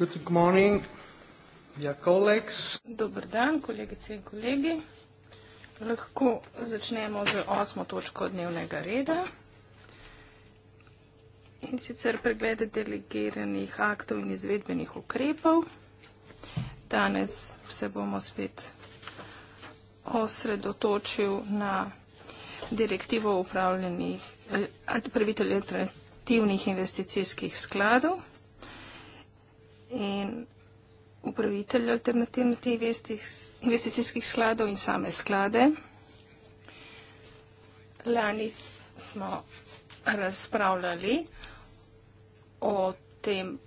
Good morning, dear colleagues. Dobar dan, kolegice in kolegi. Lahko začnemo z osmo točko dnevnega reda. In sicer preglede delegiranih aktov in izvedbenih ukrepov. Danes se bomo spet osredotočil na direktivo upravljenih, pravitelj eh, alternativnih investicijskih skladov in upravitelj alternativnih investicijskih skladov in same sklade. Lani smo razpravljali o tem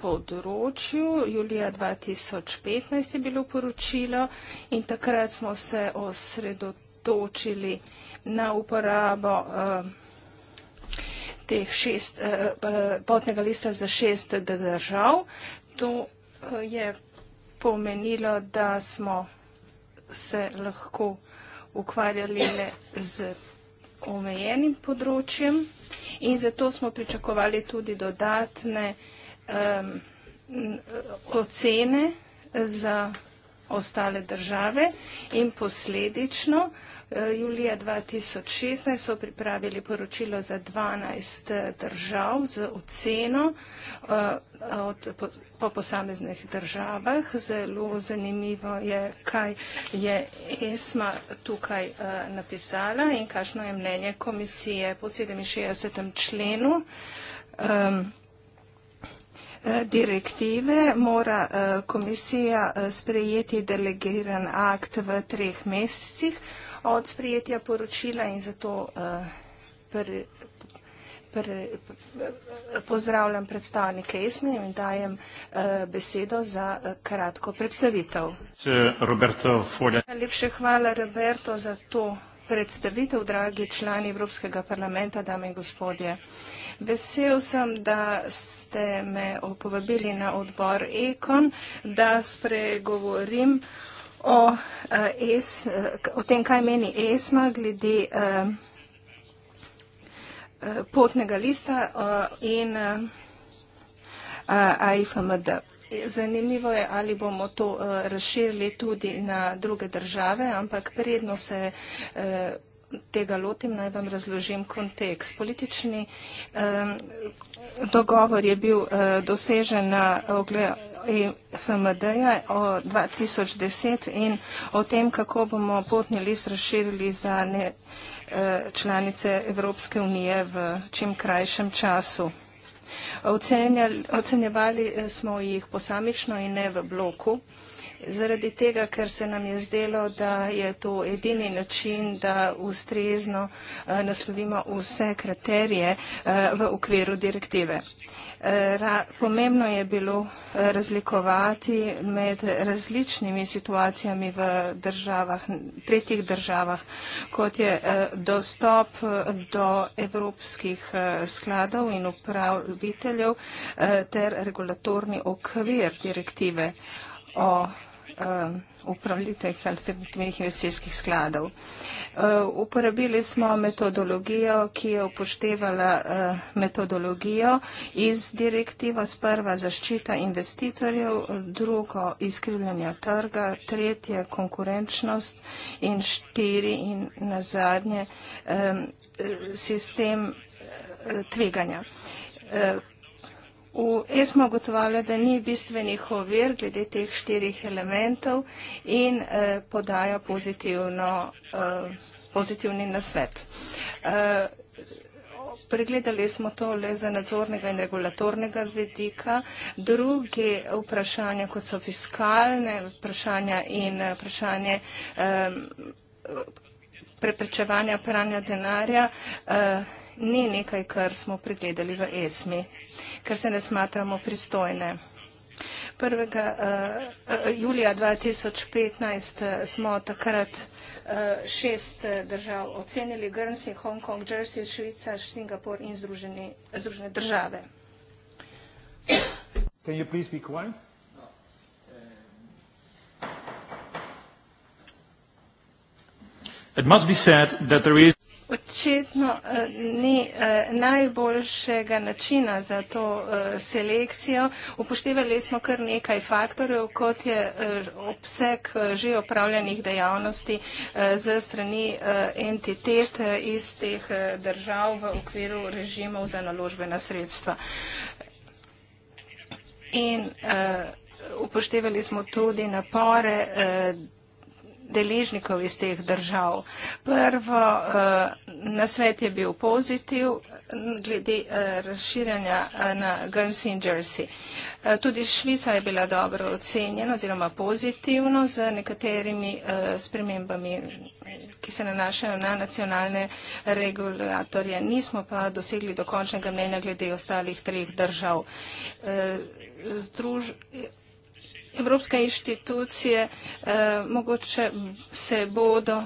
področju. Julija 2015 je bilo poročilo in takrat smo se osredotočili na uporabo uh, teh šest, eh, eh, potnega lista za šest držav. To eh, je pomenilo, da smo se lahko ukvarjali le z omejenim področjem in zato smo pričakovali tudi dodatne um, ocene za ostale države in posledično uh, Eh, julija 2016 so pripravili poročilo za 12 eh, držav z oceno eh, od, po, po posameznih državah. Zelo zanimivo je, kaj je ESMA tukaj napisala in kakšno je mnenje komisije po 67. členu. Um, Direktive mora komisija sprejeti delegiran akt v treh mesecih, od sprejetja poročila in zato pr, eh, pr, pr, eh, pozdravljam predstavnike ESME in dajem eh, besedo za kratko predstavitev. Najlepše hvala, Roberto, za to predstavitev, dragi člani Evropskega parlamenta, dame in gospodje. Vesel sem, da ste me povabili na odbor Ekon, da spregovorim o, eh, es, eh, o tem, kaj meni ESMA glede eh, potnega lista in AIFMD. Zanimivo je, ali bomo to razširili tudi na druge države, ampak predno se tega lotim, naj vam razložim kontekst. Politični dogovor je bil dosežen na ogledu E FMD-ja o 2010 in o tem, kako bomo potni list razširili za ne, e, članice Evropske unije v čim krajšem času. Ocenjevali e, smo jih posamično in ne v bloku, zaradi tega, ker se nam je zdelo, da je to edini način, da ustrezno naslovimo vse kriterije v okviru direktive. Eh, ra, pomembno je bilo eh, razlikovati med različnimi situacijami v državah, tretjih državah, kot je eh, dostop do evropskih skladov in upraviteljev ter regulatorni okvir direktive o upravljitev alternativnih investicijskih skladov. Uh, Eh, uporabili smo metodologijo, ki je upoštevala eh, metodologijo iz direktiva sprva zaščita investitorjev, drugo izkrivljanja trga, tretje konkurenčnost in štiri in na zadnje eh, sistem tveganja. Jaz smo ugotovili, da ni bistvenih ovir glede teh štirih elementov in eh, podaja eh, pozitivni nasvet. Eh, pregledali smo to le za nadzornega in regulatornega vedika. Druge vprašanja, kot so fiskalne vprašanja in eh, vprašanje. Eh, preprečevanja pranja denarja eh, ni nekaj, kar smo pregledali v ESMI ker se ne smatramo pristojne. 1. Eh, eh, julija 2015 eh, smo takrat šest držav ocenili, Grnsi, Hongkong, Jersey, Švica, Singapur in Združeni, Združene države. Can you please be quiet? It must be said that there is očitno eh, ni eh, najboljšega načina za to eh, selekcijo. Upoštevali smo kar nekaj faktorjev, kot je obseg že opravljenih dejavnosti z strani entitet iz teh držav v okviru režimov za naložbena sredstva. In upoštevali smo tudi napore deležnikov iz teh držav. Prvo, eh, na svet je bil pozitiv glede eh, razširjanja eh, na Guernsey in Jersey. Tudi Švica je bila dobro ocenjena oziroma pozitivno z nekaterimi spremembami, ki se nanašajo na nacionalne regulatorje. Nismo pa dosegli dokončnega mnenja glede ostalih treh držav. Združ Evropske inštitucije eh, mogoče se bodo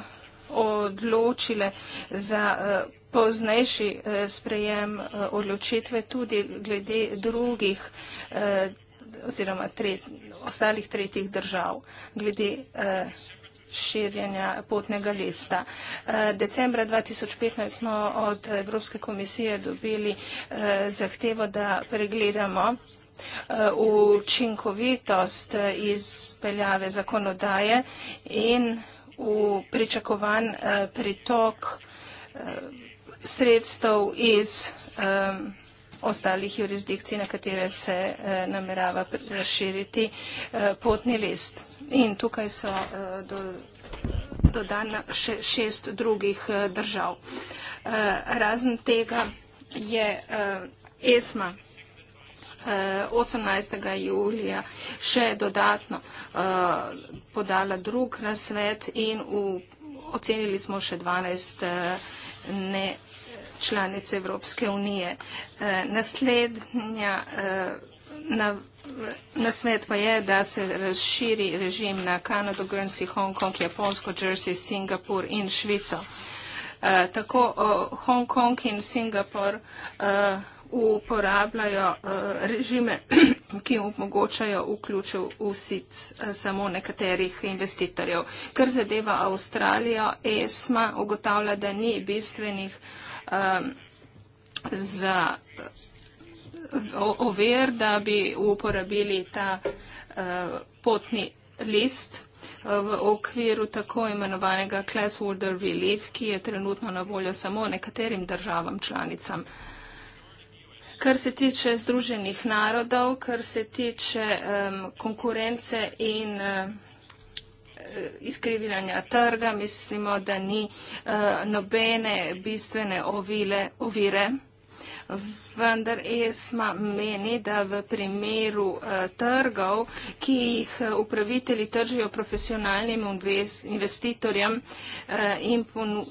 odločile za eh, poznejši eh, sprejem eh, odločitve tudi glede drugih eh, oziroma tret, ostalih tretjih držav glede eh, širjenja potnega lista. Eh, decembra 2015 smo od Evropske komisije dobili eh, zahtevo, da pregledamo Eh, učinkovitost izpeljave zakonodaje in v pričakovan eh, pritok eh, sredstev iz ostalih jurisdikcij, na katere se namerava razširiti potni list. In tukaj so do dodana še šest drugih držav. Razen tega je ESMA 18. Eh, julija še dodatno eh, podala drug nasvet in v, ocenili smo še 12 eh, ne članice Evropske unije. Naslednja na, nasvet pa je, da se razširi režim na Kanado, Grnsi, Hong Kong, Japonsko, Jersey, Singapur in Švico. Tako Hong Kong in Singapur uporabljajo eh, režime, ki omogočajo vključev usic eh, samo nekaterih investitorjev. Kar zadeva Avstralijo, ESMA ugotavlja, da ni bistvenih um, za ovir, da bi uporabili ta uh, potni list v okviru tako imenovanega Classholder Relief, ki je trenutno na voljo samo nekaterim državam članicam. Uh, Kar se tiče Združenih narodov, kar se tiče um, konkurence in uh, eh, izkriviranja trga, mislimo, da ni uh, nobene bistvene ovile, ovire vendar ESMA meni, da v primeru eh, trgov, ki jih eh, upravitelji tržijo profesionalnim investitorjem eh, in,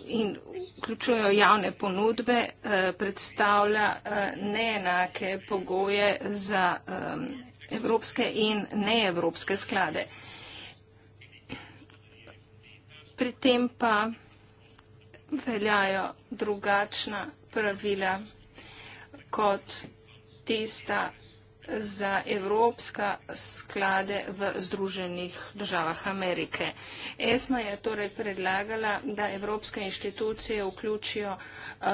in vključujo javne ponudbe, predstavlja neenake pogoje za evropske in neevropske sklade. Pri tem pa veljajo drugačna pravila kot tista za evropska sklade v Združenih državah Amerike. ESMA je torej predlagala, da evropske inštitucije vključijo uh,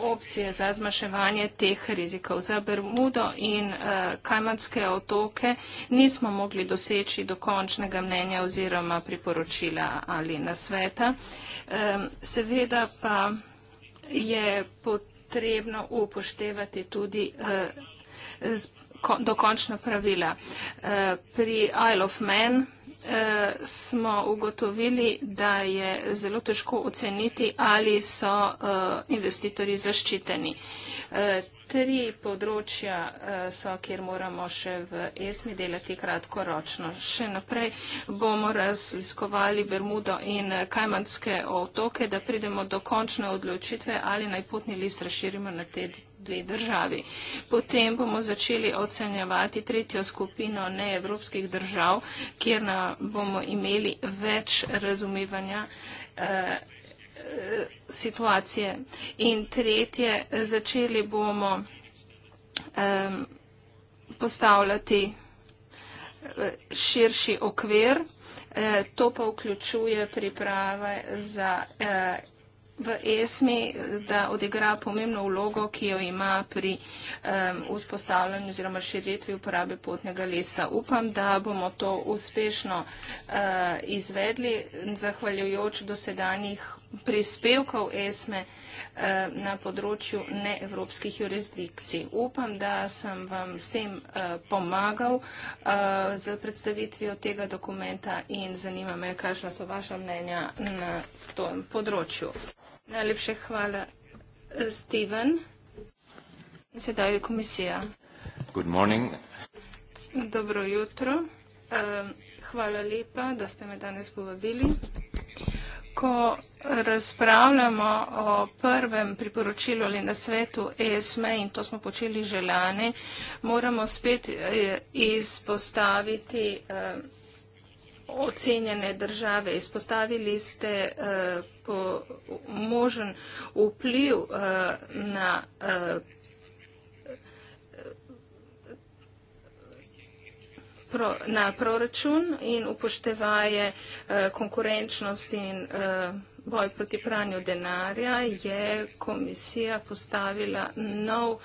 opcije za zmaševanje teh rizikov. Za Bermudo in uh, Kajmanske otoke nismo mogli doseči dokončnega mnenja oziroma priporočila ali nasveta. Um, seveda pa je pot potrebno upoštevati tudi eh, dokončna pravila. Eh, pri Isle of Man eh, smo ugotovili, da je zelo težko oceniti, ali so eh, investitorji zaščiteni. Eh, tri področja eh, so, kjer moramo še v ESMI delati kratkoročno. Še naprej bomo raziskovali Bermudo in Kajmanske otoke, da pridemo do končne odločitve, ali naj potni list razširimo na te dve državi. Potem bomo začeli ocenjevati tretjo skupino neevropskih držav, kjer bomo imeli več razumevanja. Eh, situacije. In tretje, začeli bomo um, postavljati e, širši okvir. E, to pa vključuje priprave za, e, v ESMI, da odigra pomembno vlogo, ki jo ima pri e, vzpostavljanju oziroma širitvi uporabe potnega lista. Upam, da bomo to uspešno e, izvedli, zahvaljujoč dosedanjih prispevkov ESME eh, na področju neevropskih jurisdikcij. Upam, da sem vam s tem eh, pomagal z eh, predstavitvijo tega dokumenta in zanima me, kakšna so vaša mnenja na tom področju. Najlepše hvala, Steven. Sedaj je komisija. Dobro jutro. Hvala lepa, da ste me danes povabili ko razpravljamo o prvem priporočilu ali na svetu ESME in to smo počeli že lani, moramo spet eh, izpostaviti eh, ocenjene države. Izpostavili ste eh, možen vpliv na prvem pro, na proračun in upoštevaje uh, konkurenčnost in uh, boj proti pranju denarja, je komisija postavila nov uh,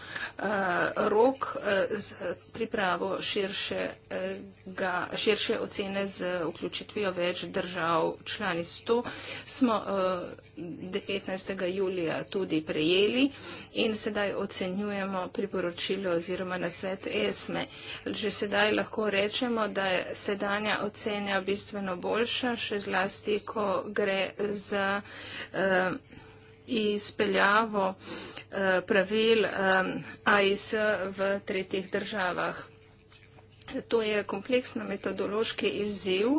rok uh, z pripravo širše, uh, ga, širše ocene z vključitvijo več držav članic. To smo uh, 15. julija tudi prejeli in sedaj ocenjujemo priporočilo oziroma na svet ESME. Že sedaj lahko rečemo, da je sedanja ocena bistveno boljša, še zlasti, ko gre za uh, izpeljavo uh, pravil um, eh, AIS v tretjih državah. To je kompleksno metodološki izziv.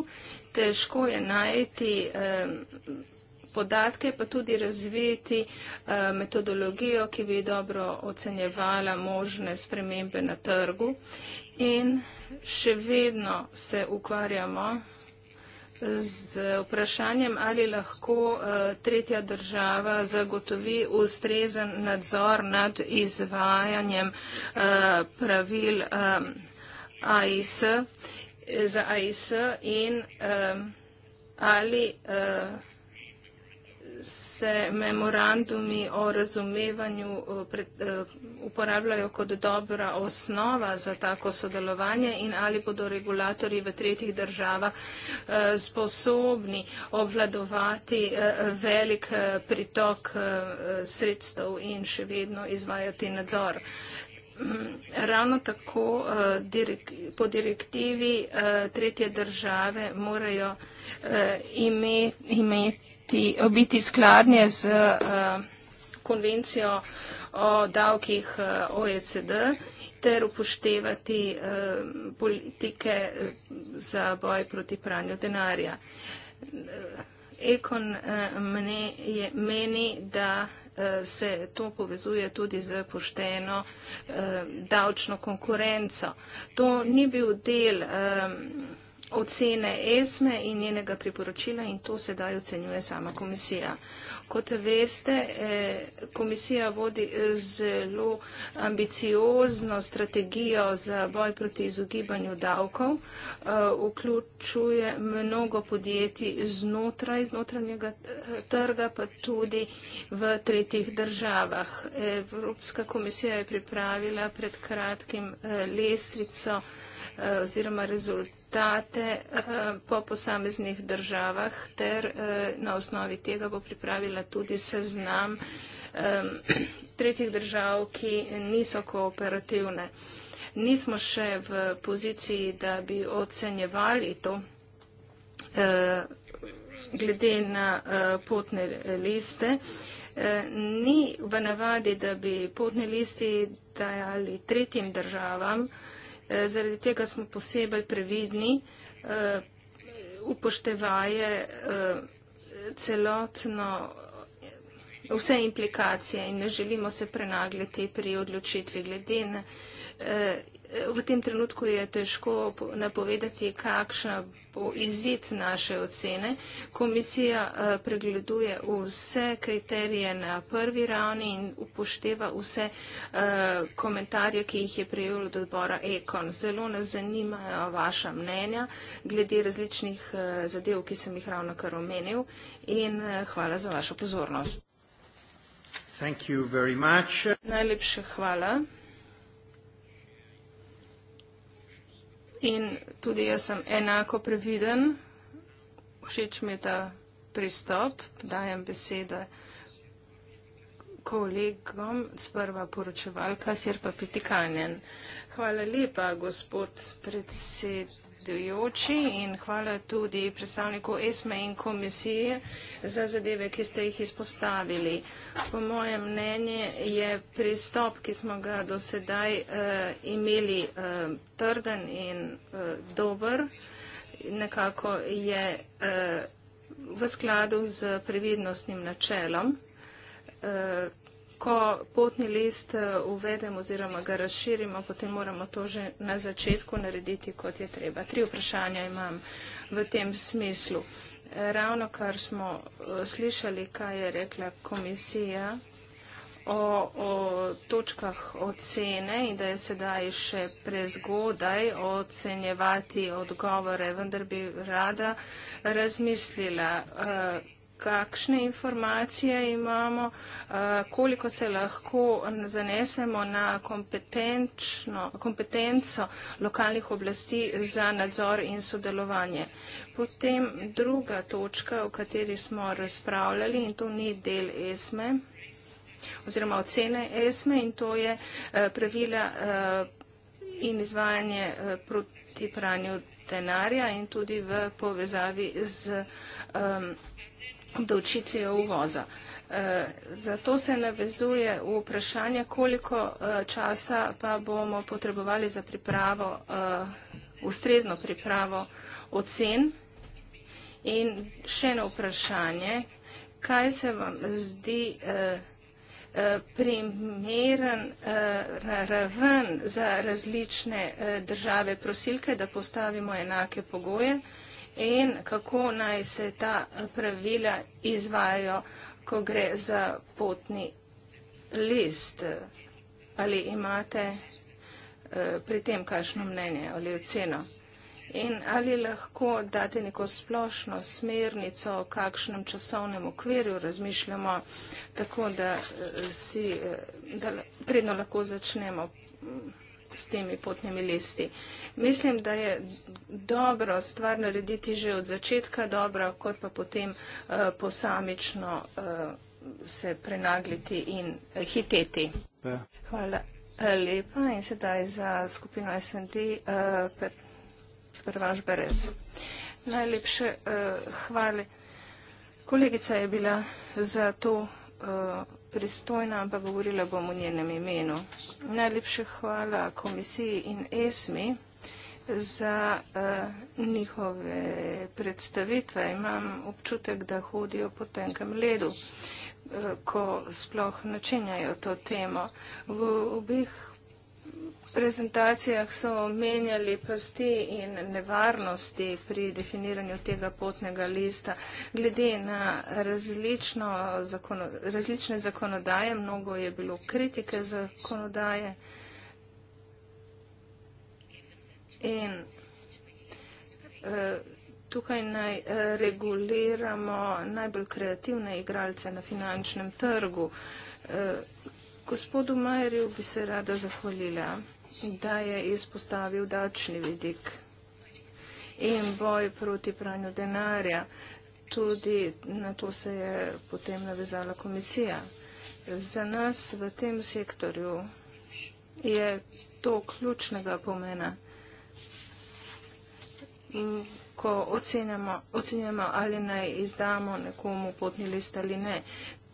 Težko je najti um, podatke, pa tudi razviti eh, metodologijo, ki bi dobro ocenjevala možne spremembe na trgu. In še vedno se ukvarjamo z vprašanjem, ali lahko eh, tretja država zagotovi ustrezen nadzor nad izvajanjem eh, pravil AIS, za AIS in ali se memorandumi o razumevanju eh, pred, eh, uporabljajo kot dobra osnova za tako sodelovanje in ali bodo regulatori v tretjih državah eh, sposobni obvladovati velik pritok sredstev in še vedno izvajati nadzor. Ravno tako po direktivi tretje države morajo imeti biti, biti skladnje z uh, konvencijo o davkih eh, OECD ter upoštevati uh, politike za boj proti pranju denarja. Ekon uh, meni, da uh, se to povezuje tudi z pošteno uh, davčno konkurenco. To ni bil del. Uh, ocene ESME in njenega priporočila in to sedaj ocenjuje sama komisija. Kot veste, eh, komisija vodi eh, zelo ambiciozno strategijo za boj proti izogibanju davkov, eh, vključuje mnogo podjetij znotraj notranjega trga, pa tudi v tretjih državah. Evropska komisija je pripravila pred kratkim lestvico Eh, oziroma rezultate eh, po posameznih državah ter eh, na osnovi tega bo pripravila tudi seznam tretjih držav, ki niso kooperativne. Nismo še v poziciji, da bi ocenjevali to glede na potne liste. Ni v navadi, da bi potne listi dajali tretjim državam, Eh, zaradi tega smo posebej previdni, eh, upoštevaje eh, celotno vse implikacije in ne želimo se prenagljati pri odločitvi glede na Eh, v tem trenutku je težko napovedati, kakšna bo izid naše ocene. Komisija eh, pregleduje vse kriterije na prvi ravni in upošteva vse eh, komentarje, ki jih je prejel od odbora Ekon. Zelo nas zanimajo vaša mnenja glede različnih zadev, ki sem jih ravno kar omenil in hvala za vašo pozornost. Thank you very much. Najlepša hvala. In tudi jaz sem enako previden, všeč mi je ta pristop, dajem besede kolegom, sprva poročevalka, sicer pa pritikanjem. Hvala lepa, gospod predsednik predsedujoči in hvala tudi predstavniku ESME in komisije za zadeve, ki ste jih izpostavili. Po mojem mnenju je pristop, ki smo ga do sedaj uh, imeli, uh, trden in uh, dober. Nekako je uh, v skladu z previdnostnim načelom. Uh, ko potni list eh, uvedemo oziroma ga razširimo, potem moramo to že na začetku narediti, kot je treba. Tri vprašanja imam v tem smislu. Eh, ravno kar smo eh, slišali, kaj je rekla komisija o, o točkah ocene in da je sedaj še prezgodaj ocenjevati odgovore, vendar bi rada razmislila, kakšne informacije imamo, eh, koliko se lahko zanesemo na kompetenco lokalnih oblasti za nadzor in sodelovanje. Potem druga točka, o kateri smo razpravljali in to ni del ESME oziroma ocene ESME in to je eh, pravila eh, in izvajanje proti pranju denarja in tudi v povezavi z um, obdavčitvijo uvoza. E, zato se navezuje v vprašanje, koliko e, časa pa bomo potrebovali za pripravo, e, ustrezno pripravo ocen. In še eno vprašanje, kaj se vam zdi primeren raven za različne države prosilke, da postavimo enake pogoje? in kako naj se ta pravila izvajo, ko gre za potni list. Ali imate eh, pri tem kakšno mnenje ali oceno? In ali lahko date neko splošno smernico, v kakšnem časovnem okvirju razmišljamo, tako da, eh, si, eh, da predno lahko začnemo s temi potnimi listi. Mislim, da je dobro stvar narediti že od začetka dobro, kot pa potem uh, posamično uh, se prenagliti in uh, hiteti. Ja. Hvala lepa in sedaj za skupino SND uh, per, Pervaž Berez. Najlepše uh, hvale. Kolegica je bila za to. Uh, pristojna, ampak govorila bom v njenem imenu. Najlepše hvala komisiji in ESMI za uh, njihove predstavitve. Imam občutek, da hodijo po tenkem ledu, uh, ko sploh načinjajo to temo. V obih prezentacijah so omenjali pasti in nevarnosti pri definiranju tega potnega lista. Glede na zakono, različne zakonodaje, mnogo je bilo kritike zakonodaje in eh, tukaj naj eh, reguliramo najbolj kreativne igralce na finančnem trgu. Eh, Gospodu Majerju bi se rada zahvalila, da je izpostavil davčni vidik in boj proti pranju denarja. Tudi na to se je potem navezala komisija. Za nas v tem sektorju je to ključnega pomena. In ko ocenjamo, ocenjamo, ali naj izdamo nekomu potni list ali ne,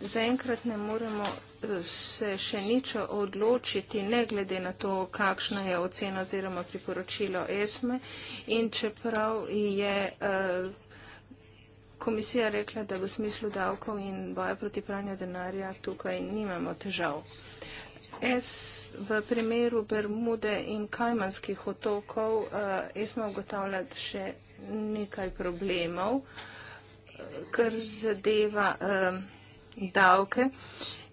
zaenkrat ne moremo eh, se še nič odločiti, ne glede na to, kakšna je ocena oziroma priporočilo ESME. In čeprav je eh, komisija rekla, da v smislu davkov in boja proti pranja denarja tukaj nimamo težav. S v primeru Bermude in Kajmanskih otokov eh, smo ugotavljali še nekaj problemov, eh, kar zadeva. Eh, davke.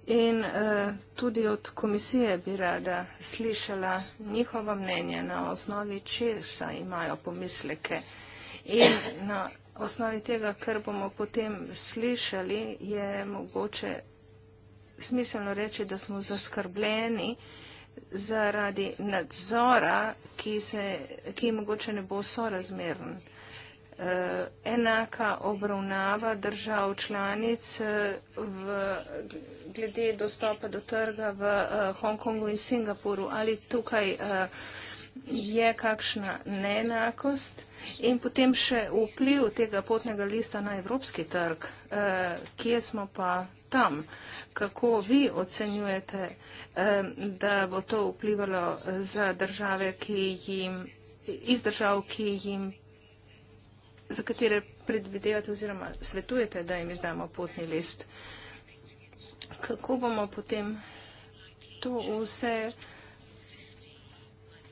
In uh, tudi od komisije bi rada slišala njihovo mnenje, na osnovi česa imajo pomisleke. In na osnovi tega, kar bomo potem slišali, je mogoče smiselno reči, da smo zaskrbljeni zaradi nadzora, ki, se, ki mogoče ne bo sorazmeren. Uh, Eh, enaka obravnava držav članic eh, v, glede dostopa do trga v eh, Hongkongu in Singapuru. Ali tukaj je kakšna neenakost in potem še vpliv tega potnega lista na evropski trg, kje smo pa tam, kako vi ocenjujete, da bo to vplivalo za države, ki jim iz držav, ki jim za katere predvidevate oziroma svetujete, da jim izdamo potni list. Kako bomo potem to vse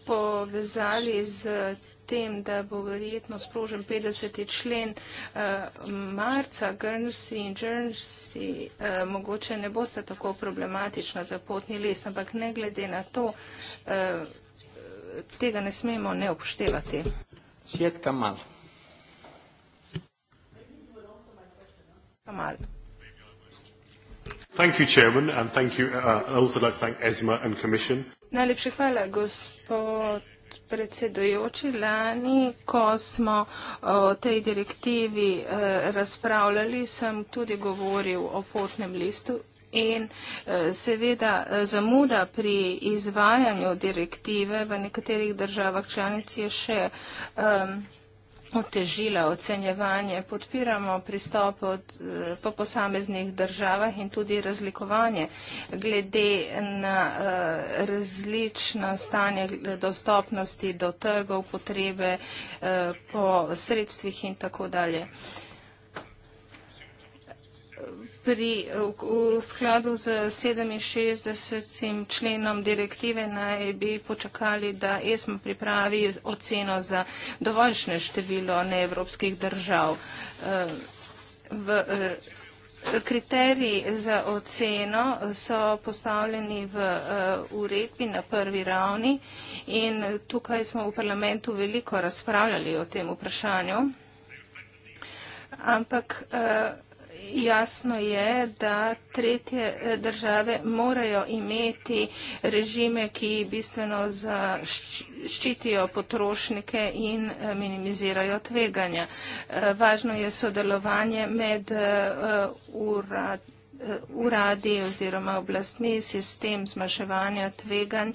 povezali z tem, da bo verjetno sprožen 50. člen uh, marca, Guernsey in Guernsey uh, eh, mogoče ne boste tako problematična za potni list, ampak ne glede na to, uh, tega ne smemo ne upoštevati. Svet Kamal. Kamal. Thank you, Chairman, and thank you. Uh, I also like to thank ESMA and Commission. Najlepša hvala, gospod predsedujoči. Lani, ko smo o tej direktivi eh, razpravljali, sem tudi govoril o potnem listu in eh, seveda e, zamuda pri izvajanju direktive v nekaterih državah članic je še. Eh, otežila ocenjevanje. Podpiramo pristop od, eh, po posameznih državah in tudi razlikovanje glede na eh, različno stanje dostopnosti do trgov, potrebe eh, po sredstvih in tako dalje pri, v, v skladu z 67. členom direktive naj bi počakali, da ESMA pripravi oceno za dovoljšne število neevropskih držav. Eh, v, eh, Kriteriji za oceno so postavljeni v uh, uredbi na prvi ravni in tukaj smo v parlamentu veliko razpravljali o tem vprašanju, ampak uh, jasno je, da tretje eh, države morajo imeti režime, ki bistveno zaščitijo potrošnike in eh, minimizirajo tveganja. Eh, važno je sodelovanje med urad uradi oziroma oblastmi sistem zmaševanja tveganj,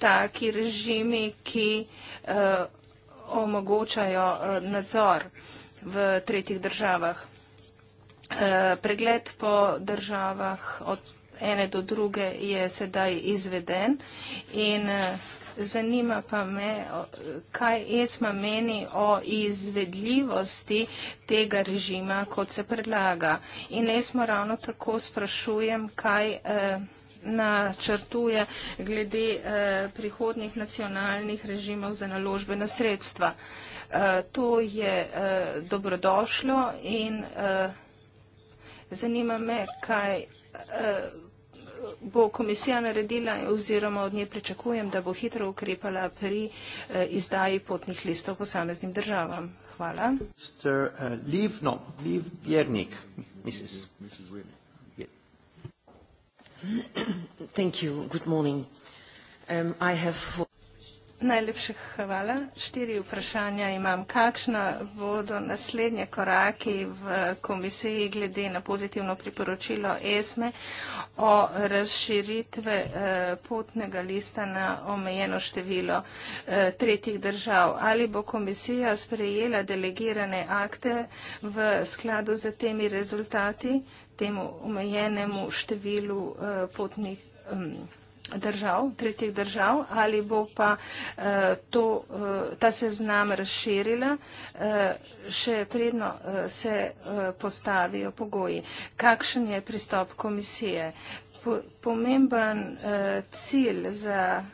taki režimi, ki omogočajo nadzor v tretjih državah. Eh, pregled po državah od ene do druge je sedaj izveden in eh, zanima pa me, kaj ESMA meni o izvedljivosti tega režima, kot se predlaga. In ESMA ravno tako sprašujem, kaj eh, načrtuje glede prihodnih nacionalnih režimov za naložbe na sredstva. To je dobrodošlo in dobrodošlo. Zanima me, kaj eh, bo komisija naredila oziroma od nje pričakujem, da bo hitro ukrepala pri eh, izdaji potnih listov posameznim državam. Hvala. Eh, no, Thank you. Good morning. Um, I have. Najlepša hvala. Štiri vprašanja imam. Kakšna bodo naslednje koraki v komisiji glede na pozitivno priporočilo ESME o razširitve eh, potnega lista na omejeno število eh, tretjih držav? Ali bo komisija sprejela delegirane akte v skladu z temi rezultati, temu omejenemu številu eh, potnih držav? držav, tretjih držav, ali bo pa eh, to, eh, ta seznam razširila, eh, še predno se postavijo pogoji. Kakšen je pristop komisije? Pomemben cilj za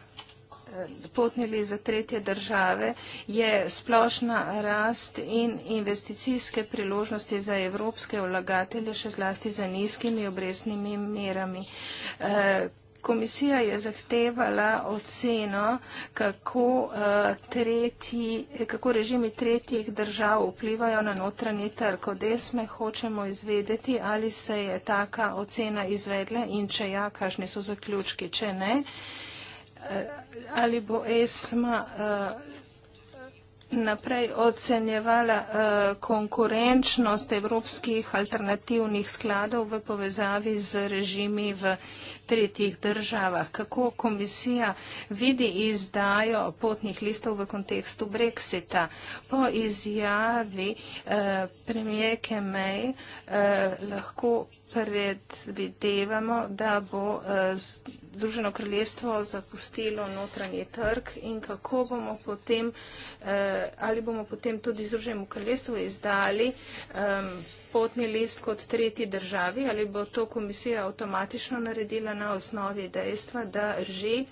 potnili za tretje države je splošna rast in investicijske priložnosti za evropske vlagatelje, še zlasti za nizkimi obresnimi merami. Komisija je zahtevala oceno, kako, uh, tretji, kako režimi tretjih držav vplivajo na notranji trg. Od ESME hočemo izvedeti, ali se je taka ocena izvedla in če ja, kakšni so zaključki. Če ne, uh, ali bo ESMA. Uh, naprej ocenjevala uh, konkurenčnost evropskih alternativnih skladov v povezavi z režimi v tretjih državah. Kako komisija vidi izdajo potnih listov v kontekstu Brexita? Po izjavi uh, eh, premijeke May uh, lahko predvidevamo, da bo eh, Združeno kraljestvo zapustilo notranji trg in kako bomo potem, eh, ali bomo potem tudi Združenemu kraljestvu izdali potni list kot tretji državi, ali bo to komisija avtomatično naredila na osnovi dejstva, da že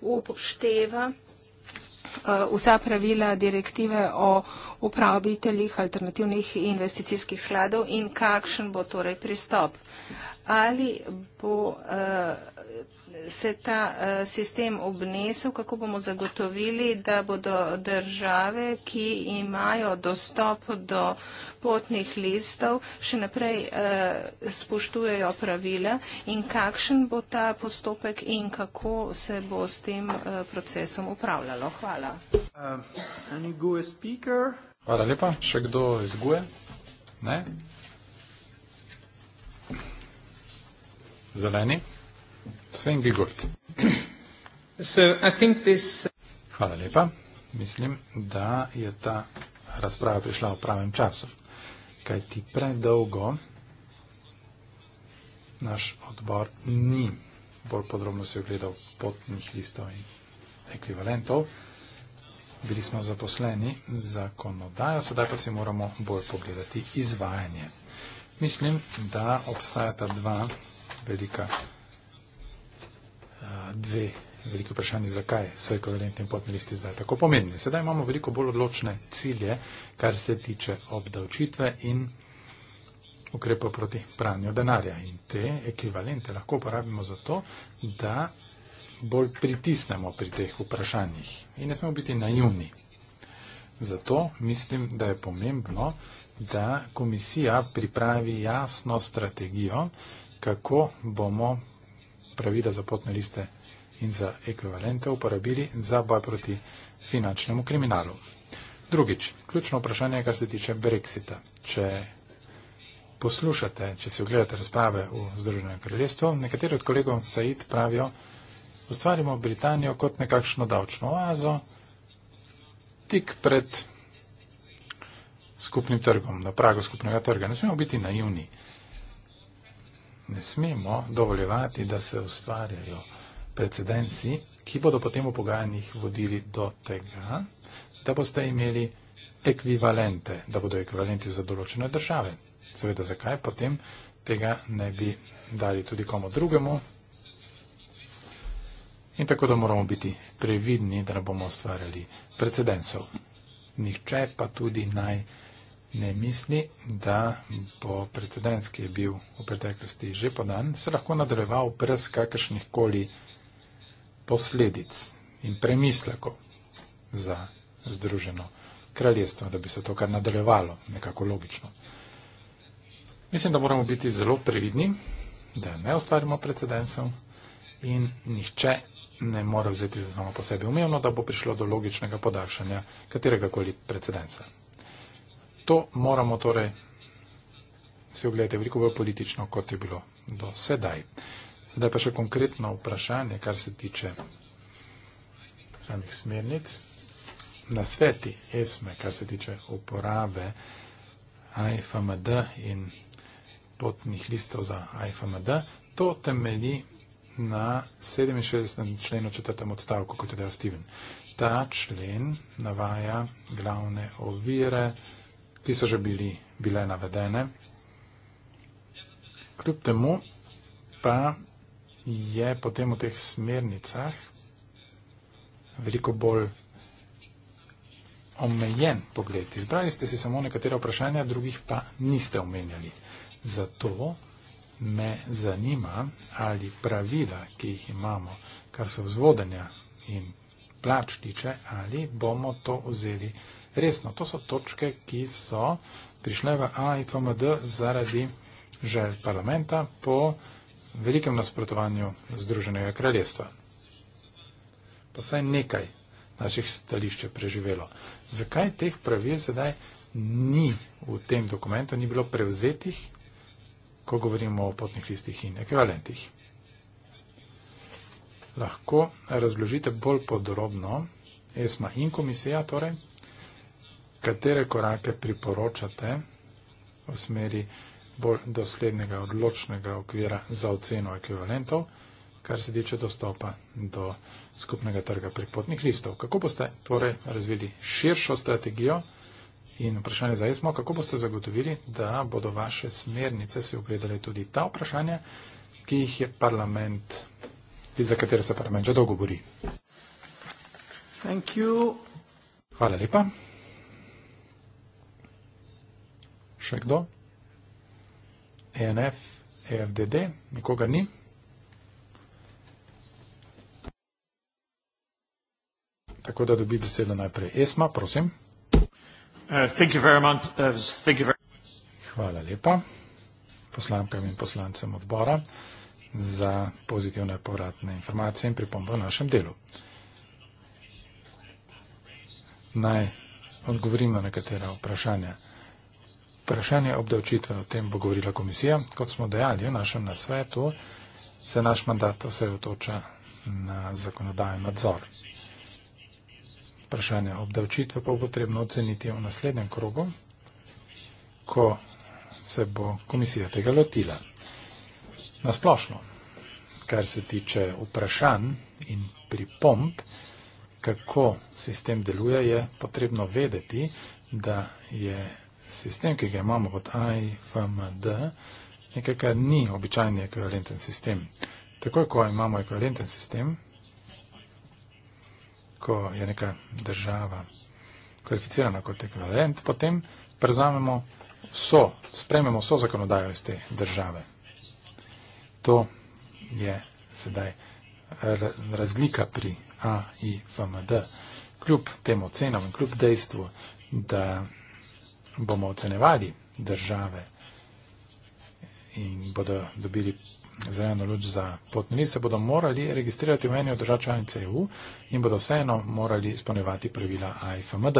upošteva Eh, vsa pravila direktive o upraviteljih alternativnih investicijskih skladov in kakšen bo torej pristop. Ali bo uh, se ta eh, sistem obnesel, kako bomo zagotovili, da bodo države, ki imajo dostop do potnih listov, še naprej eh, spoštujejo pravila in kakšen bo ta postopek in kako se bo s tem eh, procesom upravljalo. Hvala. Uh, e Hvala lepa. Še kdo izguje? Ne? Zeleni? Sven Gigurt. So, I think this... Hvala lepa. Mislim, da je ta razprava prišla v pravem času. Kaj ti predolgo naš odbor ni bolj podrobno se ogledal potnih listov in ekvivalentov. Bili smo zaposleni zakonodajo, sedaj pa si moramo bolj pogledati izvajanje. Mislim, da obstajata dva velika dve veliki vprašanji, zakaj so ekvivalentni potni listi zdaj tako pomembni. Sedaj imamo veliko bolj odločne cilje, kar se tiče obdavčitve in ukrepa proti pranju denarja. In te ekvivalente lahko uporabimo za to, da bolj pritisnemo pri teh vprašanjih. In ne smemo biti naivni. Zato mislim, da je pomembno, da komisija pripravi jasno strategijo, kako bomo pravila za potne liste in za ekvivalente uporabili za boj proti finančnemu kriminalu. Drugič, ključno vprašanje, kar se tiče Brexita. Če poslušate, če si ogledate razprave v Združenem kraljestvu, nekateri od kolegov Said pravijo, ustvarimo Britanijo kot nekakšno davčno oazo tik pred skupnim trgom, na pragu skupnega trga. Ne smemo biti naivni. Ne smemo dovoljevati, da se ustvarjajo precedensi, ki bodo potem v pogajanjih vodili do tega, da boste imeli ekvivalente, da bodo ekvivalenti za določene države. Seveda, zakaj potem tega ne bi dali tudi komu drugemu. In tako da moramo biti previdni, da ne bomo ustvarjali precedensov. Nihče pa tudi naj ne misli, da bo precedens, ki je bil v preteklosti že podan, se lahko nadaljeval brez kakršnih koli posledic in premislekov za združeno kraljestvo, da bi se to kar nadaljevalo nekako logično. Mislim, da moramo biti zelo previdni, da ne ustvarimo precedensov in nihče ne more vzeti za samo po sebi umevno, da bo prišlo do logičnega podaljšanja katerega koli precedensa. To moramo torej si ogledati veliko bolj politično, kot je bilo do sedaj. Sedaj pa še konkretno vprašanje, kar se tiče samih smernic. Na sveti ESME, kar se tiče uporabe IFMD in potnih listov za IFMD, to temelji na 67. členu četrtem odstavku, kot je dejal Steven. Ta člen navaja glavne ovire, ki so že bili, bile navedene. Kljub temu pa je potem v teh smernicah veliko bolj omejen pogled. Izbrali ste si samo nekatera vprašanja, drugih pa niste omenjali. Zato me zanima, ali pravila, ki jih imamo, kar so vzvodenja in plač tiče, ali bomo to vzeli resno. To so točke, ki so prišle v AIFMD zaradi žel parlamenta po velikem nasprotovanju Združenega kraljestva. Pa vsaj nekaj naših stališč je preživelo. Zakaj teh pravil sedaj ni v tem dokumentu, ni bilo prevzetih, ko govorimo o potnih listih in ekvivalentih? Lahko razložite bolj podrobno ESMA in komisija, torej, katere korake priporočate v smeri bolj doslednega, odločnega okvira za oceno ekvivalentov, kar se tiče dostopa do skupnega trga prek potnih listov. Kako boste torej razvili širšo strategijo in vprašanje za ESMO, kako boste zagotovili, da bodo vaše smernice se ugledale tudi ta vprašanja, ki jih je parlament, za katere se parlament že dolgo bori. Hvala lepa. Še kdo? ENF, EFDD, nikogar ni. Tako da dobi besedo najprej ESMA, prosim. Uh, uh, Hvala lepa poslankam in poslancem odbora za pozitivne povratne informacije in pripombe v našem delu. Naj odgovorim na nekatera vprašanja. Vprašanje obdavčitve, o tem bo govorila komisija. Kot smo dejali v našem nasvetu, se naš mandat osredotoča na zakonodajen nadzor. Vprašanje obdavčitve pa bo potrebno oceniti v naslednjem krogu, ko se bo komisija tega lotila. Nasplošno, kar se tiče vprašanj in pripomb, kako sistem deluje, je potrebno vedeti, da je sistem, ki ga imamo pod IFMD, nekaj, kar ni običajni ekvivalenten sistem. Takoj, ko imamo ekvivalenten sistem, ko je neka država kvalificirana kot ekvivalent, potem prevzamemo vso, sprememo vso zakonodajo iz te države. To je sedaj razlika pri AIFMD. Kljub temu cenam in kljub dejstvu, da bomo ocenevali države in bodo dobili zeleno luč za potne liste, bodo morali registrirati v eni od držav članic EU in bodo vseeno morali izpolnjevati pravila AFMD.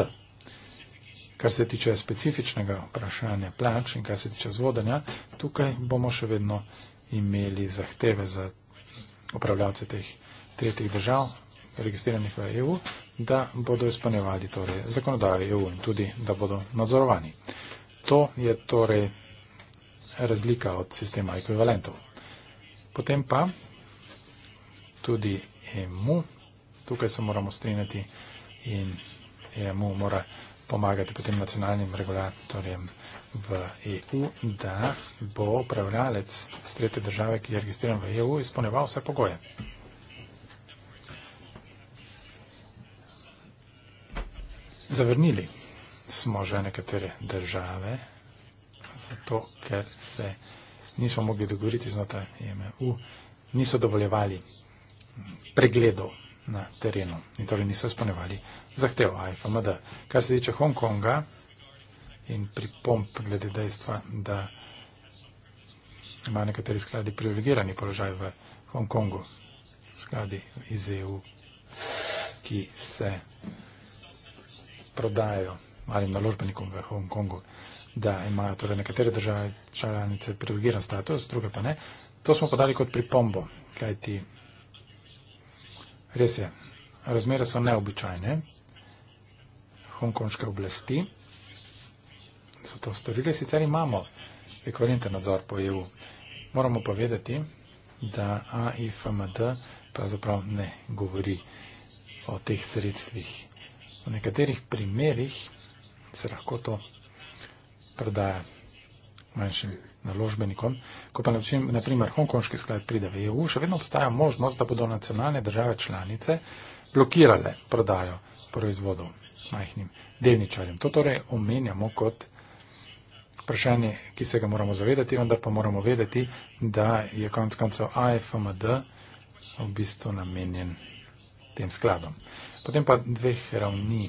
Kar se tiče specifičnega vprašanja plač in kar se tiče zvodanja, tukaj bomo še vedno imeli zahteve za upravljavce teh tretjih držav, registriranih v EU, da bodo izpanevali torej, zakonodajo EU in tudi, da bodo nadzorovani. To je torej razlika od sistema ekvivalentov. Potem pa tudi EMU, tukaj se moramo strinjati in EMU mora pomagati potem nacionalnim regulatorjem v EU, da bo upravljalec strete države, ki je registriran v EU, izpolneval vse pogoje. zavrnili smo že nekatere države, zato ker se nismo mogli dogovoriti znotraj EMU, niso dovoljevali pregledov na terenu in torej niso izpolnjevali zahtev AFMD. Kar se tiče Hongkonga in pripomp glede dejstva, da ima nekateri skladi privilegirani položaj v Hongkongu, skladi iz EU, ki se prodajo ali naložbenikom v Hongkongu, da imajo torej nekatere države članice privilegiran status, druge pa ne. To smo podali kot pripombo, kajti res je, razmere so neobičajne. Hongkonške oblasti so to storile, sicer imamo ekvivalenten nadzor po EU. Moramo povedati, da AIFMD pravzaprav ne govori o teh sredstvih. V nekaterih primerjih se lahko to prodaja manjšim naložbenikom. Ko pa naprimer Hongkonški sklad pride v EU, še vedno obstaja možnost, da bodo nacionalne države članice blokirale prodajo proizvodov majhnim delničarjem. To torej omenjamo kot vprašanje, ki se ga moramo zavedati, vendar pa moramo vedeti, da je konec koncev AFMD v bistvu namenjen tem skladom potem pa dveh ravni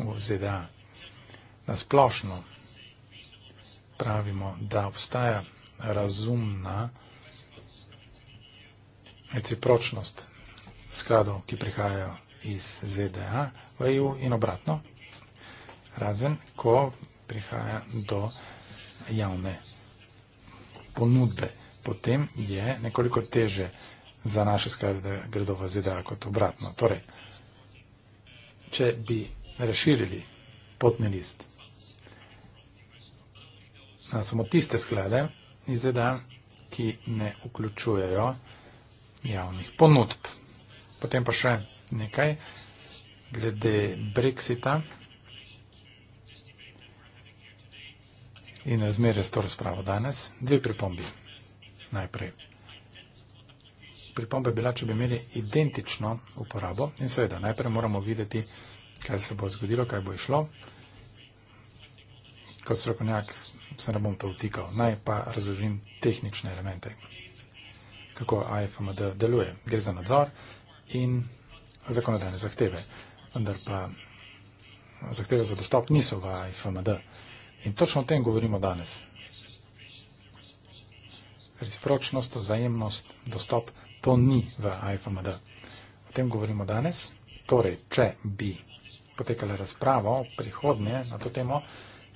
v ZDA. Na splošno pravimo, da obstaja razumna recipročnost skladov, ki prihajajo iz ZDA v EU in obratno, razen ko prihaja do javne ponudbe. Potem je nekoliko teže za naše sklade, da gredo v ZDA kot obratno. Torej, če bi razširili potni list na samo tiste sklade iz ZDA, ki ne vključujejo javnih ponudb. Potem pa še nekaj glede Brexita in razmerje s to razpravo danes. Dve pripombi. Najprej pripomba bila, če bi imeli identično uporabo. In seveda, najprej moramo videti, kaj se bo zgodilo, kaj bo išlo. Kot strokovnjak se ne bom to vtikal. Naj pa razložim tehnične elemente, kako AFMD deluje. Gre za nadzor in zakonodajne zahteve. Vendar pa zahteve za dostop niso v AFMD. In točno o tem govorimo danes. Recipročnost, vzajemnost, dostop to ni v AFMD. O tem govorimo danes. Torej, če bi potekala razprava o prihodnje na to temo,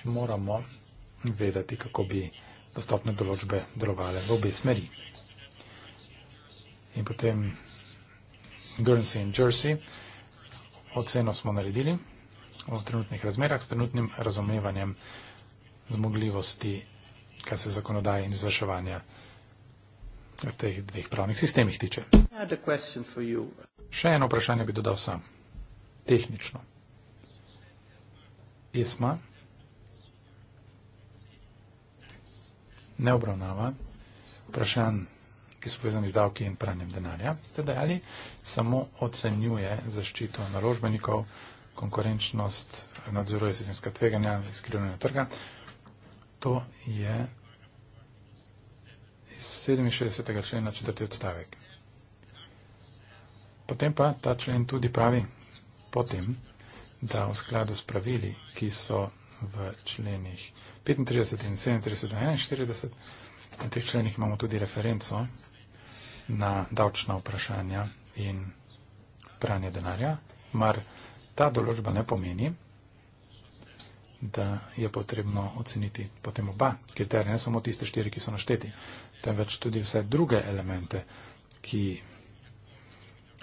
moramo vedeti, kako bi dostopne določbe delovale v obe smeri. In potem Guernsey in Jersey. Oceno smo naredili v trenutnih razmerah s trenutnim razumevanjem zmogljivosti, kar se zakonodaje in izvrševanja teh dveh pravnih sistemih tiče. Še eno vprašanje bi dodal sam, tehnično. ESMA ne obravnava vprašanj, ki so povezani z davki in pranjem denarja, ste dejali, samo ocenjuje zaščito naložbenikov, konkurenčnost, nadzoruje sistemska tveganja, skrivanja trga. To je iz 67. člena četrti odstavek. Potem pa ta člen tudi pravi potem, da v skladu s pravili, ki so v členih 35 in 37 in 41, na teh členih imamo tudi referenco na davčna vprašanja in pranje denarja, mar ta določba ne pomeni, da je potrebno oceniti potem oba kriterija, ne samo tiste štiri, ki so našteti temveč tudi vse druge elemente, ki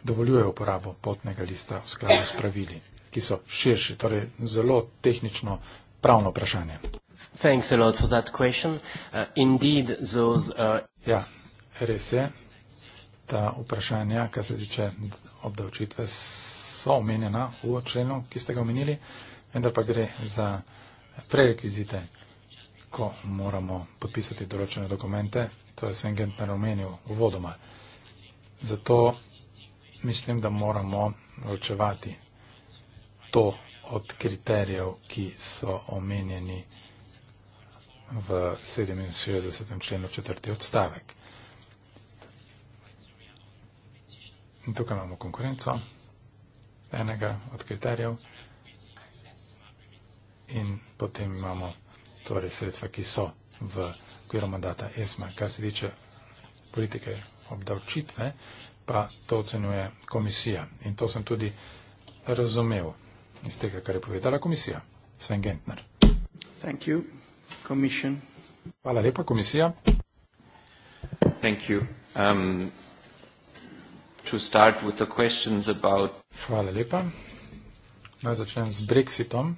dovoljujejo uporabo potnega lista v skladu s pravili, ki so širši, torej zelo tehnično pravno vprašanje. Thanks a lot for that question. Uh, indeed, those. Uh... Ja, res je. Ta vprašanja, kar se tiče obdavčitve, so omenjena v členu, ki ste ga omenili, vendar pa gre za prerekvizite, ko moramo podpisati določene dokumente, to je Svengentner omenil v vodoma. Zato mislim, da moramo ločevati to od kriterijev, ki so omenjeni v 67. členu četrti odstavek. In tukaj imamo konkurenco enega od kriterijev in potem imamo torej sredstva, ki so v 67. členu četrti odstavek okviru mandata ESMA. Kar se tiče politike obdavčitve, pa to ocenjuje komisija. In to sem tudi razumel iz tega, kar je povedala komisija. Sven Gentner. Thank you. Commission. Hvala lepa, komisija. Thank you. Um, to start with the questions about... Hvala lepa. Naj začnem z Brexitom.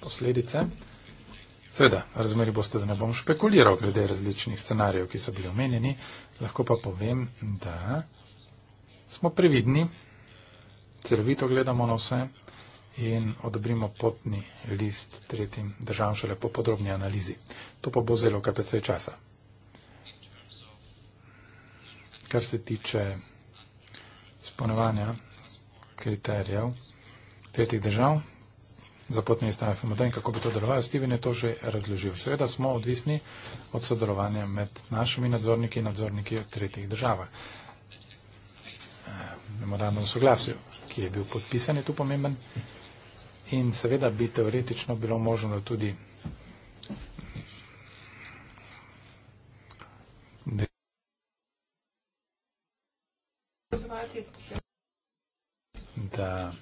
Posledice. Seveda, razumeli boste, da ne bom špekuliral glede različnih scenarijev, ki so bili omenjeni, lahko pa povem, da smo previdni, celovito gledamo na vse in odobrimo potni list tretjim državam šele po podrobni analizi. To pa bo zelo KPC časa. Kar se tiče sponovanja kriterijev tretjih držav, za potni stan FMD in kako bi to delovalo. Steven je to že razložil. Seveda smo odvisni od sodelovanja med našimi nadzorniki in nadzorniki v tretjih državah. Eh, memorandum o soglasju, ki je bil podpisan, je tu pomemben. In seveda bi teoretično bilo možno tudi. Da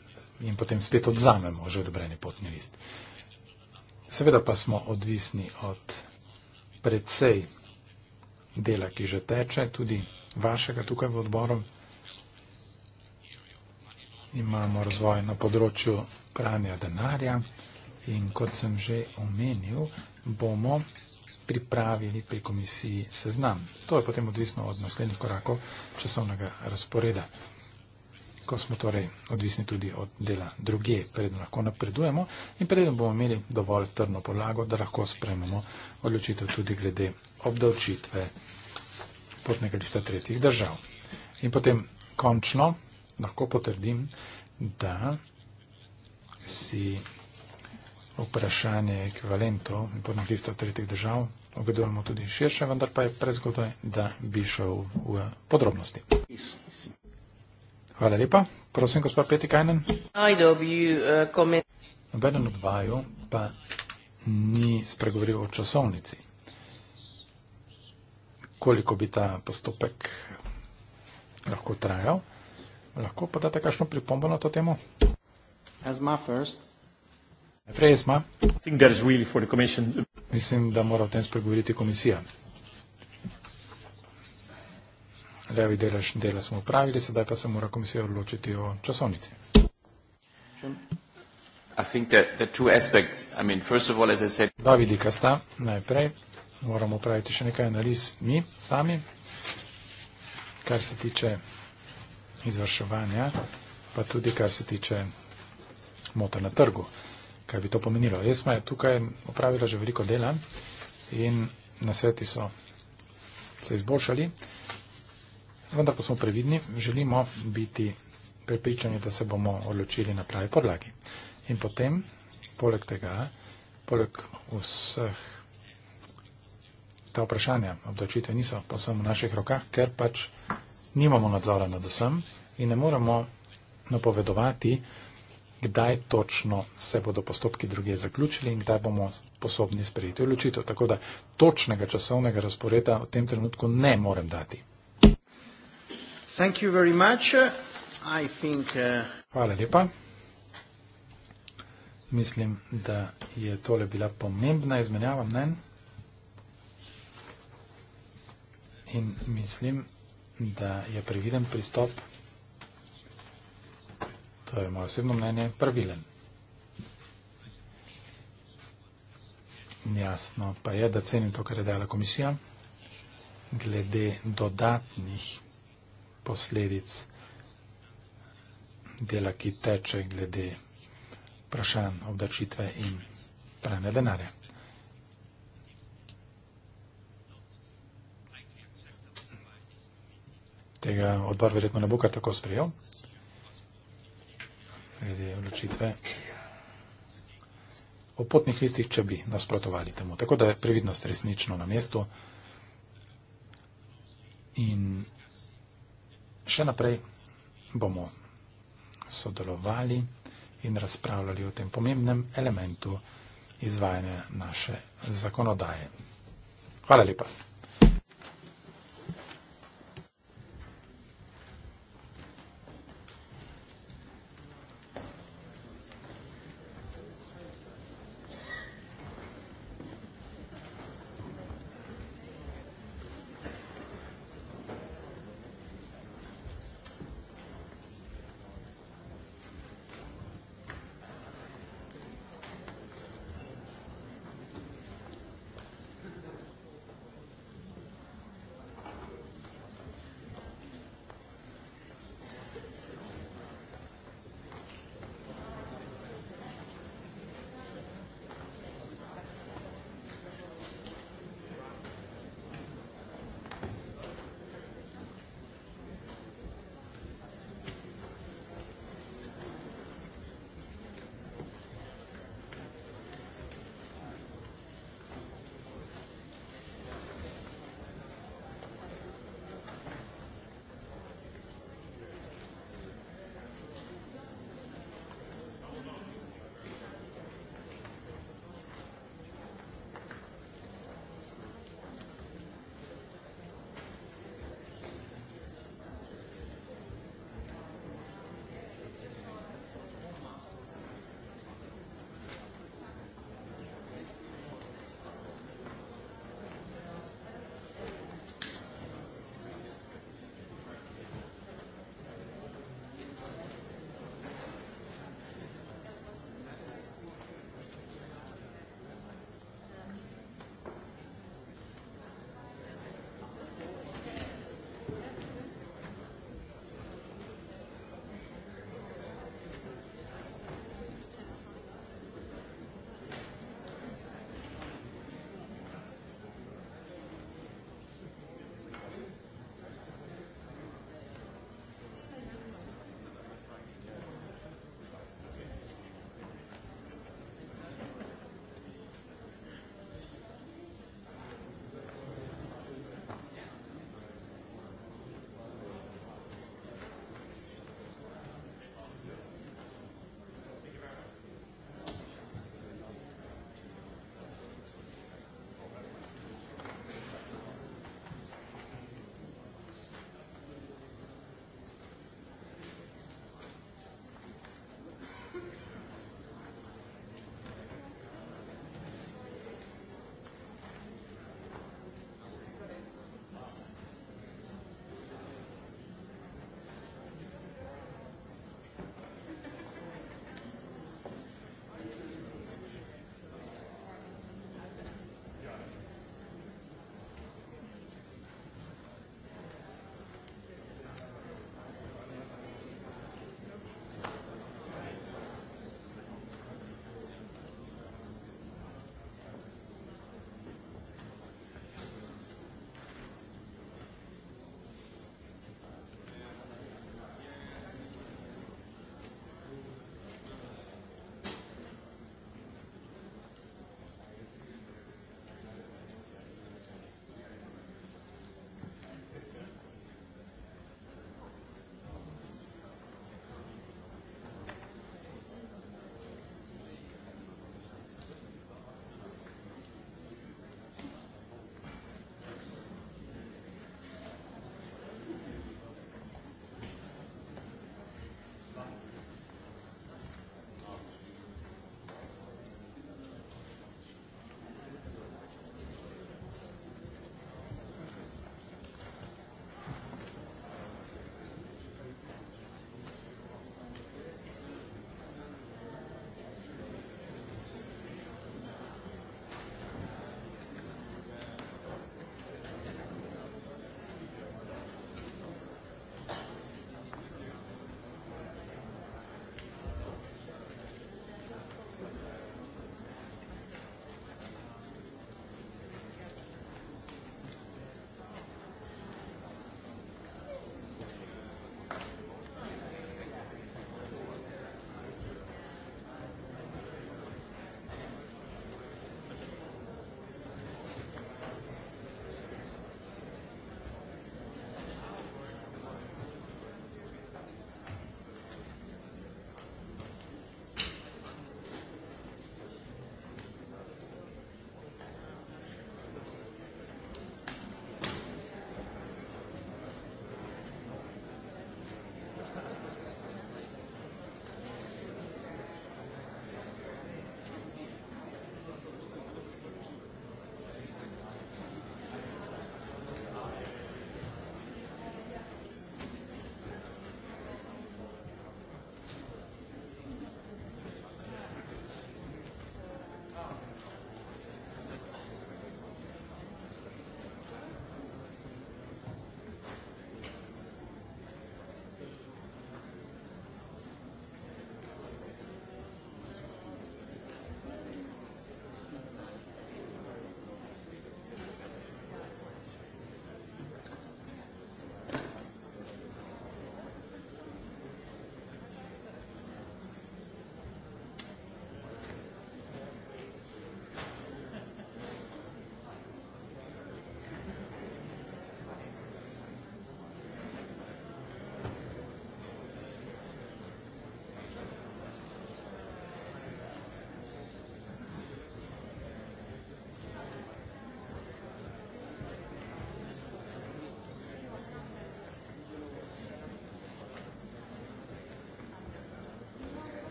in potem spet odzamemo že odobreni potni list. Seveda pa smo odvisni od predvsej dela, ki že teče, tudi vašega tukaj v odboru. Imamo razvoj na področju pranja denarja in kot sem že omenil, bomo pripravili pri komisiji seznam. To je potem odvisno od naslednjih korakov časovnega razporeda ko smo torej odvisni tudi od dela druge, predno lahko napredujemo in predno bomo imeli dovolj trdno podlago, da lahko sprememo odločitev tudi glede obdavčitve potnega lista tretjih držav. In potem končno lahko potrdim, da si vprašanje ekvivalentov in potnih listov tretjih držav ogledujemo tudi širše, vendar pa je prezgodaj, da bi šel v podrobnosti. Hvala lepa. Prosim, gospa Peti Kajnen. Uh, Nobeden od vaju pa ni spregovoril o časovnici. Koliko bi ta postopek lahko trajal? Lahko pa date kakšno pripombo na to temo? Asma first. Frej Esma. Really Mislim, da mora o tem spregovoriti komisija. levi delež dela smo upravili, sedaj pa se mora komisija odločiti o časovnici. Dva vidika sta, najprej moramo praviti še nekaj analiz mi sami, kar se tiče izvrševanja, pa tudi kar se tiče motor na trgu. Kaj bi to pomenilo? Jaz smo tukaj opravila že veliko dela in nasveti so se izboljšali vendar pa smo previdni, želimo biti prepričani, da se bomo odločili na pravi podlagi. In potem, poleg tega, poleg vseh ta vprašanja, obdočitve niso pa samo v naših rokah, ker pač nimamo nadzora nad vsem in ne moremo napovedovati, kdaj točno se bodo postopki druge zaključili in kdaj bomo sposobni sprejeti odločitev. Tako da točnega časovnega razporeda v tem trenutku ne morem dati. Thank you very much. I think, uh... Hvala lepa. Mislim, da je tole bila pomembna izmenjava mnen. In mislim, da je previden pristop, to je moje osebno mnenje, pravilen. Jasno pa je, da cenim to, kar je dala komisija, glede dodatnih posledic dela, ki teče glede vprašanj obdačitve in pranja denarja. Tega odbor verjetno ne bo kar tako sprejel. Glede odločitve o potnih listih, če bi nasprotovali temu. Tako da je previdnost resnično na mestu. In Še naprej bomo sodelovali in razpravljali o tem pomembnem elementu izvajanja naše zakonodaje. Hvala lepa.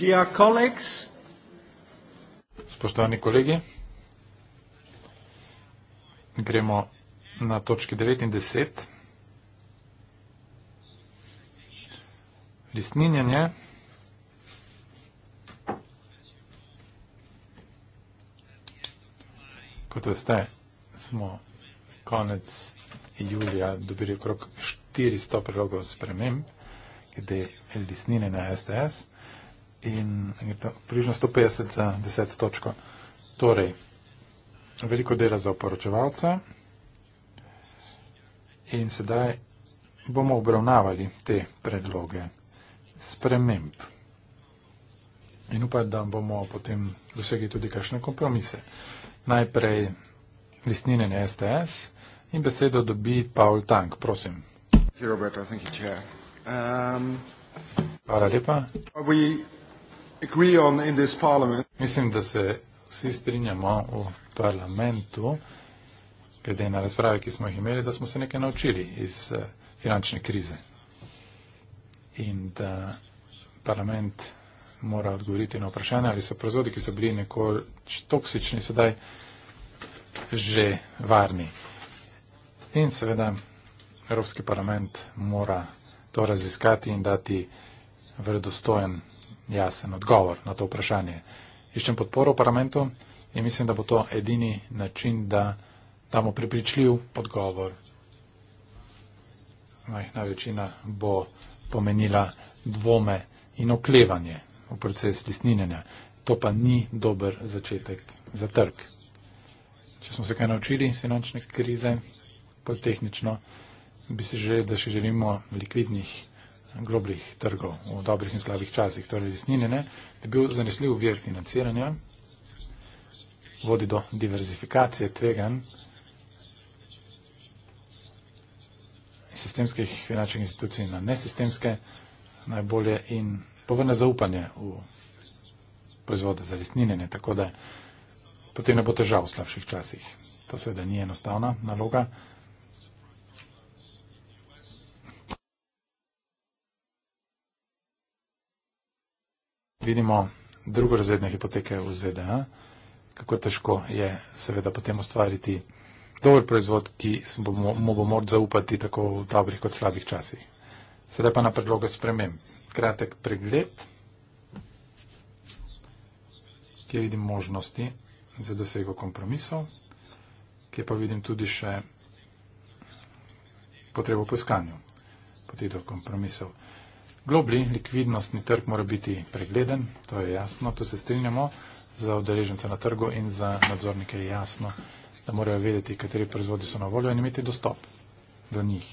Dear colleagues, Spoštovani kolegi, gremo na točki 9 in 10. Listninjanje. Kot veste, smo konec julija dobili okrog 400 prilogov sprememb, kde je listninjanje STS in približno 150 za 10 točko. Torej, veliko dela za oporočevalca in sedaj bomo obravnavali te predloge sprememb in upaj, da bomo potem dosegli tudi kakšne kompromise. Najprej listnine na STS in besedo dobi Paul Tank, prosim. Um, Hvala lepa. Mislim, da se vsi strinjamo v parlamentu, glede na razprave, ki smo jih imeli, da smo se nekaj naučili iz eh, finančne krize. In da parlament mora odgovoriti na vprašanje, ali so proizvodi, ki so bili nekoč toksični, sedaj že varni. In seveda, Evropski parlament mora to raziskati in dati verodostojen jasen odgovor na to vprašanje. Iščem podporo v parlamentu in mislim, da bo to edini način, da damo prepričljiv odgovor. Majhna večina bo pomenila dvome in oklevanje v proces lisninjenja. To pa ni dober začetek za trg. Če smo se kaj naučili iz finančne krize, politehnično, bi se želeli, da še želimo likvidnih grobih trgov v dobrih in slabih časih, torej resnine, je bil zanesljiv vir financiranja, vodi do diverzifikacije tvegan sistemskih finančnih institucij na nesistemske najbolje in povrne zaupanje v proizvode za resninjenje, tako da potem ne bo težav v slabših časih. To seveda ni enostavna naloga. vidimo drugorazredne hipoteke v ZDA, kako težko je seveda potem ustvariti dober proizvod, ki mu bo moč zaupati tako v dobrih kot slabih časih. Sedaj pa na predloge spremem. Kratek pregled, kje vidim možnosti za dosego kompromisov, kje pa vidim tudi še potrebo po iskanju poti do kompromisov. Globli likvidnostni trg mora biti pregleden, to je jasno, tu se strinjamo, za udeležence na trgu in za nadzornike je jasno, da morajo vedeti, kateri proizvodi so na voljo in imeti dostop do njih.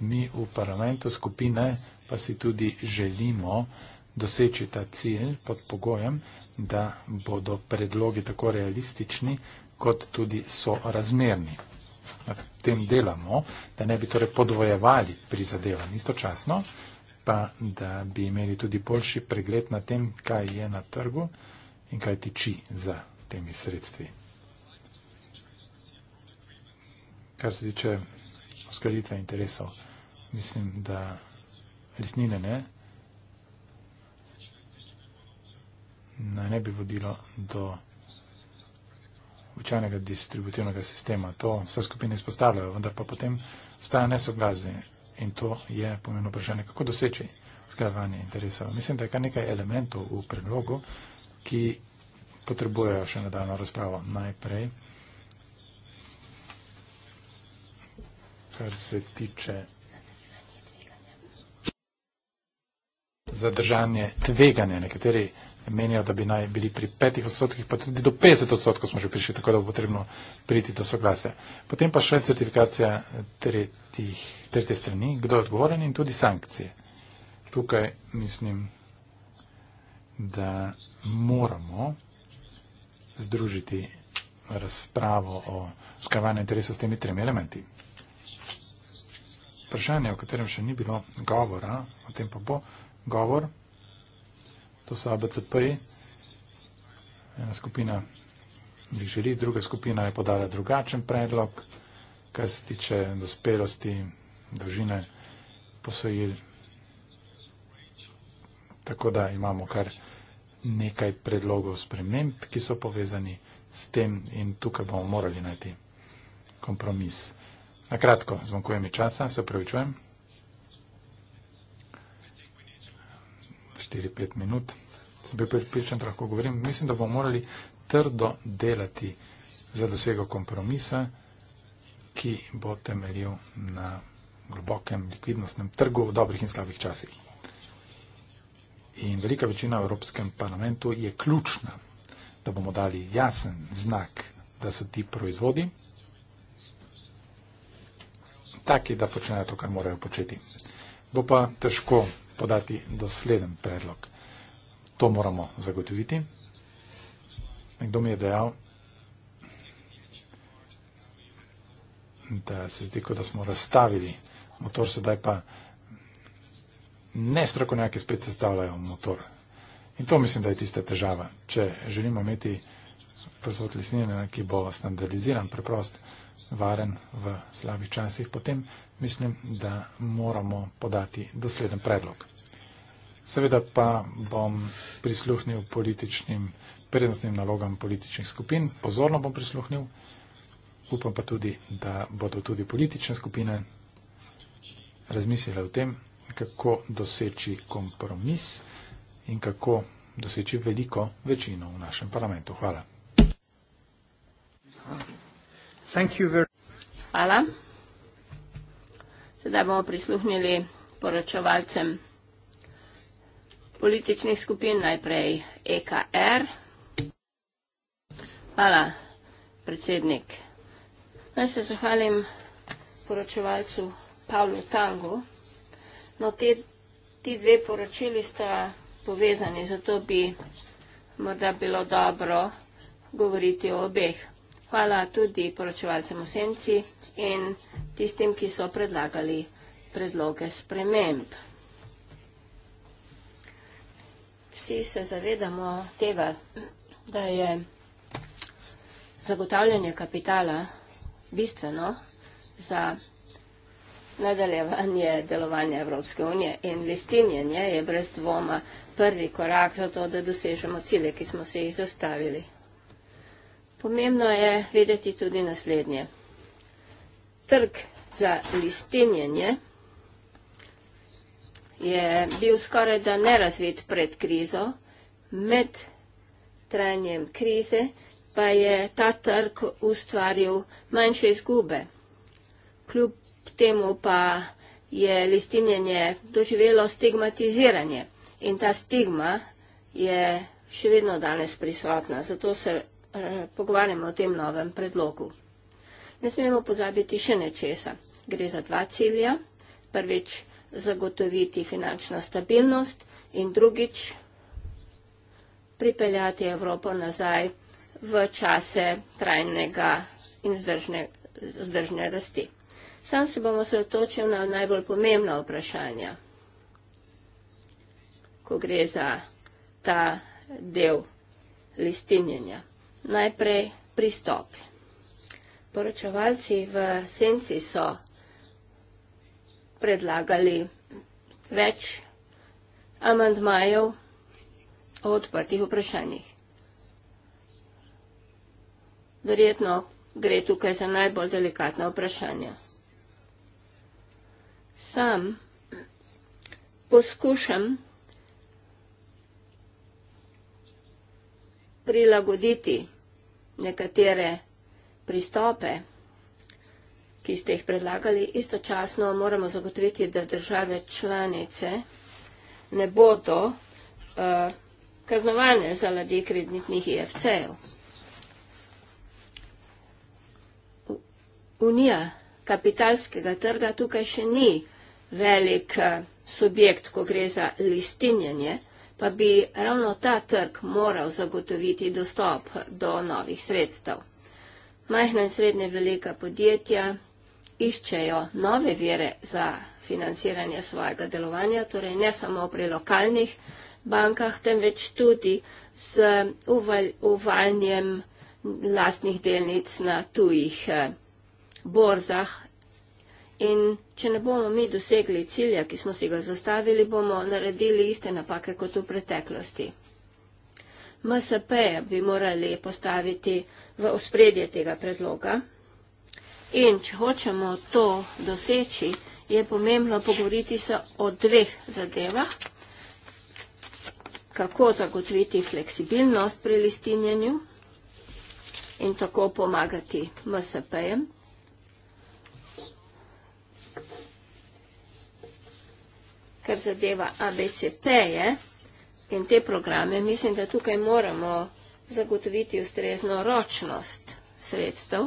Mi v parlamentu skupine pa si tudi želimo doseči ta cilj pod pogojem, da bodo predlogi tako realistični kot tudi so razmerni na tem delamo, da ne bi torej podvojevali prizadevanj istočasno, pa da bi imeli tudi boljši pregled na tem, kaj je na trgu in kaj tiči za temi sredstvi. Kar se tiče uskladitve interesov, mislim, da resnine ne, ne bi vodilo do učenega distributivnega sistema. To vse skupine izpostavljajo, vendar pa potem vstaja nesoglazje in to je pomembno vprašanje, kako doseči skladovanje interesov. Mislim, da je kar nekaj elementov v predlogu, ki potrebujejo še nadaljno razpravo. Najprej, kar se tiče. Zadržanje tveganja. Nekateri menijo, da bi naj bili pri 5 odstotkih, pa tudi do 50 odstotkov smo že prišli, tako da bo potrebno priti do soglasja. Potem pa še certifikacija tretjih, tretje strani, kdo je odgovoren in tudi sankcije. Tukaj mislim, da moramo združiti razpravo o skrivanju interesov s temi tremi elementi. Vprašanje, o katerem še ni bilo govora, o tem pa bo govor to so ABCP-ji, ena skupina jih želi, druga skupina je podala drugačen predlog, kar se tiče dospelosti, dožine posojil. Tako da imamo kar nekaj predlogov sprememb, ki so povezani s tem in tukaj bomo morali najti kompromis. Na kratko, zmanjkuje mi časa, se pravičujem. 4-5 minut, se bi pripričan, da lahko govorim. Mislim, da bomo morali trdo delati za dosego kompromisa, ki bo temeljil na globokem likvidnostnem trgu v dobrih in slabih časih. In velika večina v Evropskem parlamentu je ključna, da bomo dali jasen znak, da so ti proizvodi taki, da počnejo to, kar morajo početi. Bo pa težko podati dosleden predlog. To moramo zagotoviti. Nekdo mi je dejal, da se zdi, kot da smo razstavili motor, sedaj pa ne strokovnjaki spet sestavljajo motor. In to mislim, da je tista težava. Če želimo imeti proizvod lesnine, ki bo standardiziran, preprost, varen v slabih časih, potem mislim, da moramo podati dosleden predlog. Seveda pa bom prisluhnil političnim prednostnim nalogam političnih skupin, pozorno bom prisluhnil, upam pa tudi, da bodo tudi politične skupine razmislile o tem, kako doseči kompromis in kako doseči veliko večino v našem parlamentu. Hvala. Thank you. Thank you very Hvala. Sedaj bomo prisluhnili poročevalcem političnih skupin, najprej EKR. Hvala, predsednik. Naj se zahvalim poročevalcu Pavlu Tangu. No, te, ti dve poročili sta povezani, zato bi morda bilo dobro govoriti o obeh. Hvala tudi poročevalcem v senci in tistim, ki so predlagali predloge sprememb. Vsi se zavedamo tega, da je zagotavljanje kapitala bistveno za nadaljevanje delovanja Evropske unije in listinjenje je brez dvoma prvi korak za to, da dosežemo cilje, ki smo se jih zastavili. Pomembno je vedeti tudi naslednje. Trg za listinjenje je bil skoraj da nerazvit pred krizo. Med trajanjem krize pa je ta trg ustvaril manjše izgube. Kljub temu pa je listinjenje doživelo stigmatiziranje in ta stigma je še vedno danes prisotna. Zato se Eh, pogovarjamo o tem novem predlogu. Ne smemo pozabiti še nečesa. Gre za dva cilja. Prvič zagotoviti finančno stabilnost in drugič pripeljati Evropo nazaj v čase trajnega in zdržne, zdržne rasti. Sam se bomo sredotočil na najbolj pomembna vprašanja, ko gre za ta del listinjenja najprej pristopi. Poročevalci v senci so predlagali več amandmajev o odprtih vprašanjih. Verjetno gre tukaj za najbolj delikatna vprašanja. Sam poskušam prilagoditi nekatere pristope, ki ste jih predlagali, istočasno moramo zagotoviti, da države članice ne bodo uh, kaznovane zaradi kreditnih IFC-ev. Unija kapitalskega trga tukaj še ni velik uh, subjekt, ko gre za listinjenje pa bi ravno ta trg moral zagotoviti dostop do novih sredstev. Majhna in srednje velika podjetja iščejo nove vire za financiranje svojega delovanja, torej ne samo pri lokalnih bankah, temveč tudi z uvaljanjem lastnih delnic na tujih eh, borzah, In če ne bomo mi dosegli cilja, ki smo si ga zastavili, bomo naredili iste napake kot v preteklosti. MSP bi morali postaviti v ospredje tega predloga. In če hočemo to doseči, je pomembno pogovoriti se o dveh zadevah. Kako zagotoviti fleksibilnost pri listinjenju in tako pomagati MSP-jem. kar zadeva ABCP-je in te programe, mislim, da tukaj moramo zagotoviti ustrezno ročnost sredstev.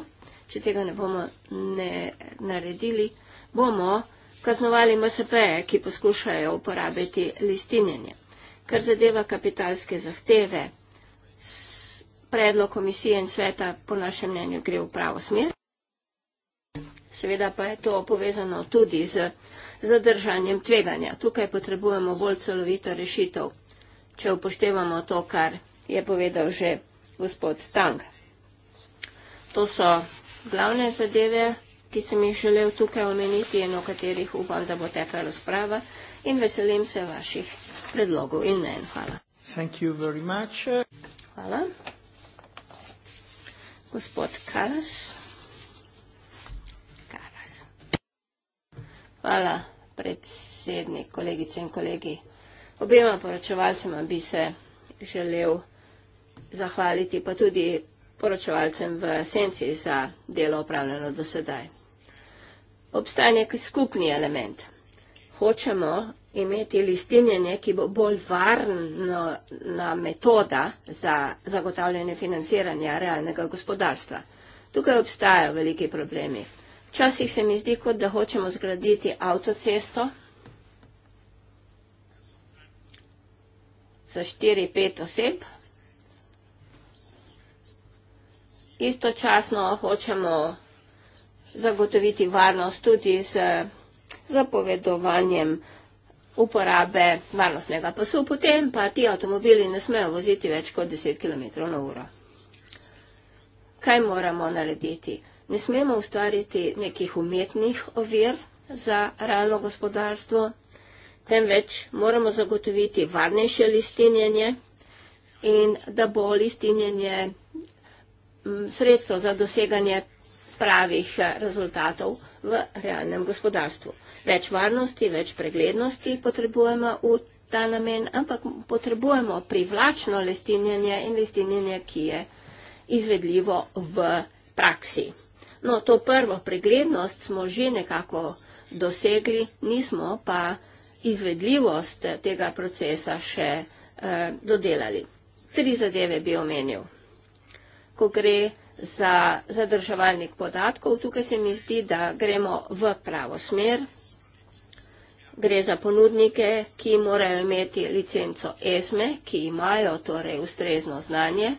Če tega ne bomo ne naredili, bomo kaznovali MSP-je, ki poskušajo uporabiti listinjenje. Kar zadeva kapitalske zahteve, predlog komisije in sveta po našem mnenju gre v pravo smer. Seveda pa je to povezano tudi z zadržanjem tveganja. Tukaj potrebujemo bolj celovito rešitev, če upoštevamo to, kar je povedal že gospod Tang. To so glavne zadeve, ki sem jih želel tukaj omeniti in o katerih upam, da bo tekla razprava in veselim se vaših predlogov in mnen. Hvala. Thank you very much. Hvala. Gospod Kalas. Hvala, predsednik, kolegice in kolegi. Obema poročevalcema bi se želel zahvaliti, pa tudi poročevalcem v senci za delo upravljeno do sedaj. Obstaja nek skupni element. Hočemo imeti listinjenje, ki bo bolj varna metoda za zagotavljanje financiranja realnega gospodarstva. Tukaj obstajajo veliki problemi. Včasih se mi zdi, kot da hočemo zgraditi avtocesto za 4-5 oseb. Istočasno hočemo zagotoviti varnost tudi z zapovedovanjem uporabe varnostnega pasu, potem pa ti avtomobili ne smejo voziti več kot 10 km na uro. Kaj moramo narediti? ne smemo ustvariti nekih umetnih ovir za realno gospodarstvo, temveč moramo zagotoviti varnejše listinjenje in da bo listinjenje mm, sredstvo za doseganje pravih eh, rezultatov v realnem gospodarstvu. Več varnosti, več preglednosti potrebujemo v ta namen, ampak potrebujemo privlačno listinjenje in listinjenje, ki je izvedljivo v praksi. No, to prvo preglednost smo že nekako dosegli, nismo pa izvedljivost tega procesa še eh, dodelali. Tri zadeve bi omenil. Ko gre za zadrževalnik podatkov, tukaj se mi zdi, da gremo v pravo smer. Gre za ponudnike, ki morajo imeti licenco ESME, ki imajo torej ustrezno znanje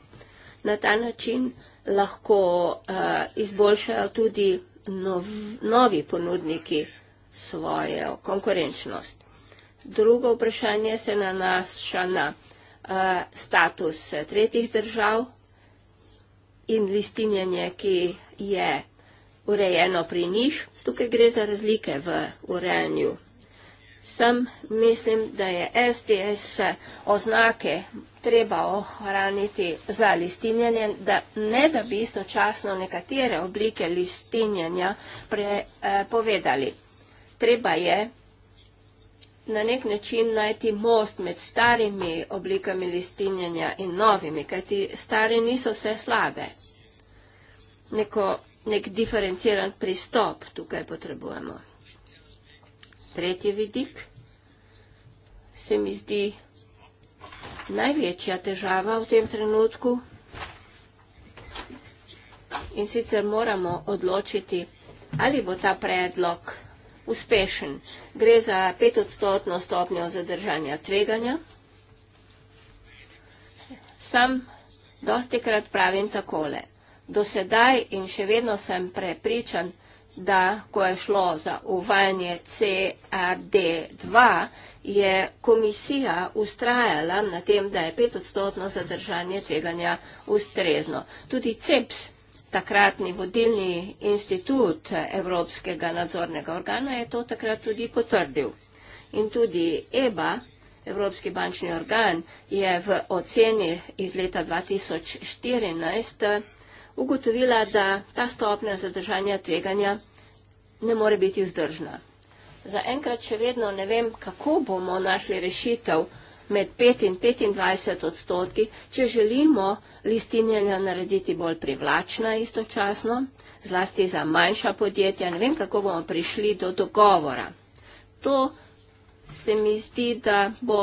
na ta način lahko uh, izboljšajo tudi nov, novi ponudniki svojo konkurenčnost. Drugo vprašanje se nanaša na uh, status eh, tretjih držav in listinjanje, ki je urejeno pri njih. Tukaj gre za razlike v urejanju sem mislim, da je SDS oznake treba ohraniti za listinjenje, da ne da bi istočasno nekatere oblike listinjenja prepovedali. Eh, treba je na nek način najti most med starimi oblikami listinjenja in novimi, kajti stare niso vse slabe. Neko, nek diferenciran pristop tukaj potrebujemo tretji vidik se mi zdi največja težava v tem trenutku. In sicer moramo odločiti, ali bo ta predlog uspešen. Gre za petodstotno stopnjo zadržanja tveganja. Sam dosti krat pravim takole. Do sedaj in še vedno sem prepričan, da da ko je šlo za uvajanje CAD2, je komisija ustrajala na tem, da je petodstotno zadržanje tveganja ustrezno. Tudi CEPS, takratni vodilni institut Evropskega nadzornega organa, je to takrat tudi potrdil. In tudi EBA, Evropski bančni organ, je v oceni iz leta 2014 ugotovila, da ta stopnja zadržanja tveganja ne more biti vzdržna. Za enkrat še vedno ne vem, kako bomo našli rešitev med 5 in 25 odstotki, če želimo listinjenja narediti bolj privlačna istočasno, zlasti za manjša podjetja, ne vem, kako bomo prišli do dogovora. To se mi zdi, da bo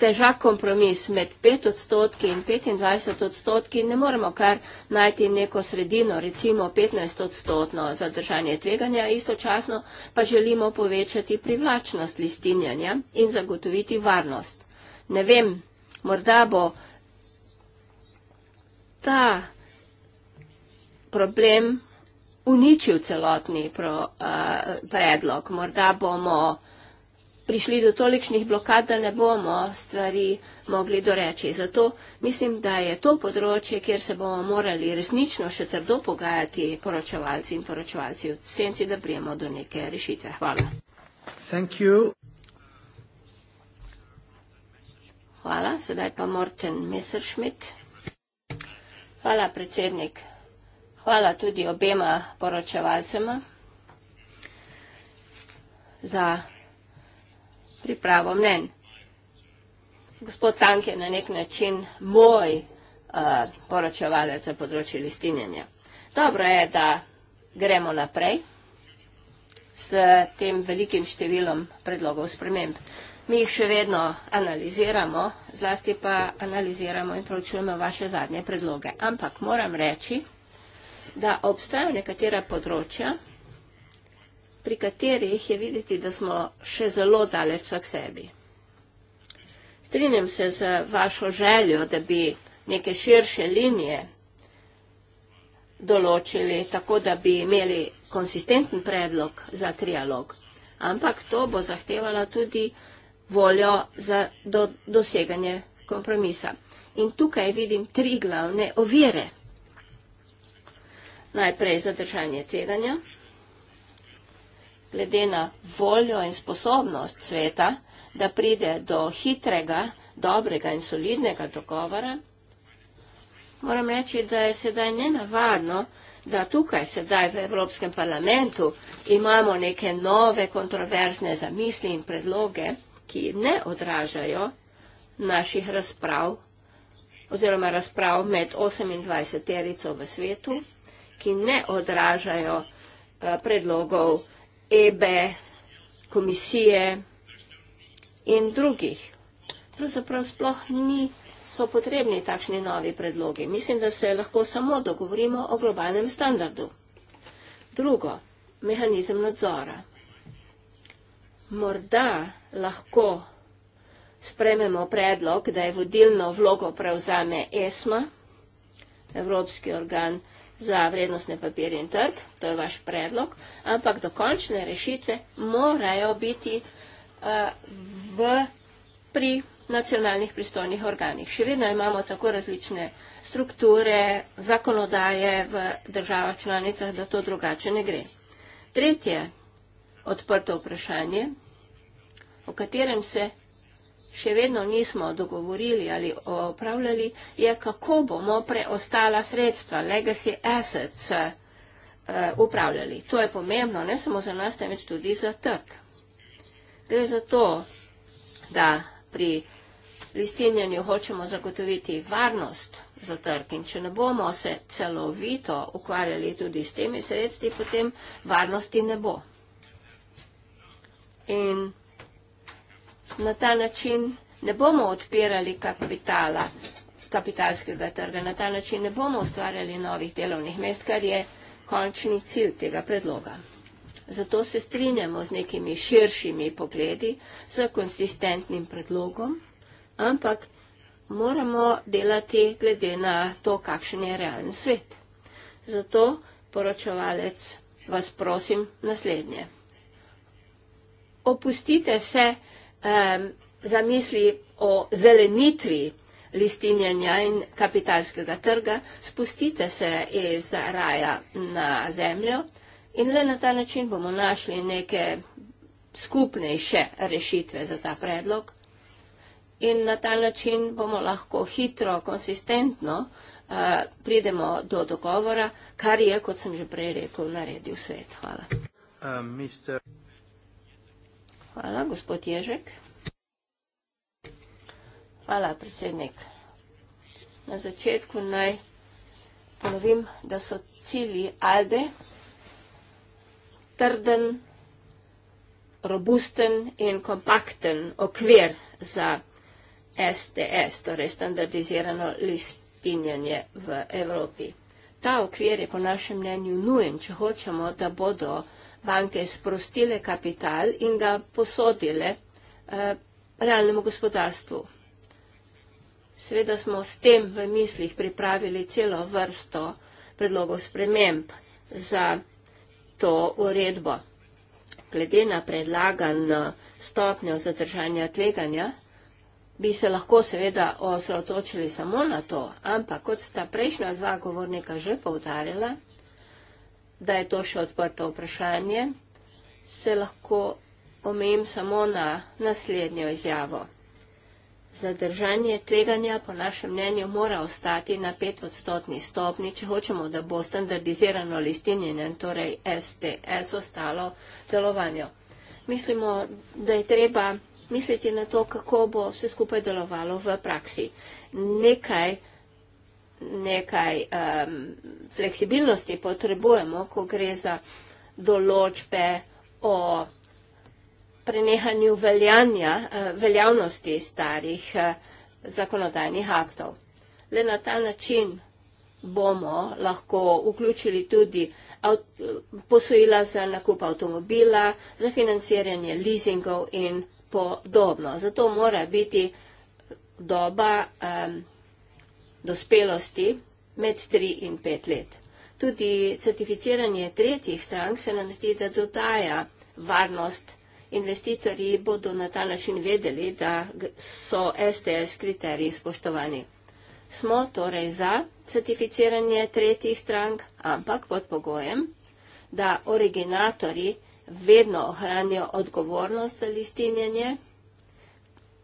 težak kompromis med 5 odstotki in 25 odstotki, ne moremo kar najti neko sredino, recimo 15 odstotno zadržanje tveganja, istočasno pa želimo povečati privlačnost listinjanja in zagotoviti varnost. Ne vem, morda bo ta problem uničil celotni pro, uh, predlog, morda bomo uh, prišli do tolikšnih blokad, da ne bomo stvari mogli doreči. Zato mislim, da je to področje, kjer se bomo morali resnično še trdo pogajati poročevalci in poročevalci v senci, da prijemo do neke rešitve. Hvala. Hvala, sedaj pa Morten Messerschmidt. Hvala, predsednik. Hvala tudi obema poročevalcema za pripravo mnen. Gospod Tank je na nek način moj uh, poročevalec za področje listinjenja. Dobro je, da gremo naprej s tem velikim številom predlogov sprememb. Mi jih še vedno analiziramo, zlasti pa analiziramo in pravčujemo vaše zadnje predloge. Ampak moram reči, da obstajajo nekatera področja, pri katerih je videti, da smo še zelo daleč vsak sebi. Strinjam se z vašo željo, da bi neke širše linije določili tako, da bi imeli konsistenten predlog za trialog, ampak to bo zahtevalo tudi voljo za do, doseganje kompromisa. In tukaj vidim tri glavne ovire. Najprej zadržanje tveganja, glede na voljo in sposobnost sveta, da pride do hitrega, dobrega in solidnega dogovora, moram reči, da je sedaj nenavadno, da tukaj sedaj v Evropskem parlamentu imamo neke nove kontroverzne zamisli in predloge, ki ne odražajo naših razprav oziroma razprav med 28 terico v svetu, ki ne odražajo eh, predlogov EBE, komisije in drugih. Pravzaprav sploh niso potrebni takšni novi predlogi. Mislim, da se lahko samo dogovorimo o globalnem standardu. Drugo, mehanizem nadzora. Morda lahko sprememo predlog, da je vodilno vlogo prevzame ESMA, Evropski organ nadzora, za vrednostne papirje in trg, to je vaš predlog, ampak dokončne rešitve morajo biti eh, v, pri nacionalnih pristojnih organih. Še vedno imamo tako različne strukture, zakonodaje v državah članicah, da to drugače ne gre. Tretje odprto vprašanje, o katerem se še vedno nismo dogovorili ali opravljali, je, kako bomo preostala sredstva, legacy assets, eh, upravljali. To je pomembno, ne samo za nas, temveč tudi za trg. Gre za to, da pri listinjanju hočemo zagotoviti varnost za trg in če ne bomo se celovito ukvarjali tudi s temi sredstvi, potem varnosti ne bo. In na ta način ne bomo odpirali kapitala, kapitalskega trga, na ta način ne bomo ustvarjali novih delovnih mest, kar je končni cilj tega predloga. Zato se strinjamo z nekimi širšimi pogledi, z konsistentnim predlogom, ampak moramo delati glede na to, kakšen je realen svet. Zato, poročevalec, vas prosim naslednje. Opustite vse, um, zamisli o zelenitvi listinjenja in kapitalskega trga, spustite se iz raja na zemljo in le na ta način bomo našli neke skupnejše rešitve za ta predlog in na ta način bomo lahko hitro, konsistentno uh, pridemo do dogovora, kar je, kot sem že prej rekel, naredil svet. Hvala. Uh, mister... Hvala, gospod Ježek. Hvala, predsednik. Na začetku naj ponovim, da so cilji ALDE trden, robusten in kompakten okvir za STS, torej standardizirano listinjanje v Evropi. Ta okvir je po našem mnenju nujen, če hočemo, da bodo vsega, banke sprostile kapital in ga posodile eh, realnemu gospodarstvu. Sveda smo s tem v mislih pripravili celo vrsto predlogov sprememb za to uredbo. Glede na predlagan stopnjo zadržanja tveganja, bi se lahko seveda osredotočili samo na to, ampak kot sta prejšnja dva govornika že povdarjala, da je to še odprto vprašanje, se lahko omejim samo na naslednjo izjavo. Zadržanje tveganja po našem mnenju mora ostati na 5 odstotni stopni, če hočemo, da bo standardizirano listinjenje, torej STS, ostalo delovanju. Mislimo, da je treba misliti na to, kako bo vse skupaj delovalo v praksi. Nekaj nekaj um, fleksibilnosti potrebujemo, ko gre za določbe o prenehanju veljanja, uh, veljavnosti starih uh, zakonodajnih aktov. Le na ta način bomo lahko vključili tudi posojila za nakup avtomobila, za financiranje leasingov in podobno. Zato mora biti doba um, dospelosti med 3 in 5 let. Tudi certificiranje tretjih strank se nam zdi, da dodaja varnost. Investitorji bodo na ta način vedeli, da so STS kriteriji spoštovani. Smo torej za certificiranje tretjih strank, ampak pod pogojem, da originatorji vedno ohranijo odgovornost za listinjenje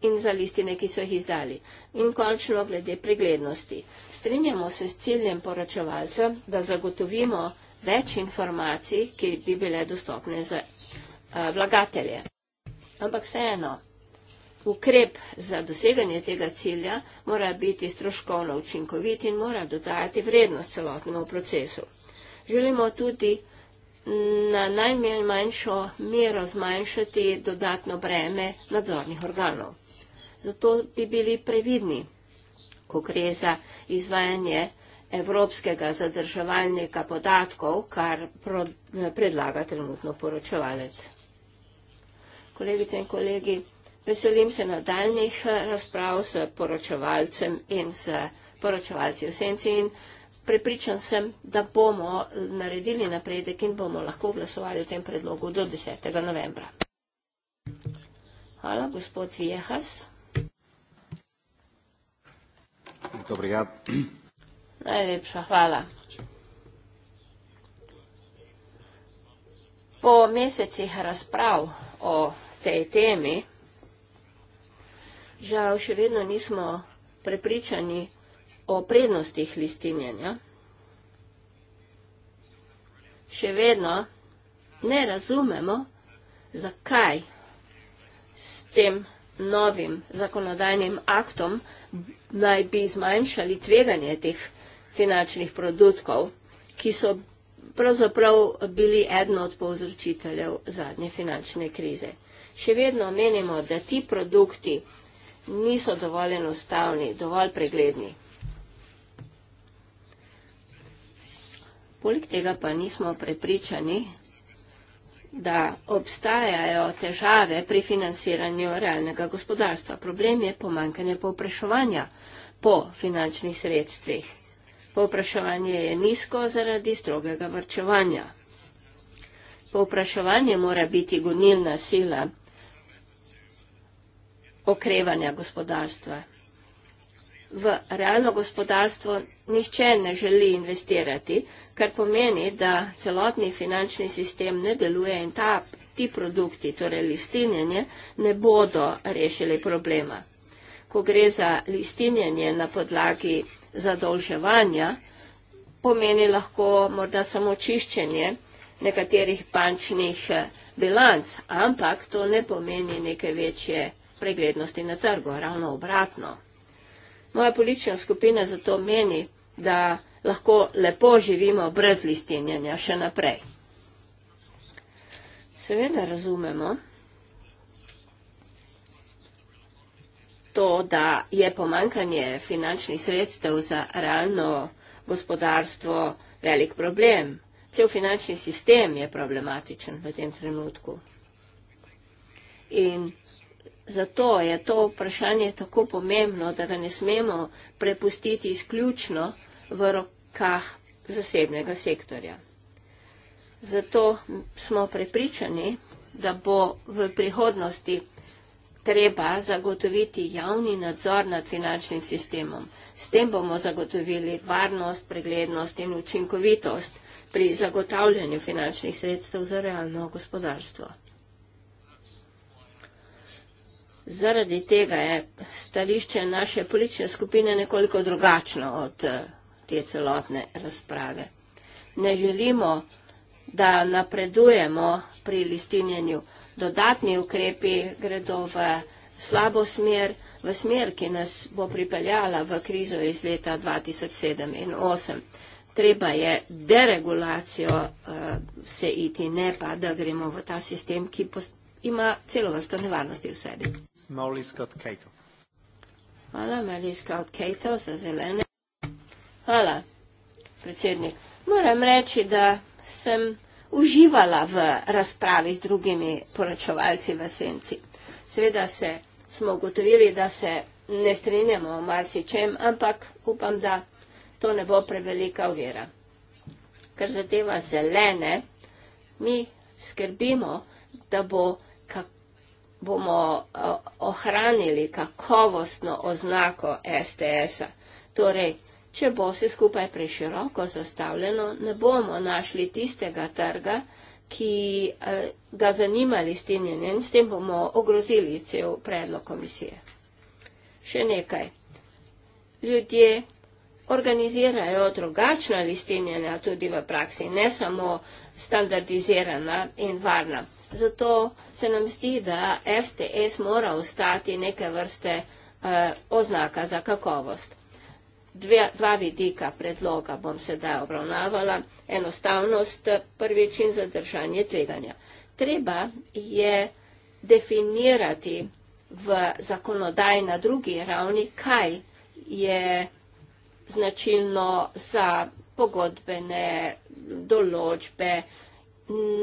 in za listine, ki so jih izdali. In končno glede preglednosti. Strinjamo se s ciljem poročevalca, da zagotovimo več informacij, ki bi bile dostopne za vlagatelje. Ampak vseeno, ukrep za doseganje tega cilja mora biti stroškovno učinkovit in mora dodajati vrednost celotnemu procesu. Želimo tudi na najmanjšo mero zmanjšati dodatno breme nadzornih organov. Zato bi bili previdni, ko gre za izvajanje evropskega zadrževalnika podatkov, kar predlaga trenutno poročevalec. Kolegice in kolegi, veselim se nadaljnih eh, razprav s poročevalcem in s poročevalci v senci in prepričan sem, da bomo naredili napredek in bomo lahko glasovali o tem predlogu do 10. novembra. Hvala, gospod Viehas. Dobro, ja. Najlepša hvala. Po mesecih razprav o tej temi, žal še vedno nismo prepričani o prednostih listinjenja. Še vedno ne razumemo, zakaj s tem novim zakonodajnim aktom naj bi zmanjšali tveganje teh finančnih produktov, ki so pravzaprav bili eno od povzročiteljev zadnje finančne krize. Še vedno menimo, da ti produkti niso dovolj enostavni, dovolj pregledni. Poleg tega pa nismo prepričani, da obstajajo težave pri financiranju realnega gospodarstva. Problem je pomankanje povpraševanja po finančnih sredstvih. Povpraševanje je nizko zaradi strogega vrčevanja. Povpraševanje mora biti gonilna sila okrevanja gospodarstva v realno gospodarstvo nihče ne želi investirati, kar pomeni, da celotni finančni sistem ne deluje in ta, ti produkti, torej listinjenje, ne bodo rešili problema. Ko gre za listinjenje na podlagi zadolževanja, pomeni lahko morda samo čiščenje nekaterih bančnih eh, bilanc, ampak to ne pomeni neke večje preglednosti na trgu, ravno obratno. Moja politična skupina zato meni, da lahko lepo živimo brez listinjenja še naprej. Seveda razumemo to, da je pomankanje finančnih sredstev za realno gospodarstvo velik problem. Cel finančni sistem je problematičen v tem trenutku. In Zato je to vprašanje tako pomembno, da ga ne smemo prepustiti izključno v rokah zasebnega sektorja. Zato smo prepričani, da bo v prihodnosti treba zagotoviti javni nadzor nad finančnim sistemom. S tem bomo zagotovili varnost, preglednost in učinkovitost pri zagotavljanju finančnih sredstev za realno gospodarstvo. Zaradi tega je stališče naše politične skupine nekoliko drugačno od eh, te celotne razprave. Ne želimo, da napredujemo pri listinjenju. Dodatni ukrepi gredo v slabo smer, v smer, ki nas bo pripeljala v krizo iz leta 2007 in 2008. Treba je deregulacijo uh, se iti, ne pa, da gremo v ta sistem, ki ima celo vrsto nevarnosti v sebi. Molly Scott Cato. Hvala, Molly Scott Cato, za zelene. Hvala, predsednik. Moram reči, da sem uživala v razpravi z drugimi poročevalci v senci. Seveda se, smo ugotovili, da se ne strinjamo o marsičem, ampak upam, da to ne bo prevelika uvira. Ker zadeva zelene, mi skrbimo, da bo bomo eh, ohranili kakovostno oznako STS-a. Torej, če bo vse skupaj preširoko zastavljeno, ne bomo našli tistega trga, ki eh, ga zanima listinjenje in s tem bomo ogrozili cel predlog komisije. Še nekaj. Ljudje organizirajo drugačna listinjenja tudi v praksi, ne samo standardizirana in varna. Zato se nam zdi, da STS mora ostati neke vrste eh, oznaka za kakovost. Dve, dva vidika predloga bom sedaj obravnavala. Enostavnost prvič in zadržanje tveganja. Treba je definirati v zakonodaji na drugi ravni, kaj je značilno za pogodbene določbe, eh,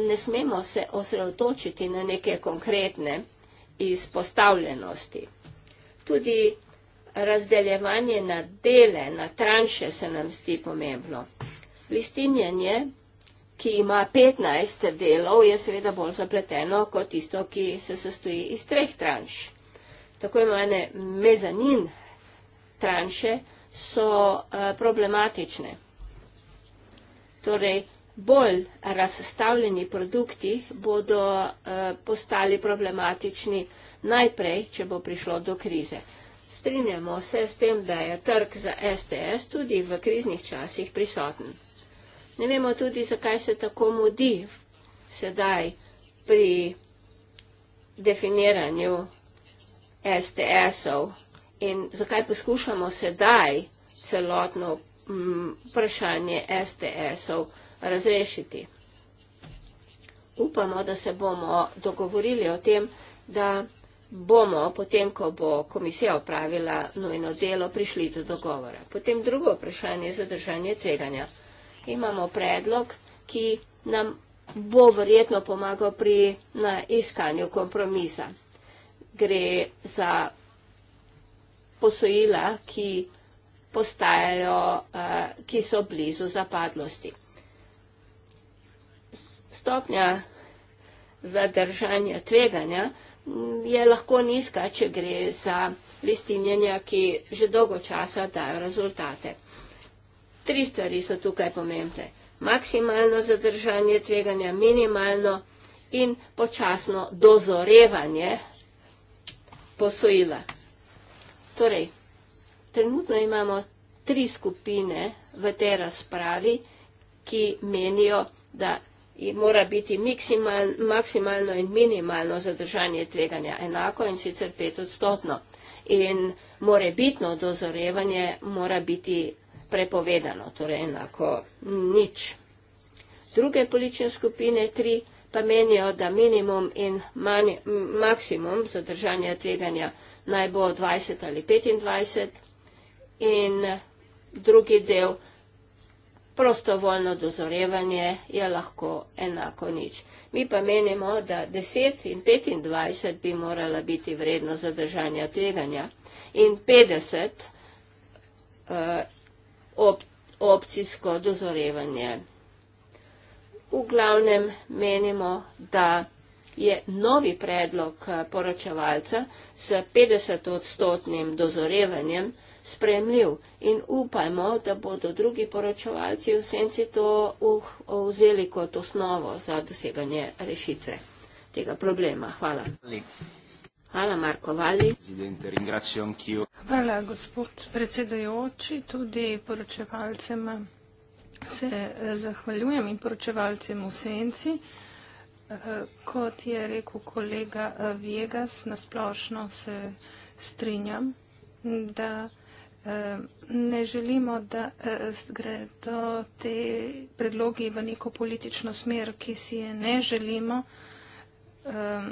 ne smemo se osredotočiti na neke konkretne izpostavljenosti. Tudi razdeljevanje na dele, na tranše se nam zdi pomembno. Listinjanje, ki ima 15 delov, je seveda bolj zapleteno kot tisto, ki se sestoji iz treh tranš. Tako imene mezanin tranše so eh, problematične. Torej, bolj razstavljeni produkti bodo eh, postali problematični najprej, če bo prišlo do krize. Strinjamo se s tem, da je trg za STS tudi v kriznih časih prisoten. Ne vemo tudi, zakaj se tako mudi sedaj pri definiranju STS-ov in zakaj poskušamo sedaj celotno mm, vprašanje STS-ov vprašati razrešiti. Upamo, da se bomo dogovorili o tem, da bomo potem, ko bo komisija opravila nujno delo, prišli do dogovora. Potem drugo vprašanje je zadržanje tveganja. Imamo predlog, ki nam bo verjetno pomagal pri iskanju kompromisa. Gre za posojila, ki, postajajo, eh, ki so blizu zapadlosti stopnja zadržanja tveganja mm, je lahko nizka, če gre za listinjenja, ki že dolgo časa dajo rezultate. Tri stvari so tukaj pomembne. Maksimalno zadržanje tveganja, minimalno in počasno dozorevanje posojila. Torej, trenutno imamo tri skupine v tej razpravi, ki menijo, da mora biti maksimalno in minimalno zadržanje tveganja enako in sicer pet odstotno. In more bitno dozorevanje mora biti prepovedano, torej enako nič. Druge politične skupine, tri, pa menijo, da minimum in mani, maksimum zadržanja tveganja naj bo 20 ali 25 in drugi del prostovoljno dozorevanje je lahko enako nič. Mi pa menimo, da 10 in 25 bi morala biti vredno zadržanja tveganja in 50 eh, op opcijsko dozorevanje. V glavnem menimo, da je novi predlog eh, poročevalca s 50-odstotnim dozorevanjem spremljiv in upajmo, da bodo drugi poročevalci v senci to uh, vzeli kot osnovo za doseganje rešitve tega problema. Hvala. Hvala, Marko Vali. Hvala, gospod predsedojoči, tudi poročevalcem se eh, zahvaljujem in poročevalcem v senci. Eh, kot je rekel kolega eh, Viegas, nasplošno se strinjam, da Eh, ne želimo, da eh, gredo te predlogi v neko politično smer, ki si je ne želimo. Ehm,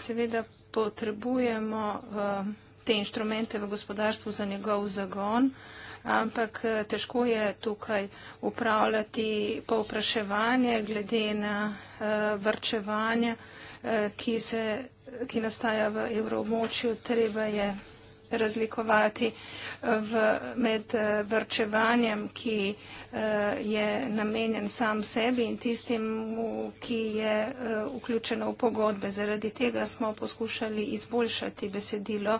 seveda potrebujemo eh, te inštrumente v gospodarstvu za njegov zagon, ampak težko je tukaj upravljati povpraševanje glede na vrčevanje, ki, se, ki nastaja v evromočju. Treba je razlikovati eh, v, med eh, vrčevanjem, ki eh, je namenjen sam sebi in tistim, ki je vključeno v pogodbe. Zaradi tega smo poskušali izboljšati besedilo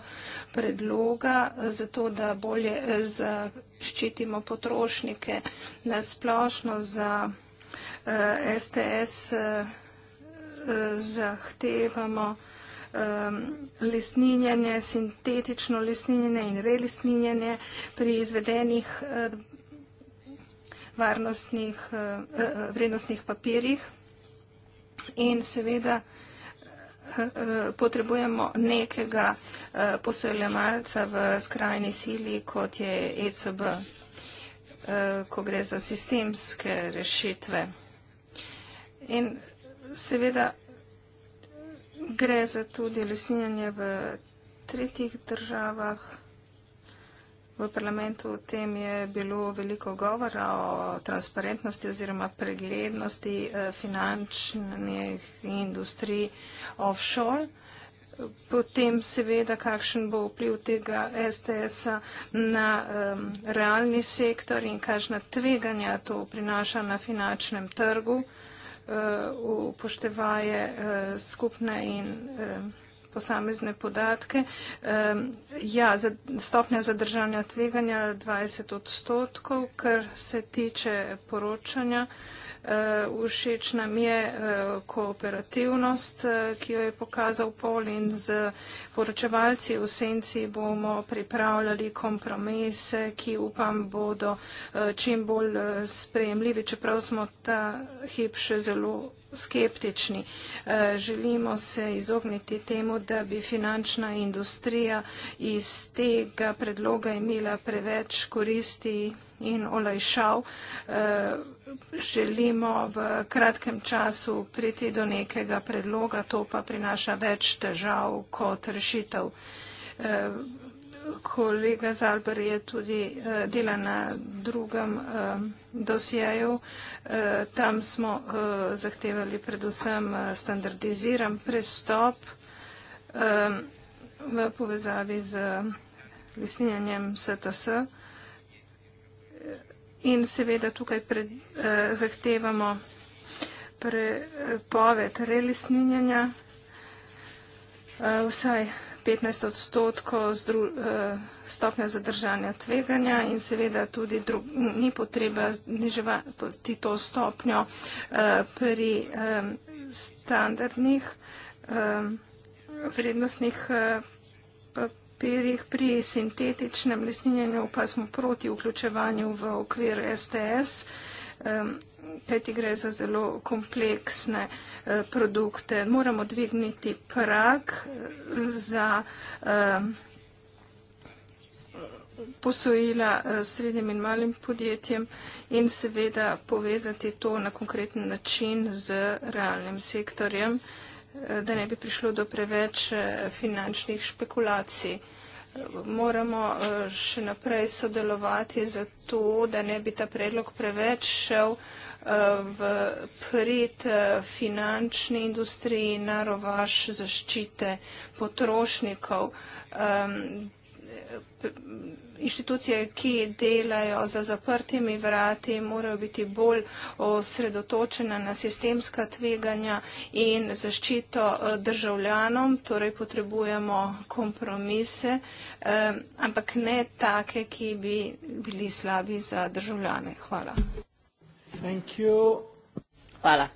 predloga, zato da bolje zaščitimo potrošnike na splošno za STS zahtevamo uh, um, lesninjenje, sintetično lesninjenje in relesninjenje pri izvedenih uh, varnostnih uh, uh, vrednostnih papirjih. In seveda uh, uh potrebujemo nekega uh, posojljamalca v skrajni sili, kot je ECB, uh, ko gre za sistemske rešitve. In seveda gre za tudi lesninjanje v tretjih državah. V parlamentu o tem je bilo veliko govora o transparentnosti oziroma preglednosti eh, finančnih industrij offshore. Potem seveda, kakšen bo vpliv tega STS-a na um, realni sektor in kakšna tveganja to prinaša na finančnem trgu. Uh, Eh, upoštevaje eh, skupne in eh, posamezne podatke. Ja, stopnja zadržanja tveganja 20 odstotkov, kar se tiče poročanja, Eh, všeč nam je eh, kooperativnost, eh, ki jo je pokazal Pol in z poročevalci v senci bomo pripravljali kompromise, ki upam bodo čim bolj spremljivi, čeprav smo ta hip še zelo skeptični. Eh, želimo se izogniti temu, da bi finančna industrija iz tega predloga imela preveč koristi in olajšav. Eh, želimo v kratkem času priti do nekega predloga, to pa prinaša več težav kot rešitev. Eh, kolega Zalber je tudi uh, dela na drugem uh, dosjeju. Uh, tam smo uh, zahtevali predvsem uh, standardiziran pristop uh, v povezavi z uh, listinjanjem STS. In seveda tukaj pred, eh, zahtevamo prepoved relisninjanja, eh, vsaj 15 odstotkov zdru, eh, stopnja zadržanja tveganja in seveda tudi dru, ni potreba zniževati to stopnjo eh, pri eh, standardnih eh, vrednostnih eh, papirjih, pri sintetičnem lesninjenju pa smo proti vključevanju v okvir STS. Eh, kajti gre za zelo kompleksne eh, produkte. Moramo dvigniti prag eh, za eh, posojila srednjim in malim podjetjem in seveda povezati to na konkreten način z realnim sektorjem, da ne bi prišlo do preveč finančnih špekulacij. Moramo še naprej sodelovati za to, da ne bi ta predlog preveč šel uh, v pred eh, finančni industriji na rovaš zaščite potrošnikov. Um, inštitucije, ki delajo za zaprtimi vrati, morajo biti bolj osredotočene na sistemska tveganja in zaščito eh, državljanom, torej potrebujemo kompromise, ampak ne take, ki bi bili slabi za državljane. Hvala. Thank you. Hvala.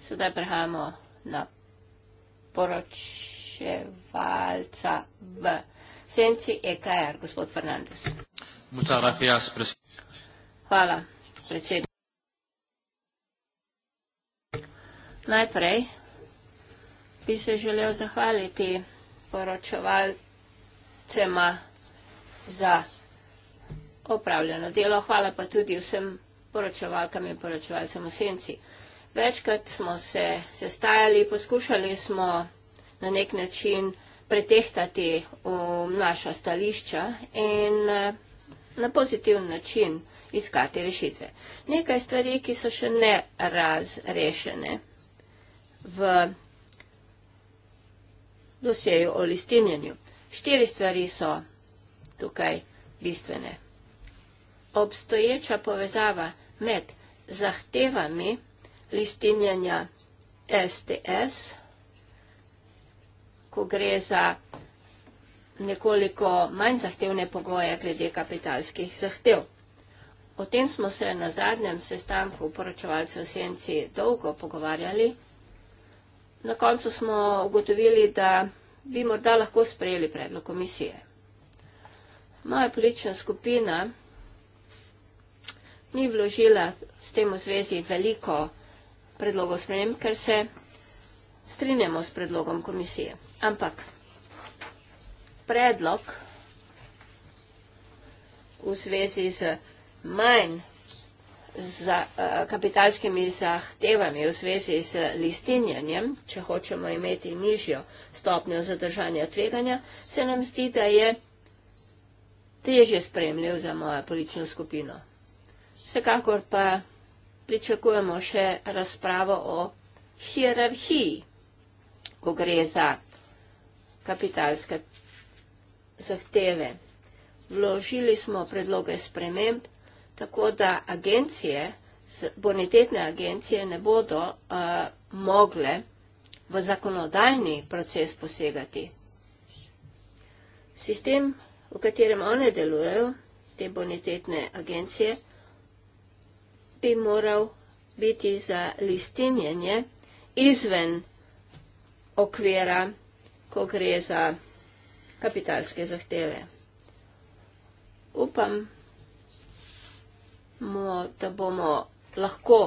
Sedaj prehajamo na poročevalca v senci EKR, gospod Fernandez. Hvala, predsednik. Najprej bi se želel zahvaliti poročevalcema za opravljeno delo, hvala pa tudi vsem poročevalkam in poročevalcem v senci. Večkrat smo se sestajali, poskušali smo na nek način pretehtati v um, naša stališča in eh, na pozitiven način iskati rešitve. Nekaj stvari, ki so še ne razrešene v dosjeju o listinjenju. Štiri stvari so tukaj bistvene obstoječa povezava med zahtevami listinjanja STS, ko gre za nekoliko manj zahtevne pogoje glede kapitalskih zahtev. O tem smo se na zadnjem sestanku poročevalcev Senci dolgo pogovarjali. Na koncu smo ugotovili, da bi morda lahko sprejeli predlog komisije. Moja politična skupina ni vložila s tem v zvezi veliko predlogov sprejem, ker se strinjamo s predlogom komisije. Ampak predlog v zvezi z manj z eh, kapitalskimi zahtevami v zvezi z listinjanjem, če hočemo imeti nižjo stopnjo zadržanja tveganja, se nam zdi, da je težje spremljiv za mojo politično skupino. Vsekakor pa pričakujemo še razpravo o hierarhiji, ko gre za kapitalske zahteve. Vložili smo predloge sprememb, tako da agencije, bonitetne agencije ne bodo uh, mogle v zakonodajni proces posegati. Sistem, v katerem one delujejo, te bonitetne agencije, bi moral biti za listinjenje izven okvira, ko gre za kapitalske zahteve. Upam, mo, da bomo lahko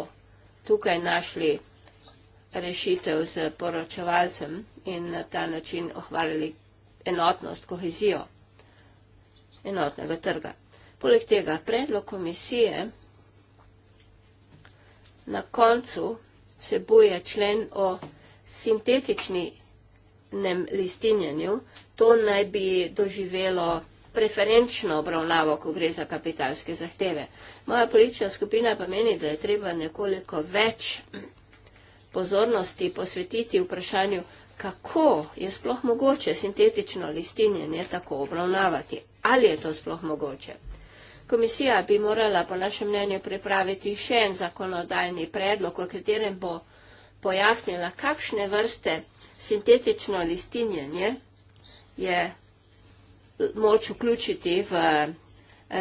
tukaj našli rešitev z poročevalcem in na ta način ohvalili enotnost, kohezijo enotnega trga. Poleg tega predlog komisije na koncu vsebuje člen o sintetičnem listinjenju, to naj bi doživelo preferenčno obravnavo, ko gre za kapitalske zahteve. Moja politična skupina pa meni, da je treba nekoliko več pozornosti posvetiti vprašanju, kako je sploh mogoče sintetično listinjenje tako obravnavati. Ali je to sploh mogoče? Komisija bi morala, po našem mnenju, pripraviti še en zakonodajni predlog, o katerem bo pojasnila, kakšne vrste sintetično listinjenje je moč vključiti v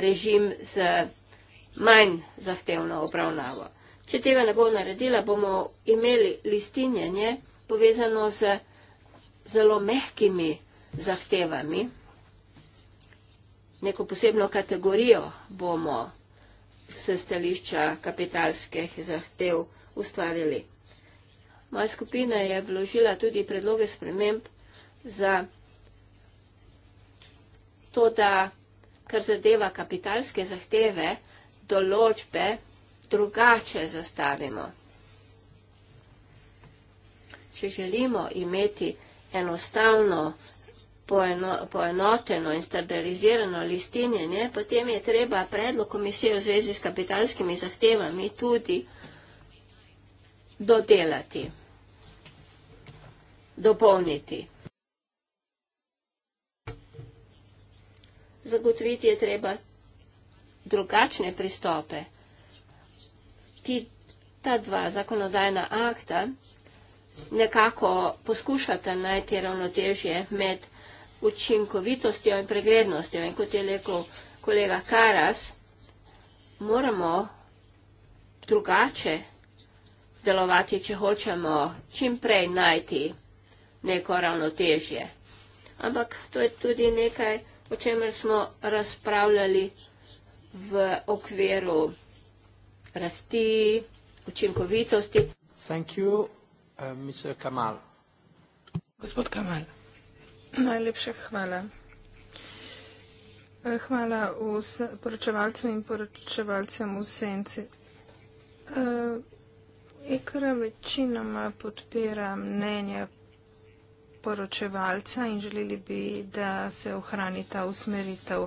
režim z manj zahtevno obravnavo. Če tega ne bo naredila, bomo imeli listinjenje povezano z zelo mehkimi zahtevami neko posebno kategorijo bomo se stališča kapitalskih zahtev ustvarili. Moja skupina je vložila tudi predloge sprememb za to, da kar zadeva kapitalske zahteve, določbe drugače zastavimo. Če želimo imeti enostavno zahtev, poeno, poenoteno in standardizirano listinjenje, potem je treba predlog komisije v zvezi s kapitalskimi zahtevami tudi dodelati, dopolniti. Zagotoviti je treba drugačne pristope. Ti, ta dva zakonodajna akta nekako poskušata najti ravnotežje med učinkovitostjo in preglednostjo. In kot je rekel kolega Karas, moramo drugače delovati, če hočemo čim prej najti neko ravnotežje. Ampak to je tudi nekaj, o čemer smo razpravljali v okviru rasti, učinkovitosti. Thank you, uh, Mr. Kamal. Gospod Kamal. Najlepše hvala. Eh, hvala poročevalcu in poročevalcem v senci. Eh, Ekra večinoma podpira mnenje poročevalca in želeli bi, da se ohrani ta usmeritev.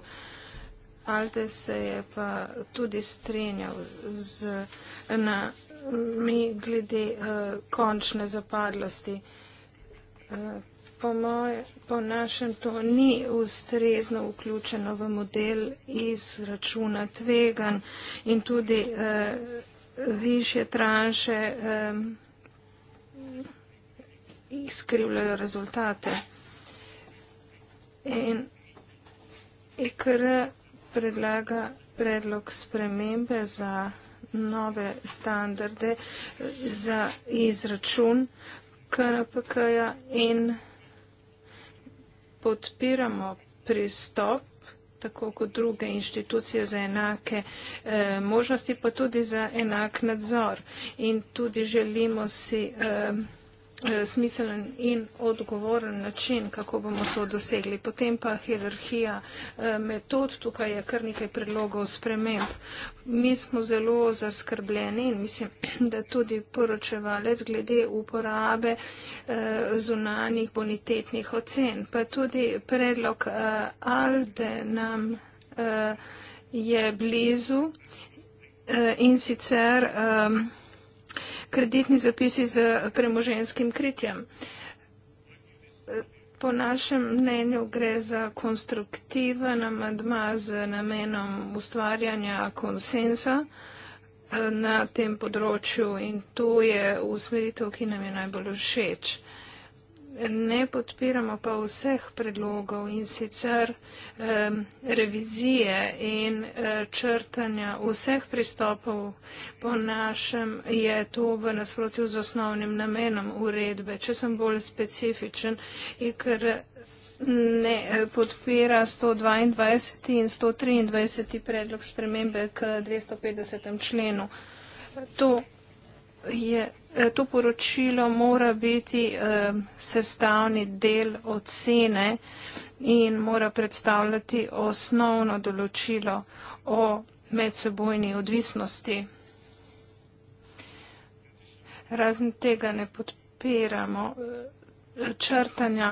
Alte se je pa tudi strenjal z nami glede uh, končne zapadlosti. Uh, po, moj, po našem to ni ustrezno vključeno v model iz računa tvegan in tudi eh, više tranše eh, izkrivljajo rezultate. In EKR predlaga predlog spremembe za nove standarde eh, za izračun KNPK-ja in podpiramo pristop tako kot druge inštitucije za enake e, možnosti, pa tudi za enak nadzor. In tudi želimo si. E, Eh, smiselen in odgovoren način, kako bomo to dosegli. Potem pa hierarhija eh, metod, tukaj je kar nekaj predlogov sprememb. Mi smo zelo zaskrbljeni in mislim, da tudi poročevalec glede uporabe eh, zunanih bonitetnih ocen, pa tudi predlog Alde nam je blizu in sicer kreditni zapisi z premoženskim kritjem. Po našem mnenju gre za konstruktiven amadma z namenom ustvarjanja konsensa eh, na tem področju in to je usmeritev, ki nam je najbolj všeč ne podpiramo pa vseh predlogov in sicer um, revizije in uh, črtanja vseh pristopov po našem je to v nasprotju z osnovnim namenom uredbe. Če sem bolj specifičen, je ker ne eh, podpira 122 in 123 predlog spremembe k 250 členu. To je Eh, to poročilo mora biti eh, sestavni del ocene in mora predstavljati osnovno določilo o medsebojni odvisnosti. Razen tega ne podpiramo eh, črtanja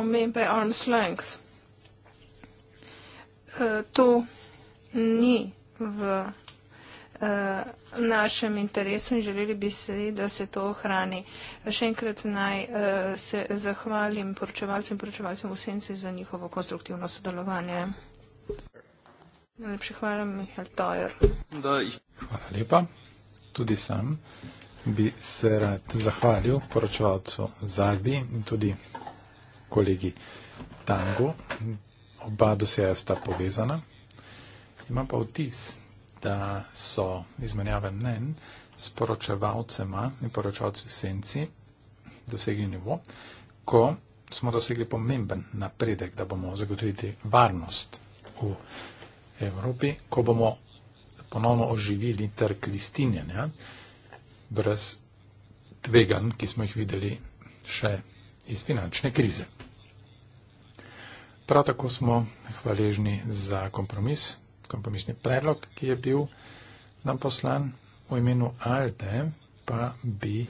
omembe arm's length. To ni v v eh, našem interesu in želeli bi se, da se to ohrani. Še enkrat naj eh, se zahvalim poročevalcem in poročevalcem v senci za njihovo konstruktivno sodelovanje. Najlepši hvala, Mihael Tojer. Hvala lepa. Tudi sam bi se rad zahvalil poročevalcu Zarbi in tudi kolegi Tangu. Oba doseja sta povezana. Imam pa vtis, da so izmenjave mnen s poročevalcema in poročevalci senci dosegli nivo, ko smo dosegli pomemben napredek, da bomo zagotoviti varnost v Evropi, ko bomo ponovno oživili trg listinjenja brez tvegan, ki smo jih videli še iz finančne krize. Prav tako smo hvaležni za kompromis kompromisni predlog, ki je bil nam poslan v imenu Alde, pa bi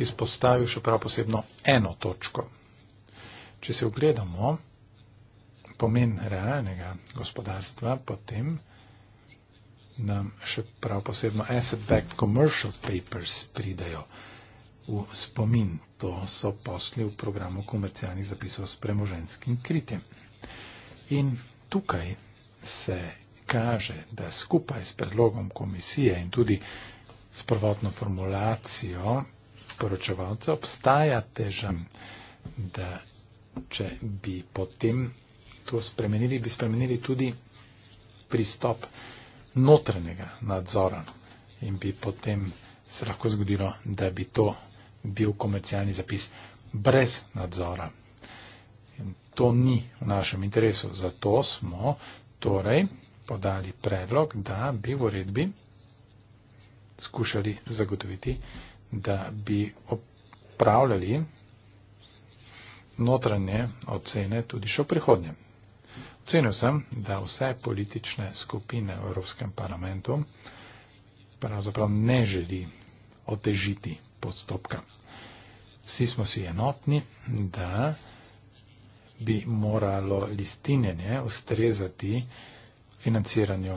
izpostavil še prav posebno eno točko. Če se ogledamo pomen realnega gospodarstva, potem nam še prav posebno asset-backed commercial papers pridajo v spomin. To so posli v programu komercialnih zapisov s premoženskim kritjem. In tukaj se kaže, da skupaj s predlogom komisije in tudi s prvotno formulacijo poročevalca obstaja težan, da če bi potem to spremenili, bi spremenili tudi pristop notranjega nadzora in bi potem se lahko zgodilo, da bi to bil komercialni zapis brez nadzora. In to ni v našem interesu, zato smo torej podali predlog, da bi v uredbi skušali zagotoviti, da bi opravljali notranje ocene tudi še v prihodnje. Ocenil sem, da vse politične skupine v Evropskem parlamentu pravzaprav ne želi otežiti postopka. Vsi smo si enotni, da bi moralo listinjenje ustrezati eh, financiranju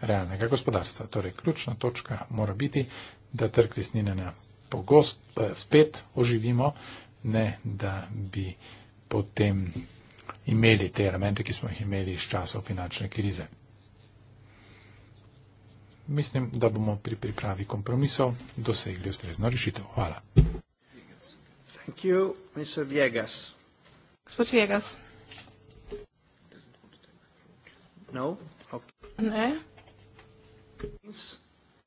realnega gospodarstva. Torej, ključna točka mora biti, da trg resninjanja pogost eh, spet oživimo, ne da bi potem imeli te elemente, ki smo jih imeli iz časov finančne krize. Mislim, da bomo pri pripravi kompromisov dosegli ustrezno rešitev. Hvala. Gospod Viegas. No. Ne.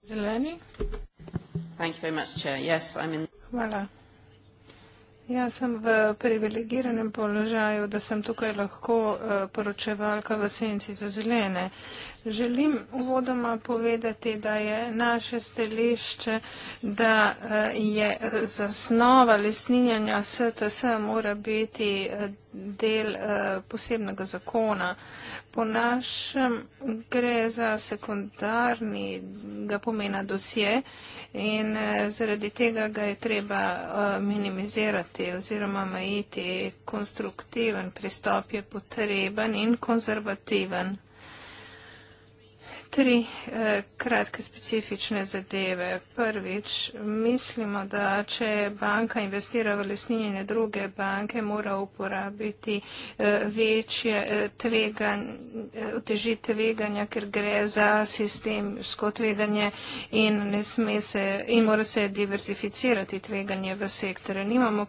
Zeleni. Thank you very much, Chair. Yes, I'm in... Hvala. Ja, sem v privilegiranem položaju, da sem tukaj lahko uh, poročevalka v senci za zelene. Uh, Želim uvodoma povedati, da je naše stališče, da eh, je zasnova lesninjanja STS mora biti eh, del eh, posebnega zakona. Po našem gre za sekundarni, ga pomena dosje in zaradi tega ga je treba minimizirati oziroma majiti. Konstruktiven pristop je potreben in konzervativen tri eh, kratke specifične zadeve. Prvič, mislimo, da če banka investira v lesninjene druge banke, mora uporabiti eh, večje eh, tvegan, teži tveganja, ker gre za sistemsko tveganje in, ne sme se, in mora se diversificirati tveganje v sektore. Nimamo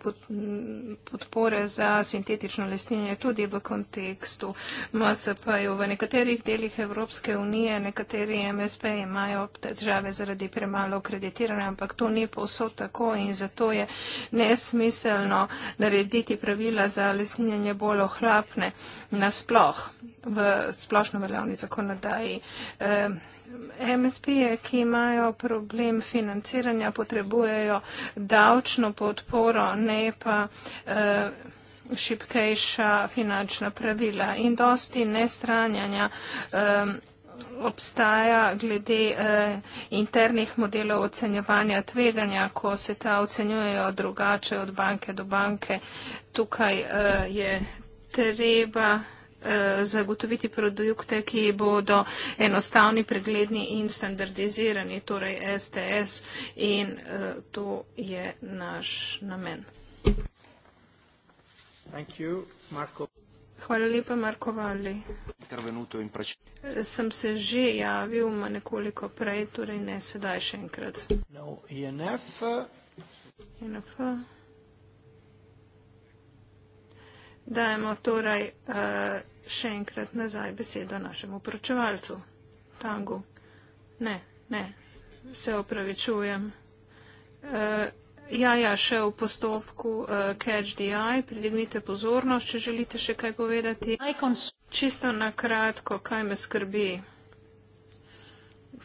podpore za sintetično lesninje tudi v kontekstu MSP-ju. V nekaterih delih Evropske unije nekaj nekateri MSP imajo težave zaradi premalo kreditiranja, ampak to ni povsod tako in zato je nesmiselno narediti pravila za lesninjanje bolj ohlapne nasploh v splošno veljavni zakonodaji. MSP-je, ki imajo problem financiranja, potrebujejo davčno podporo, ne pa eh, šipkejša finančna pravila in dosti nestranjanja obstaja glede eh, internih modelov ocenjevanja tveganja, ko se ta ocenjujejo drugače od banke do banke. Tukaj eh, je treba eh, zagotoviti produkte, ki bodo enostavni, pregledni in standardizirani, torej STS in uh, to je naš namen. Thank you, Marko. Hvala lepa, Marko Vali. Sem se že javil, ma nekoliko prej, torej ne sedaj še enkrat. No, INF. E INF. E Dajemo torej uh, še enkrat nazaj besedo našemu pročevalcu, Tangu. Ne, ne, se opravičujem. Uh, Ja, ja, še v postopku uh, Catch the Eye. Pridignite pozornost, če želite še kaj povedati. Čisto na kratko, kaj me skrbi,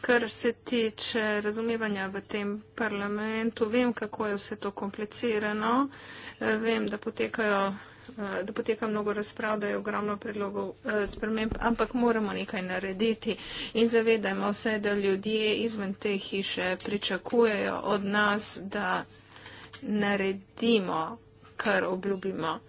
kar se tiče razumevanja v tem parlamentu. Vem, kako je vse to komplicirano. Uh, vem, da, potekajo, uh, da poteka mnogo razprav, da je ogromno predlogov uh, sprememb, ampak moramo nekaj narediti in zavedajmo se, da ljudje izven te hiše pričakujejo od nas, da naredimo, kar obljubimo.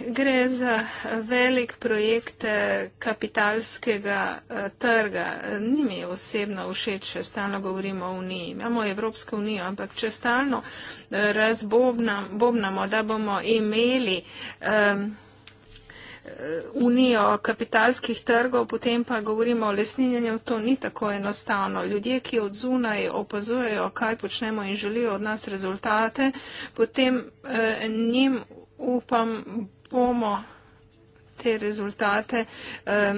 Gre za velik projekt eh, kapitalskega eh, trga. Ni mi osebno všeč, če stalno govorimo o Uniji. Imamo Evropsko unijo, ampak če stalno eh, razbobnamo, da bomo imeli. Um, unijo kapitalskih trgov, potem pa govorimo o lesninjenju, to ni tako enostavno. Ljudje, ki od zunaj opazujejo, kaj počnemo in želijo od nas rezultate, potem eh, njim upam bomo te rezultate eh,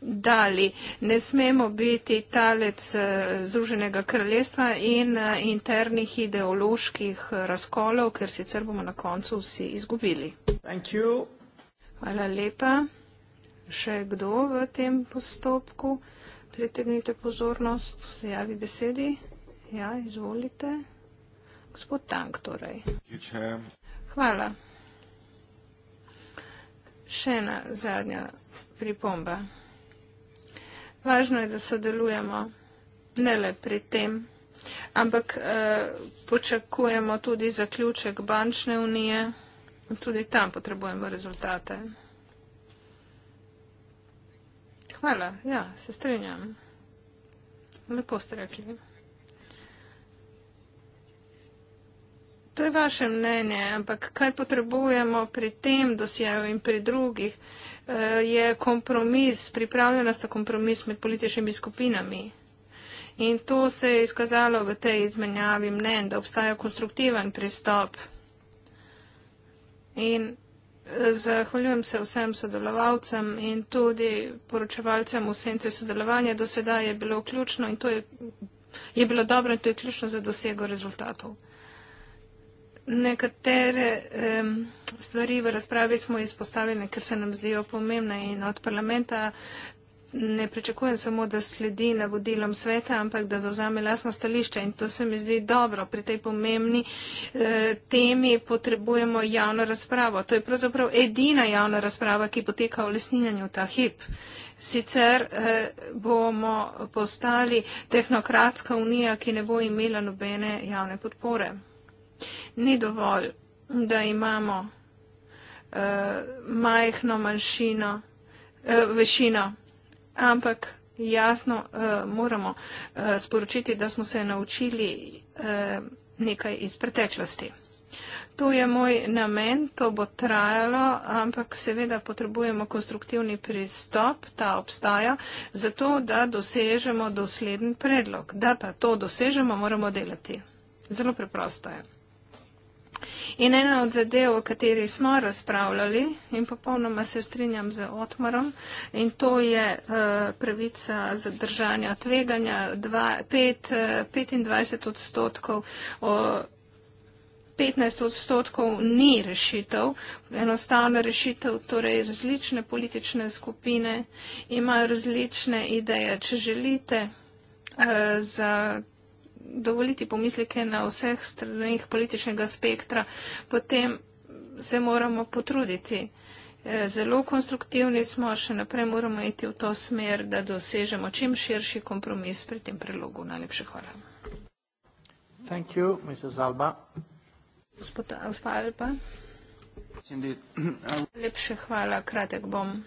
dali. Ne smemo biti talec eh, Združenega kraljestva in eh, internih ideoloških razkolov, ker sicer bomo na koncu vsi izgubili. Thank you. Hvala lepa. Še kdo v tem postopku? Pritegnite pozornost, se javi besedi. Ja, izvolite. Gospod Tank, torej. Hvala. Še ena zadnja pripomba. Važno je, da sodelujemo ne le pri tem, ampak eh, počakujemo tudi zaključek bančne unije. Tudi tam potrebujemo rezultate. Hvala, ja, se strinjam. Lepo ste rekli. To je vaše mnenje, ampak kaj potrebujemo pri tem dosjeju in pri drugih, e, je kompromis, pripravljenost na kompromis med političnimi skupinami. In to se je izkazalo v tej izmenjavi mnen, da obstaja konstruktiven pristop. In eh, zahvaljujem se vsem sodelovalcem in tudi poročevalcem v senci sodelovanja. Do sedaj je bilo ključno in to je, je bilo dobro in to je ključno za dosego rezultatov. Nekatere um, stvari v razpravi smo izpostavili, ker se nam zdijo pomembne in od parlamenta ne pričakujem samo, da sledi navodilom sveta, ampak da zauzame lasno stališče. In to se mi zdi dobro. Pri tej pomembni eh, temi potrebujemo javno razpravo. To je pravzaprav edina javna razprava, ki poteka v lesninjanju ta hip. Sicer eh, bomo postali tehnokratska unija, ki ne bo imela nobene javne podpore. Ni dovolj, da imamo eh, majhno manjšino, eh, vešino ampak jasno uh, moramo uh, sporočiti, da smo se naučili uh, nekaj iz preteklosti. To je moj namen, to bo trajalo, ampak seveda potrebujemo konstruktivni pristop, ta obstaja, zato da dosežemo dosleden predlog. Da pa to dosežemo, moramo delati. Zelo preprosto je. In ena od zadev, o kateri smo razpravljali in popolnoma se strinjam z Otmarom, in to je uh, pravica zadržanja tveganja, dva, pet, uh, eh, 25 odstotkov. Uh, 15 odstotkov ni rešitev, enostavna rešitev, torej različne politične skupine imajo različne ideje. Če želite uh, za dovoliti pomisleke na vseh stranih političnega spektra, potem se moramo potruditi. E, zelo konstruktivni smo, še naprej moramo iti v to smer, da dosežemo čim širši kompromis pri tem predlogu. Najlepše hvala. Thank you, Mrs. Alba. Gospod Alba. Lepše hvala, kratek bom.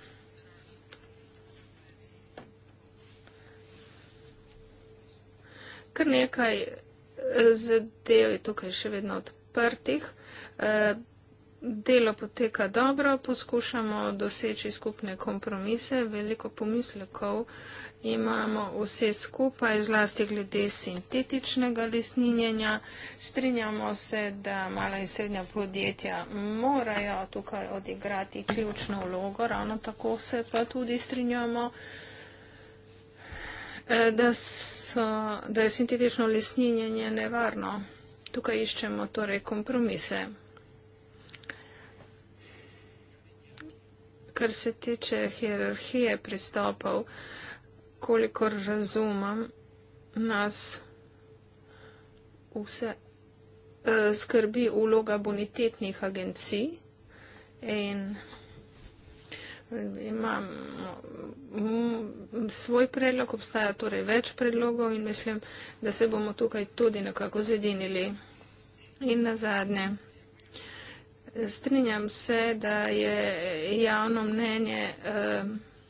kar nekaj eh, zadev je tukaj še vedno odprtih. Eh, delo poteka dobro, poskušamo doseči skupne kompromise, veliko pomislekov imamo vse skupaj, zlasti glede sintetičnega lesninjenja. Strinjamo se, da mala in srednja podjetja morajo tukaj odigrati ključno vlogo, ravno tako se pa tudi strinjamo. Eh, da, so, da je sintetično lesninjenje nevarno. Tukaj iščemo torej kompromise. Kar se tiče hierarhije pristopov, kolikor razumem, nas vse eh, skrbi vloga bonitetnih agencij in imam mm, svoj predlog, obstaja torej več predlogov in mislim, da se bomo tukaj tudi nekako zedinili. In na zadnje, strinjam se, da je javno mnenje eh,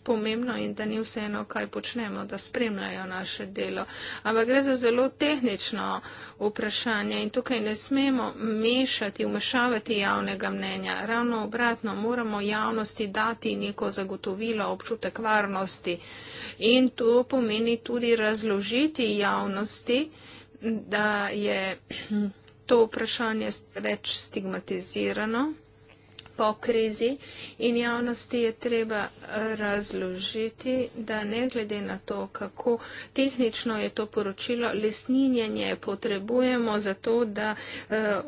pomembno in da ni vseeno, kaj počnemo, da spremljajo naše delo. Ampak gre za zelo tehnično vprašanje in tukaj ne smemo mešati, umešavati javnega mnenja. Ravno obratno, moramo javnosti dati neko zagotovilo, občutek varnosti in to pomeni tudi razložiti javnosti, da je to vprašanje več stigmatizirano po krizi in javnosti je treba razložiti, da ne glede na to, kako tehnično je to poročilo, lesninjenje potrebujemo za to, da eh,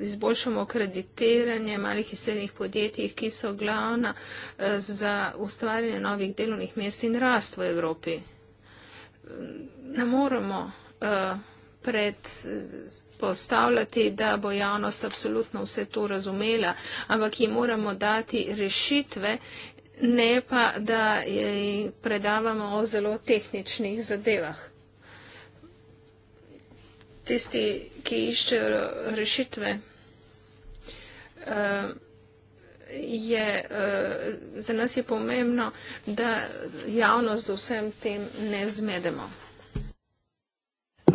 izboljšamo kreditiranje malih in srednjih podjetij, ki so glavna eh, za ustvarjanje novih delovnih mest in rast v Evropi. Ne moremo eh, pred izpostavljati, da bo javnost absolutno vse to razumela, ampak ji moramo dati rešitve, ne pa, da ji predavamo o zelo tehničnih zadevah. Tisti, ki iščejo rešitve, eh, je, eh, za nas je pomembno, da javnost z vsem tem ne zmedemo.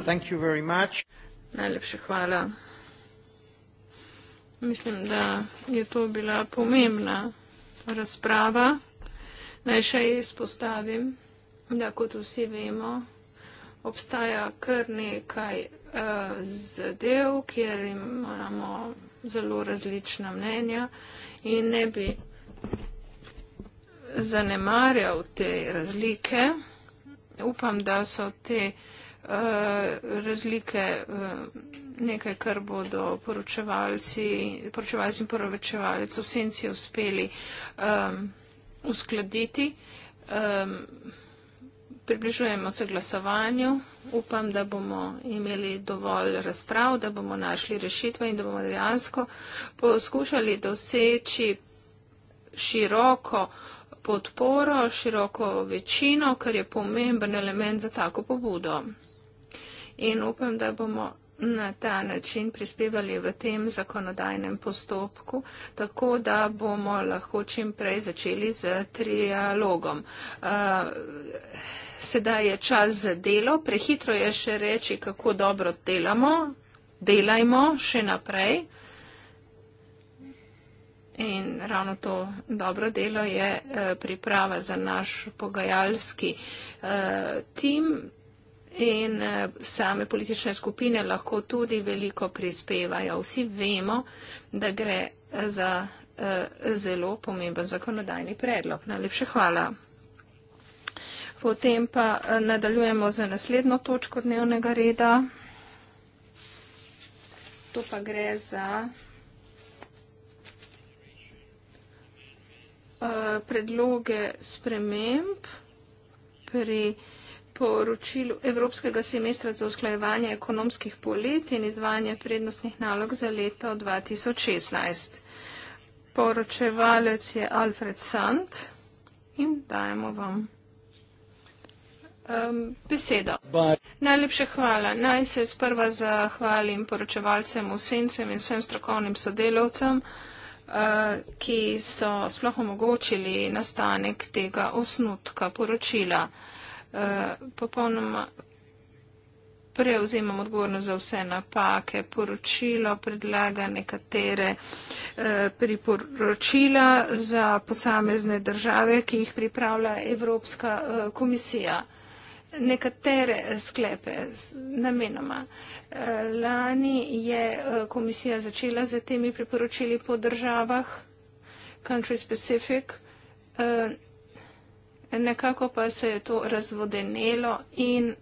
Thank you very much. Najlepša hvala. Mislim, da je to bila pomembna razprava. Naj še izpostavim, da kot vsi vemo, obstaja kar nekaj uh, zadev, kjer imamo zelo različna mnenja in ne bi zanemarjal te razlike. Upam, da so te uh, Eh, razlike, eh, nekaj, kar bodo poročevalci, poročevalci in poročevalec v senci uspeli um, uskladiti. Um, približujemo se glasovanju. Upam, da bomo imeli dovolj razprav, da bomo našli rešitve in da bomo dejansko poskušali doseči široko podporo, široko večino, kar je pomemben element za tako pobudo in upam, da bomo na ta način prispevali v tem zakonodajnem postopku, tako da bomo lahko čim prej začeli z trialogom. Sedaj je čas za delo, prehitro je še reči, kako dobro delamo, delajmo še naprej. In ravno to dobro delo je e, priprava za naš pogajalski e, tim, in eh, same politične skupine lahko tudi veliko prispevajo. Vsi vemo, da gre eh, za eh, zelo pomemben zakonodajni predlog. Najlepše hvala. Potem pa nadaljujemo za naslednjo točko dnevnega reda. To pa gre za predloge sprememb pri poročilu Evropskega semestra za usklajevanje ekonomskih polit in izvanje prednostnih nalog za leto 2016. Poročevalec je Alfred Sand in dajemo vam um, besedo. Bye. Najlepše hvala. Naj se sprva zahvalim poročevalcem, usencem in vsem strokovnim sodelovcem, uh, ki so sploh omogočili nastanek tega osnutka poročila. Eh, popolnoma prevzemam odgovornost za vse napake. Poročilo predlaga nekatere eh, priporočila za posamezne države, ki jih pripravlja Evropska eh, komisija. Nekatere sklepe namenoma. Lani je komisija začela za temi priporočili po državah, country specific, nekako pa se je to razvodenelo in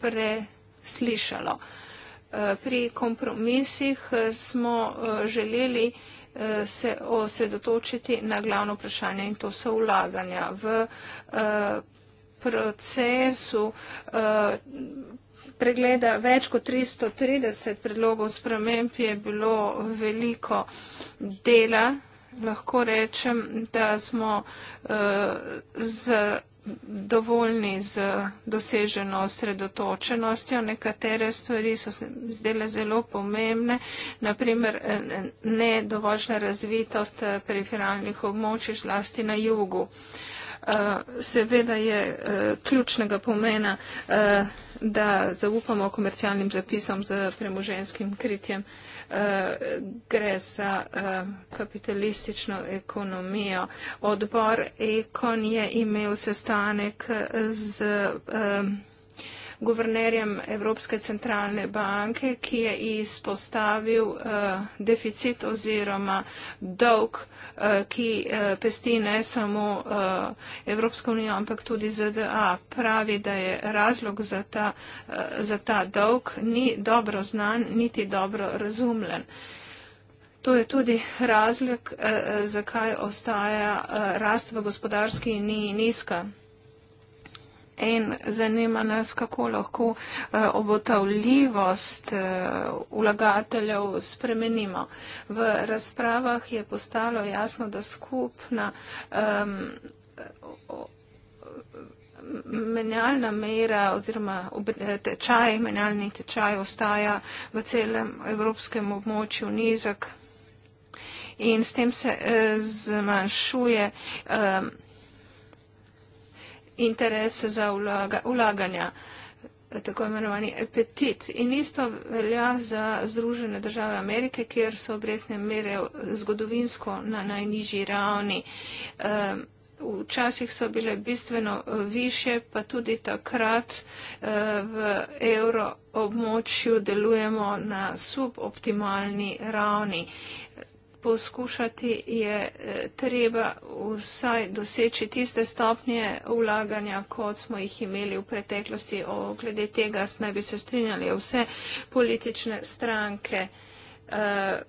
preslišalo. Eh, pri kompromisih eh, smo eh, želeli se osredotočiti na glavno vprašanje in to so vlaganja v procesu pregleda več kot 330 predlogov sprememb je bilo veliko dela, lahko rečem, da smo uh, z dovoljni z doseženo sredotočenostjo. Nekatere stvari so se zdele zelo pomembne, naprimer eh, nedovoljšna razvitost eh, periferalnih območij, zlasti na jugu. Seveda je ključnega pomena, da zaupamo komercialnim zapisom z premoženskim kritjem. Eh, gre za eh, kapitalistično ekonomijo. Odbor Ekon je imel sestanek z. Uh, guvernerjem Evropske centralne banke, ki je izpostavil uh, deficit oziroma dolg, uh, ki uh, pesti ne samo uh, Evropsko unijo, ampak tudi ZDA. Pravi, da je razlog za ta, uh, za ta dolg ni dobro znan, niti dobro razumljen. To je tudi razlog, eh, zakaj ostaja eh, rast v gospodarski ni nizka in zanima nas, kako lahko eh, obotavljivost eh, vlagateljev spremenimo. V razpravah je postalo jasno, da skupna um, menjalna mera oziroma eh, tečaj, menjalni tečaj ostaja v celem evropskem območju nizek in s tem se zmanjšuje um, interes za vlaga, vlaganja, tako imenovani apetit. In isto velja za Združene države Amerike, kjer so obresne mere zgodovinsko na najnižji ravni. Um, Včasih so bile bistveno više, pa tudi takrat eh, v evroobmočju delujemo na suboptimalni ravni poskušati je eh, treba vsaj doseči tiste stopnje vlaganja, kot smo jih imeli v preteklosti. O glede tega naj bi se strinjali vse politične stranke. Eh,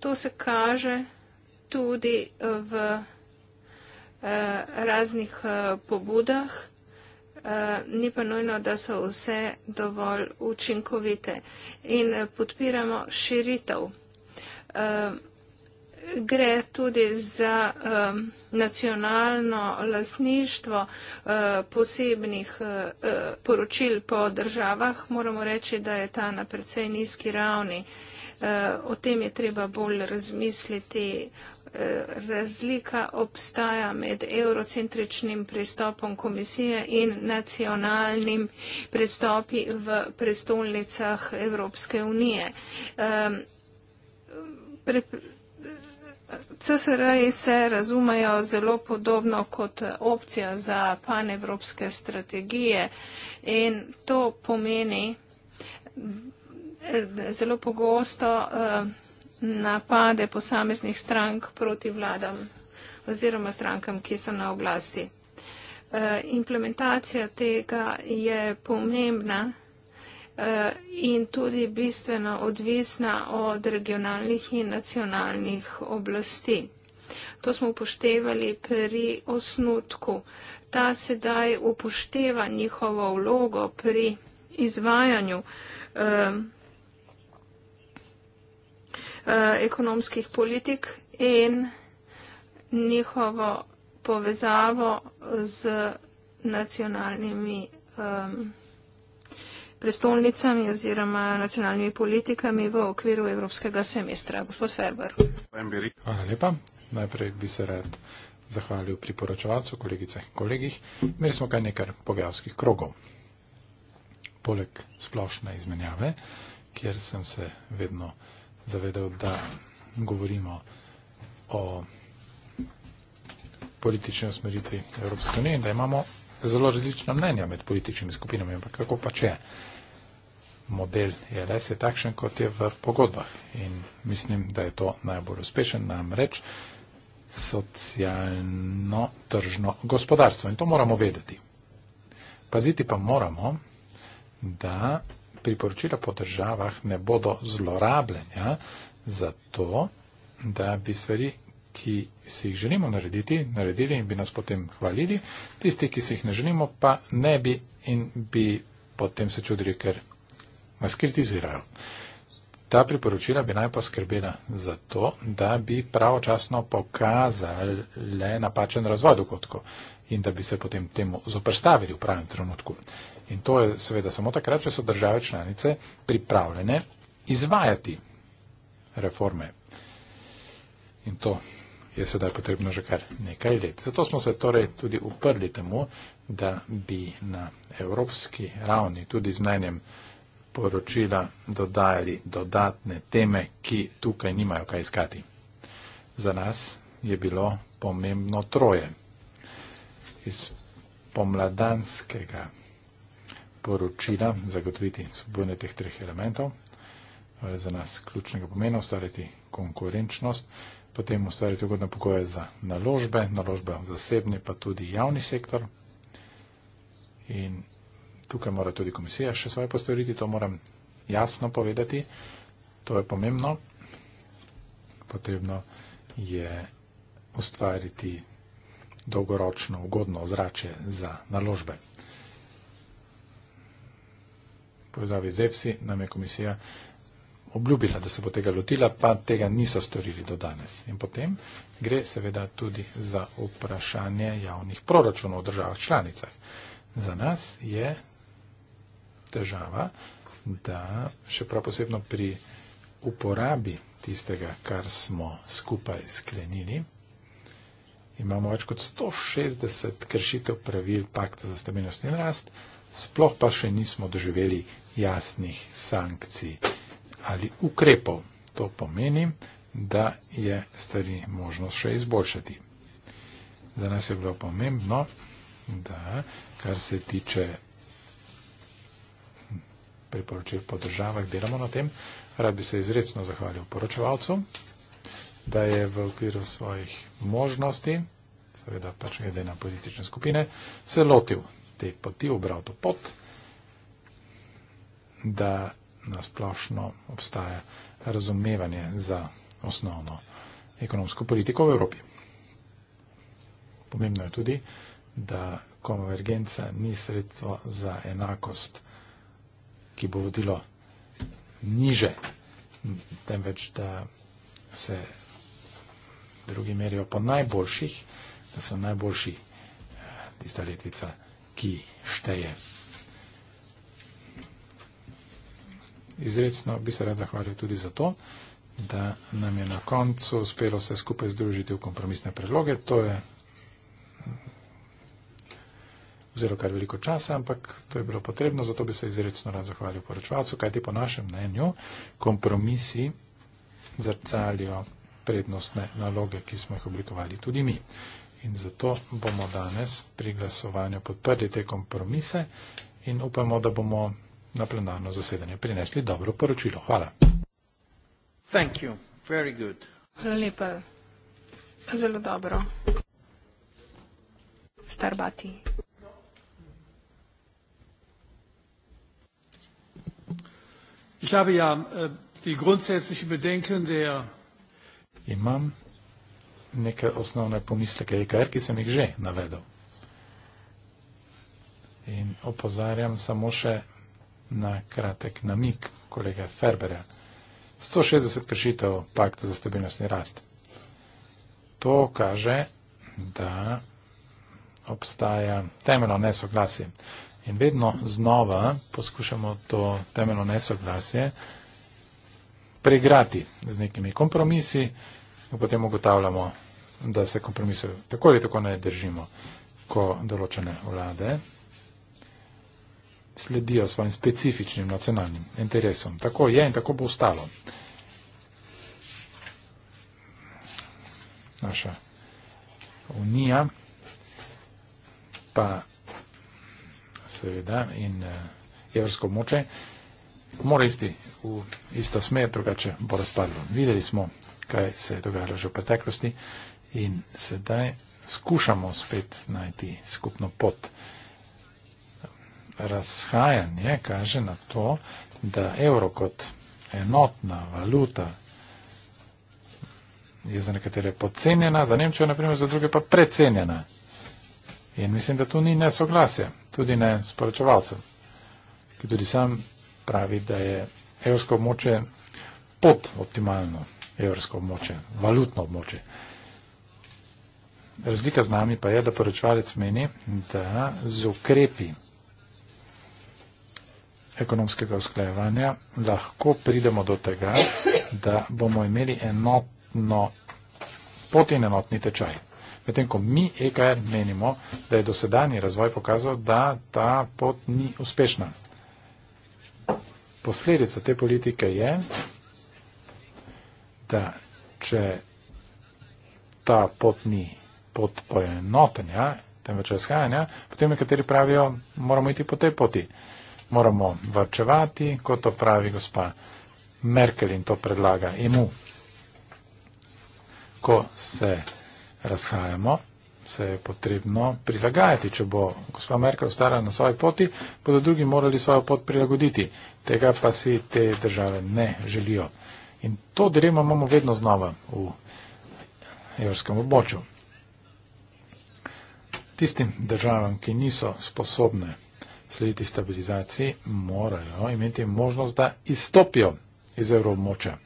to se kaže tudi v eh, raznih pobudah Eh, ni pa nujno, da so vse dovolj učinkovite. In eh, podpiramo širitev. Eh, gre tudi za um, nacionalno lasništvo uh, posebnih uh, poročil po državah. Moramo reči, da je ta na precej nizki ravni. Uh, o tem je treba bolj razmisliti, uh, razlika obstaja med eurocentričnim pristopom komisije in nacionalnim pristopi v prestolnicah Evropske unije. CSR-ji se razumejo zelo podobno kot opcija za panevropske strategije in to pomeni zelo pogosto uh, napade posameznih strank proti vladam oziroma strankam, ki so na oblasti. Eh, implementacija tega je pomembna eh, in tudi bistveno odvisna od regionalnih in nacionalnih oblasti. To smo upoštevali pri osnutku. Ta sedaj upošteva njihovo vlogo pri izvajanju eh, Eh, ekonomskih politik in njihovo povezavo z nacionalnimi um, prestolnicami oziroma nacionalnimi politikami v okviru evropskega semestra. Gospod Ferber. Hvala lepa. Najprej bi se rad zahvalil priporočevalcu, kolegicah in kolegih. Imeli smo kar nekaj pogajalskih krogov. Poleg splošne izmenjave, kjer sem se vedno zavedal, da govorimo o politični usmeritvi Evropske unije in da imamo zelo različna mnenja med političnimi skupinami, ampak kako pa če model ELS je takšen, kot je v pogodbah in mislim, da je to najbolj uspešen namreč socialno tržno gospodarstvo in to moramo vedeti. Paziti pa moramo, da priporočila po državah ne bodo zlorabljena za to, da bi stvari, ki si jih želimo narediti, naredili in bi nas potem hvalili, tisti, ki si jih ne želimo, pa ne bi in bi potem se čudili, ker nas kritizirajo. Ta priporočila bi naj poskrbela za to, da bi pravočasno pokazali le napačen razvoj dogodkov in da bi se potem temu zoprstavili v pravem trenutku. In to je seveda samo takrat, če so države članice pripravljene izvajati reforme. In to je sedaj potrebno že kar nekaj let. Zato smo se torej tudi uprli temu, da bi na evropski ravni tudi z mnenjem poročila dodajali dodatne teme, ki tukaj nimajo kaj iskati. Za nas je bilo pomembno troje. Iz pomladanskega poročila zagotoviti svobodne teh treh elementov, za nas ključnega pomena ustvariti konkurenčnost, potem ustvariti ugodne pogoje za naložbe, naložbe v zasebni pa tudi javni sektor. In tukaj mora tudi komisija še svoje postoriti, to moram jasno povedati, to je pomembno. Potrebno je ustvariti dolgoročno ugodno ozračje za naložbe povezavi z EFSI, nam je komisija obljubila, da se bo tega lotila, pa tega niso storili do danes. In potem gre seveda tudi za vprašanje javnih proračunov v državah članicah. Za nas je težava, da še prav posebno pri uporabi tistega, kar smo skupaj sklenili, imamo več kot 160 kršitev pravil Pakta za stabilnost in rast, sploh pa še nismo doživeli jasnih sankcij ali ukrepov. To pomeni, da je stvari možnost še izboljšati. Za nas je bilo pomembno, da kar se tiče priporočil po državah, delamo na tem. Rad bi se izredno zahvalil poročevalcu, da je v okviru svojih možnosti, seveda pač glede na politične skupine, se lotil te poti, obral to pot da nasplošno obstaja razumevanje za osnovno ekonomsko politiko v Evropi. Pomembno je tudi, da konvergenca ni sredstvo za enakost, ki bo vodilo niže, temveč da se drugi merijo po najboljših, da so najboljši eh, tista letvica, ki šteje izredno bi se rad zahvalil tudi za to, da nam je na koncu uspelo vse skupaj združiti v kompromisne predloge. To je vzelo kar veliko časa, ampak to je bilo potrebno, zato bi se izredno rad zahvalil poročevalcu, kajti po našem mnenju kompromisi zrcalijo prednostne naloge, ki smo jih oblikovali tudi mi. In zato bomo danes pri glasovanju podprli te kompromise in upamo, da bomo na plenarno zasedanje prinesli dobro poročilo. Hvala. Hvala lepa. Zelo dobro. Starbati. Ich habe ja äh, die grundsätzlichen Bedenken der Imam neke osnovne pomisleke IKR, ki sem jih že navedel. In opozarjam samo še na kratek namik kolege Ferbera. 160 kršitev pakta za stabilnost in rast. To kaže, da obstaja temeljno nesoglasje. In vedno znova poskušamo to temeljno nesoglasje preigrati z nekimi kompromisi, in potem ugotavljamo, da se kompromisov tako ali tako ne držimo, ko določene vlade sledijo svojim specifičnim nacionalnim interesom. Tako je in tako bo ostalo. Naša unija pa seveda in evrsko eh, moče mora isti v isto smer, drugače bo razpadlo. Videli smo, kaj se je dogajalo že v preteklosti in sedaj skušamo spet najti skupno pot razhajanje kaže na to, da evro kot enotna valuta je za nekatere podcenjena, za Nemčijo naprimer, za druge pa precenjena. In mislim, da tu ni nesoglasje, tudi ne sporočevalcem, ki tudi sam pravi, da je evropsko območje pod optimalno evropsko območje, valutno območje. Razlika z nami pa je, da poročevalec meni, da z ukrepi ekonomskega usklajevanja, lahko pridemo do tega, da bomo imeli enotno pot in enotni tečaj. Medtem ko mi EKR menimo, da je dosedanji razvoj pokazal, da ta pot ni uspešna. Posledica te politike je, da če ta pot ni pot poenotenja, temveč razhajanja, potem nekateri pravijo, moramo iti po tej poti moramo varčevati, kot to pravi gospa Merkel in to predlaga EMU. Ko se razhajamo, se je potrebno prilagajati. Če bo gospa Merkel ostala na svoji poti, bodo drugi morali svojo pot prilagoditi. Tega pa si te države ne želijo. In to dilemo imamo vedno znova v evropskem območju. Tistim državam, ki niso sposobne slediti stabilizaciji, morajo imeti možnost, da izstopijo iz evromoča.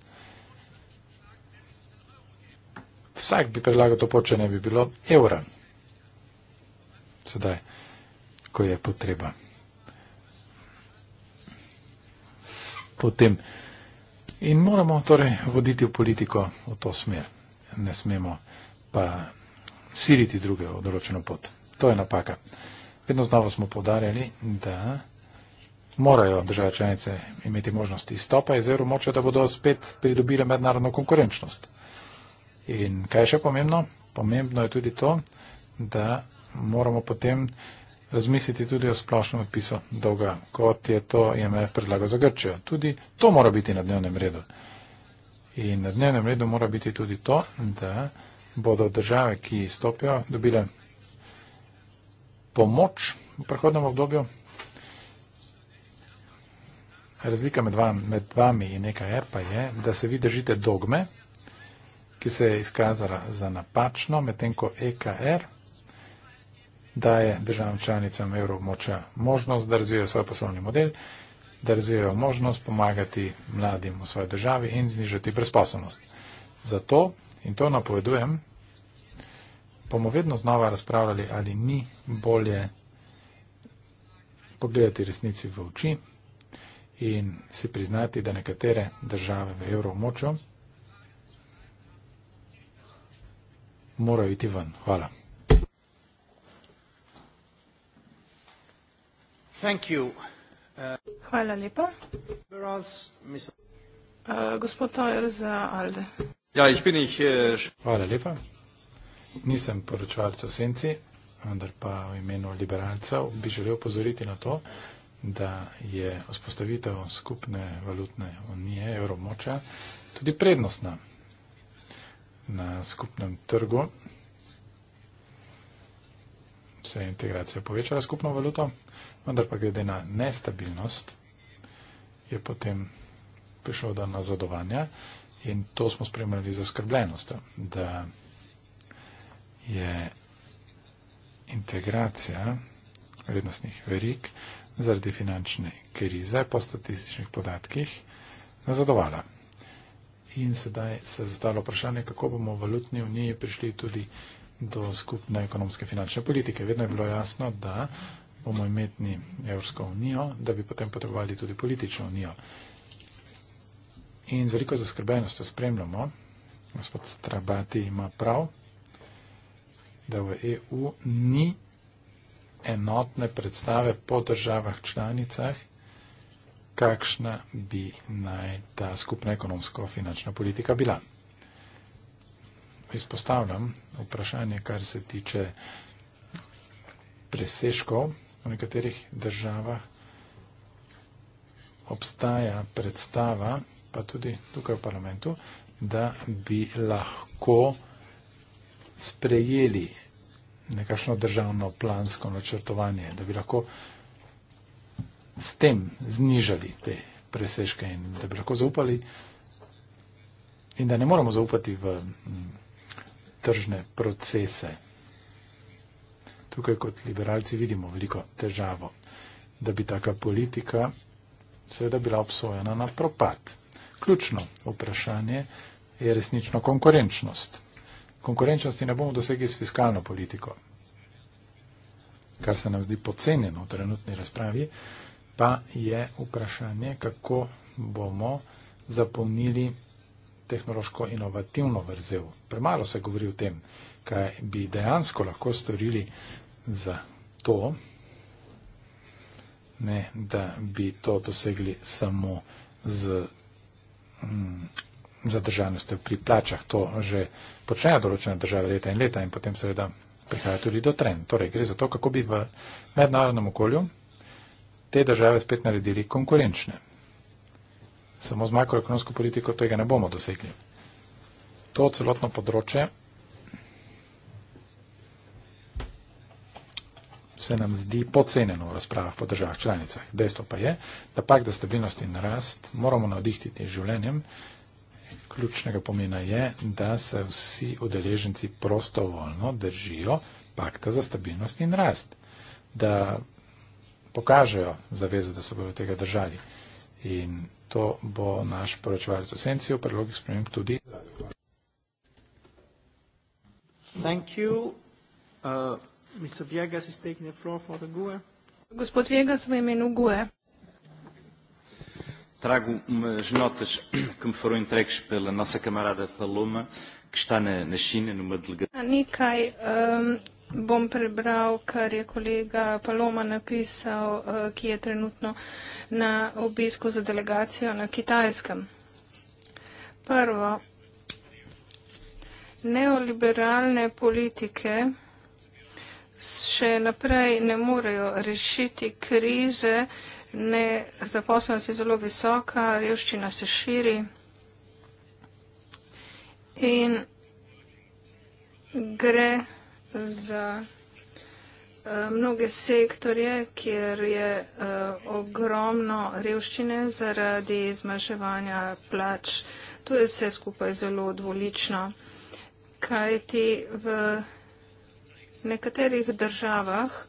Vsak bi predlagal to počne, ne bi bilo evra. Sedaj, ko je potreba. Potem. In moramo torej voditi v politiko v to smer. Ne smemo pa siriti druge v določeno pot. To je napaka. Vedno znova smo podarjali, da morajo države članice imeti možnost izstopa iz evromoča, da bodo spet pridobile mednarodno konkurenčnost. In kaj je še pomembno? Pomembno je tudi to, da moramo potem razmisliti tudi o splošnem odpisu dolga, kot je to IMF predlagal za Grčijo. Tudi to mora biti na dnevnem redu. In na dnevnem redu mora biti tudi to, da bodo države, ki izstopijo, dobile pomoč v prihodnem obdobju. Razlika med, vam, med vami in nekaj je, pa je, da se vi držite dogme, ki se je izkazala za napačno, medtem ko EKR daje državam članicam evromoča možnost, da razvijajo svoj poslovni model, da razvijajo možnost pomagati mladim v svoji državi in znižati brezposobnost. Zato, in to napovedujem, bomo vedno znova razpravljali, ali ni bolje pogledati resnici v oči in si priznati, da nekatere države v evromočjo morajo iti ven. Hvala. Hvala lepa. Uh, uh, gospod Tojer za Alde. Ja, eh, Hvala lepa nisem poročevalec o senci, vendar pa v imenu liberalcev bi želel pozoriti na to, da je vzpostavitev skupne valutne unije, evromoča, tudi prednostna na skupnem trgu. Se je integracija povečala skupno valuto, vendar pa glede na nestabilnost je potem prišlo do nazadovanja in to smo spremljali z zaskrbljenostjo, da je integracija vrednostnih verik zaradi finančne krize po statističnih podatkih nazadovala. In sedaj se je zdalo vprašanje, kako bomo v valutni uniji prišli tudi do skupne ekonomske finančne politike. Vedno je bilo jasno, da bomo imeti Evropsko unijo, da bi potem potrebovali tudi politično unijo. In z veliko zaskrbenostjo spremljamo, gospod Strabati ima prav, da v EU ni enotne predstave po državah članicah, kakšna bi naj ta skupna ekonomsko-finančna politika bila. Izpostavljam vprašanje, kar se tiče presežkov v nekaterih državah. Obstaja predstava, pa tudi tukaj v parlamentu, da bi lahko sprejeli nekakšno državno plansko načrtovanje, da bi lahko s tem znižali te presežke in da bi lahko zaupali in da ne moramo zaupati v mm, tržne procese. Tukaj kot liberalci vidimo veliko težavo, da bi taka politika seveda bila obsojena na propad. Ključno vprašanje je resnično konkurenčnost. Konkurenčnosti ne bomo dosegli s fiskalno politiko, kar se nam zdi podcenjeno v trenutni razpravi, pa je vprašanje, kako bomo zapolnili tehnološko inovativno vrzel. Premalo se govori o tem, kaj bi dejansko lahko storili za to, ne, da bi to dosegli samo z. Mm, zadržanost pri plačah, to že počnejo določene države leta in leta in potem seveda prihaja tudi do trend. Torej, gre za to, kako bi v mednarodnem okolju te države spet naredili konkurenčne. Samo z makroekonomsko politiko tega ne bomo dosegli. To celotno področje se nam zdi podcenjeno v razpravah po državah članicah. Dejstvo pa je, da pak za stabilnost in rast moramo navdihtiti življenjem, ključnega pomena je, da se vsi udeleženci prostovoljno držijo pakta za stabilnost in rast, da pokažejo zaveze, da se bodo tega držali. In to bo naš poročevalec o senci v predlogih sprememb tudi. Thank you. Uh, Mr. Viegas is taking the floor for the GUE. Gospod Viegas v imenu GUE trago umas notas que me foram entregues pela nossa camarada Paloma, que está na, na China, numa delegação. Ah, Nikai, um, ehm, bom prebral, que a colega Paloma napisou, uh, eh, que é trenutno na obisco za delegação na Kitaiskam. Prvo, neoliberalne politike še naprej ne morejo rešiti krize, nezaposlenost je zelo visoka, revščina se širi in gre za eh, mnoge sektorje, kjer je eh, ogromno revščine zaradi zmaževanja plač. Tu je vse skupaj zelo dvolično, kajti v nekaterih državah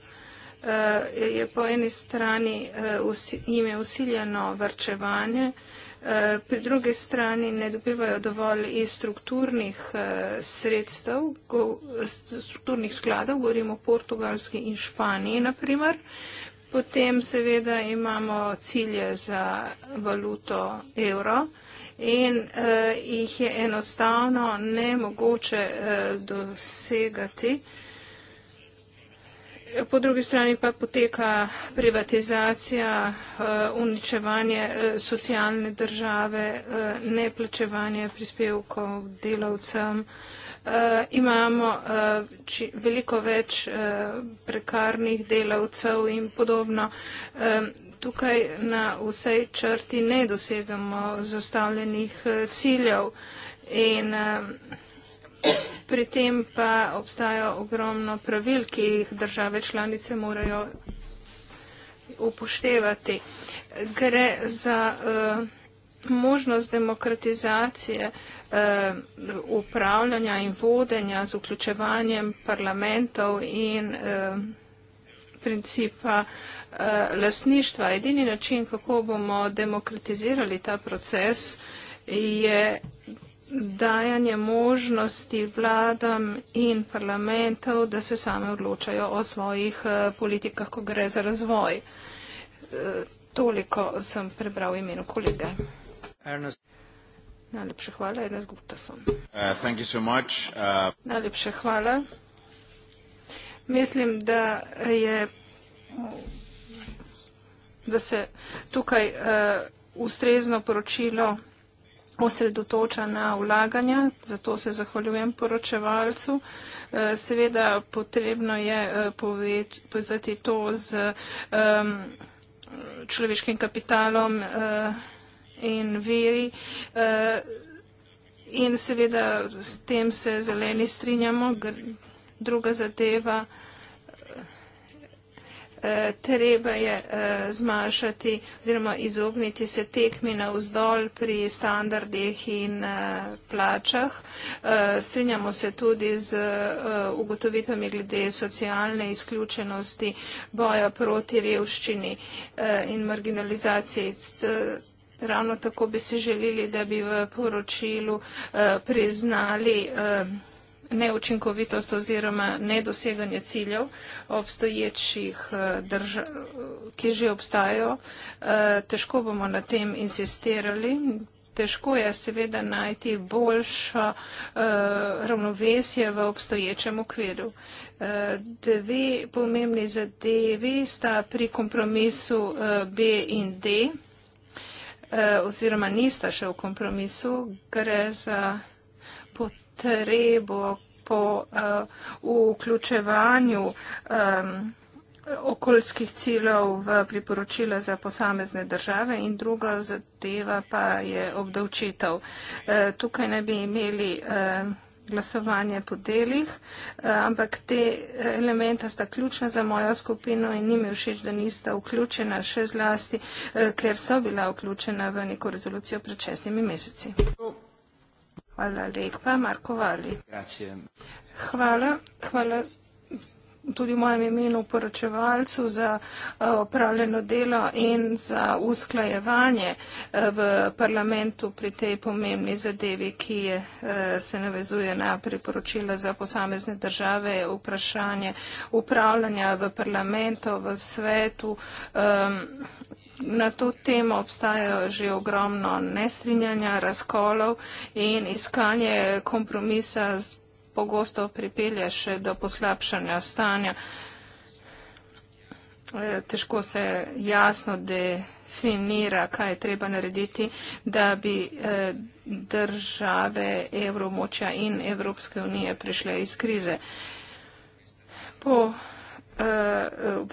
Eh, je po eni strani eh, ime usiljeno vrčevanje, eh, pri drugi strani ne dobivajo dovolj iz strukturnih sredstev, strukturnih skladov, govorimo o Portugalski in Španiji naprimer. Potem seveda imamo cilje za valuto evro in eh, jih je enostavno ne mogoče eh, dosegati. Eh, Po drugi strani pa poteka privatizacija, eh, uničevanje eh, socialne države, eh, neplačevanje prispevkov delavcem. Imamo veliko več prekarnih delavcev in podobno. Tukaj na vsej črti ne dosegamo zastavljenih ciljev. In, Pri tem pa obstaja ogromno pravil, ki jih države članice morajo upoštevati. Gre za uh, možnost demokratizacije uh, upravljanja in vodenja z vključevanjem parlamentov in uh, principa uh, lasništva. Edini način, kako bomo demokratizirali ta proces, je dajanje možnosti vladam in parlamentov, da se same odločajo o svojih eh, politikah, ko gre za razvoj. Eh, toliko sem prebral imenu kolege. Ernest. Najlepše hvala, Ernest Guptason. Uh, so uh... Najlepše hvala. Mislim, da je da se tukaj uh, ustrezno poročilo osredotoča na vlaganja, zato se zahvaljujem poročevalcu. Eh, seveda potrebno je eh, povezati to z um, človeškim kapitalom uh, in veri. Uh, in seveda s tem se zeleni strinjamo. Druga zadeva. Eh, treba je eh, zmanjšati oziroma izogniti se tekmi na vzdolj pri standardih in eh, plačah. Strinjamo se tudi z ugotovitvami glede socialne izključenosti, boja proti revščini in marginalizaciji. Ravno tako bi se želili, da bi v poročilu priznali neučinkovitost oziroma nedoseganje ciljev obstoječih eh, držav, ki že obstajajo. Eh, težko bomo na tem insistirali. Težko je seveda najti boljšo eh, ravnovesje v obstoječem okviru. Dve pomembni zadevi sta pri kompromisu B in D oziroma nista še v kompromisu, gre za potrebo po uh, vključevanju um, okoljskih ciljev v priporočila za posamezne države in druga zadeva pa je obdavčitev. Eh, tukaj ne bi imeli glasovanje po delih, eh, ampak te elementa sta ključna za mojo skupino in nime všeč, da nista vključena še zlasti, ker so bila vključena v neko rezolucijo pred šestimi meseci. No. Hvala lepa, Marko Vali. Hvala, hvala tudi v mojem imenu poročevalcu za eh, opravljeno delo in za usklajevanje eh, v parlamentu pri tej pomembni zadevi, ki je, eh, se navezuje na priporočila za posamezne države, vprašanje upravljanja v parlamentu, v svetu. Um, Na to temo obstajajo že ogromno nestrinjanja, razkolov in iskanje kompromisa pogosto pripelje še do poslabšanja stanja. E, težko se jasno definira, kaj je treba narediti, da bi e, države evromočja in Evropske unije prišle iz krize. Po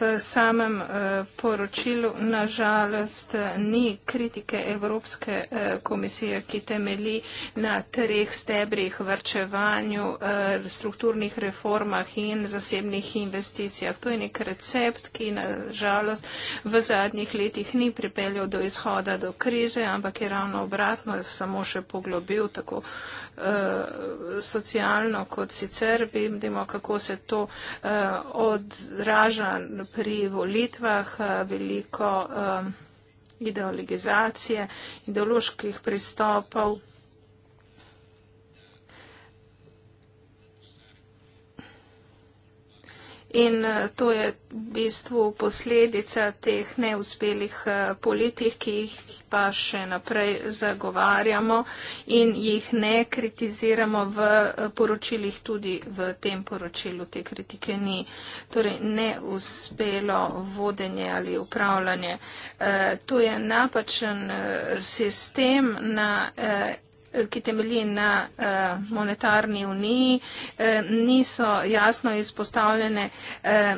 v samem eh, poročilu nažalost ni kritike Evropske eh, komisije, ki temeli na treh stebrih vrčevanju, eh, strukturnih reformah in zasebnih investicijah. To je nek recept, ki nažalost v zadnjih letih ni pripeljal do izhoda do krize, ampak je ravno obratno, samo še poglobil tako socialno kot sicer. Vidimo, kako se to od izraža pri volitvah eh, veliko eh, ideologizacije, ideoloških pristopov. In eh, to je v bistvu posledica teh neuspelih eh, politik, ki jih pa še naprej zagovarjamo in jih ne kritiziramo v eh, poročilih, tudi v tem poročilu te kritike ni. Torej, neuspelo vodenje ali upravljanje. To je napačen sistem na ki temelji na eh, monetarni uniji, eh, niso jasno izpostavljene eh,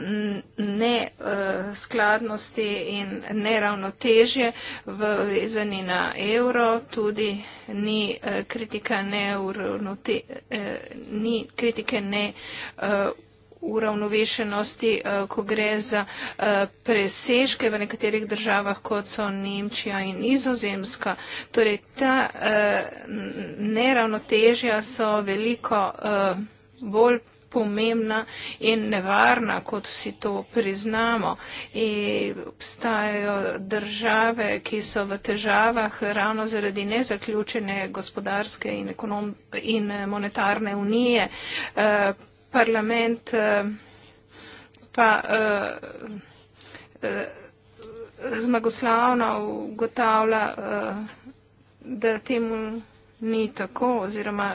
neskladnosti in neravnotežje vezani na evro, tudi ni kritika neuravnote, ni kritike neuravnote uravnovešenosti, eh, ko gre za eh, presežke v nekaterih državah, kot so Nemčija in Nizozemska. Torej, ta eh, neravnotežja so veliko bolj pomembna in nevarna, kot si to priznamo. In obstajajo države, ki so v težavah ravno zaradi nezaključene gospodarske in, ekonom in monetarne unije. Eh, parlament eh, pa eh, eh, zmagoslavno ugotavlja, da temu ni tako oziroma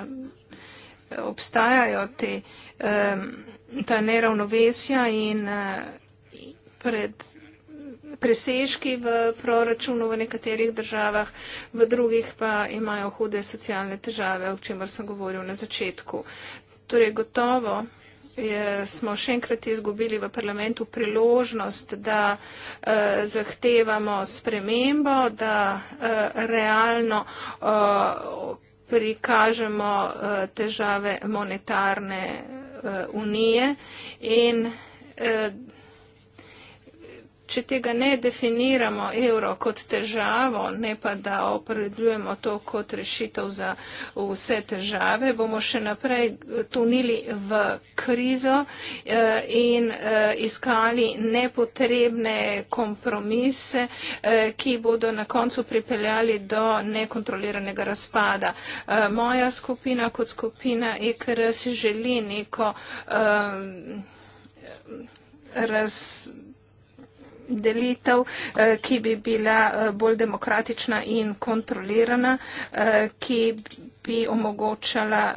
obstajajo te, ta neravnovesja in pred presežki v proračunu v nekaterih državah, v drugih pa imajo hude socialne težave, o čemer sem govoril na začetku. Torej, gotovo je, smo še enkrat izgubili v parlamentu priložnost, da eh, zahtevamo spremembo, da eh, realno. Eh, prikažemo eh, težave monetarne eh, unije in eh, če tega ne definiramo evro kot težavo, ne pa da opredeljujemo to kot rešitev za vse težave, bomo še naprej tunili v krizo eh, in eh, iskali nepotrebne kompromise, eh, ki bodo na koncu pripeljali do nekontroliranega razpada. Moja skupina kot skupina IKR e si želi neko um, raz delitev, eh, ki bi bila eh, bolj demokratična in kontrolirana, eh, ki bi omogočala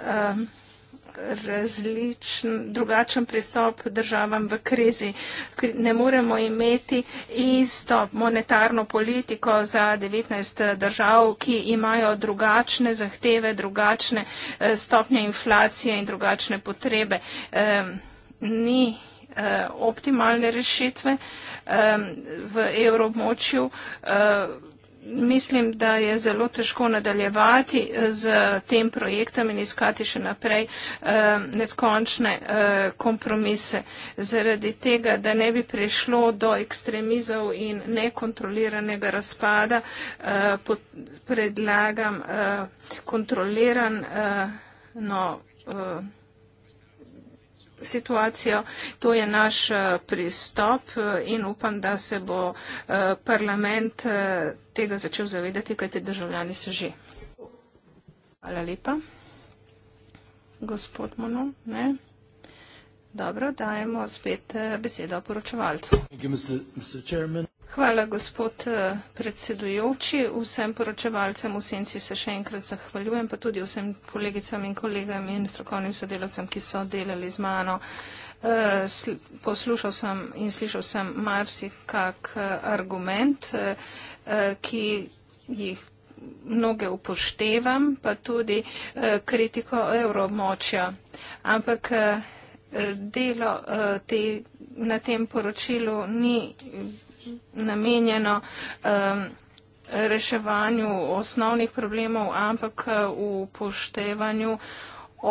različen, drugačen pristop državam v krizi. Ne moremo imeti isto monetarno politiko za 19 držav, ki imajo drugačne zahteve, drugačne stopnje inflacije in drugačne potrebe. Ni Eh, optimalne rešitve v evroobmočju. Eh, mislim, da je zelo težko nadaljevati z eh, tem projektom in iskati še naprej neskončne kompromise. Zaradi tega, da ne bi prišlo do ekstremizov in nekontroliranega razpada, predlagam kontroliran no, situacijo. To je naš eh, pristop eh, in upam, da se bo eh, parlament tega začel zavedati, kaj te državljani se že. Hvala lepa. Gospod Mono, ne? Dobro, dajemo spet besedo poročevalcu. Hvala, gospod eh, predsedujoči. Vsem poročevalcem v senci se še enkrat zahvaljujem, pa tudi vsem kolegicam in kolegam in strokovnim sodelavcem, ki so delali z mano. Eh, poslušal sem in slišal sem marsikak eh, argument, ki jih mnoge upoštevam, pa tudi kritiko evromočja. Ampak delo te, na tem poročilu ni namenjeno um, reševanju osnovnih problemov, ampak v uh, poštevanju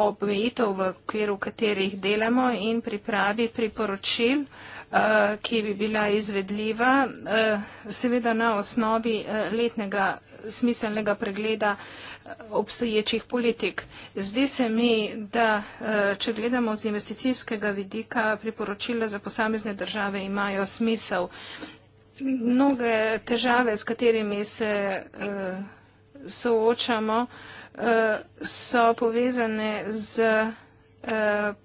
obvejitev, v okviru katerih delamo in pripravi priporočil, uh, ki bi bila izvedljiva, uh, seveda na osnovi letnega smiselnega pregleda obstoječih politik. Zdi se mi, da če gledamo z investicijskega vidika, priporočila za posamezne države imajo smisel mnoge težave, s katerimi se uh, soočamo, uh, so povezane z uh,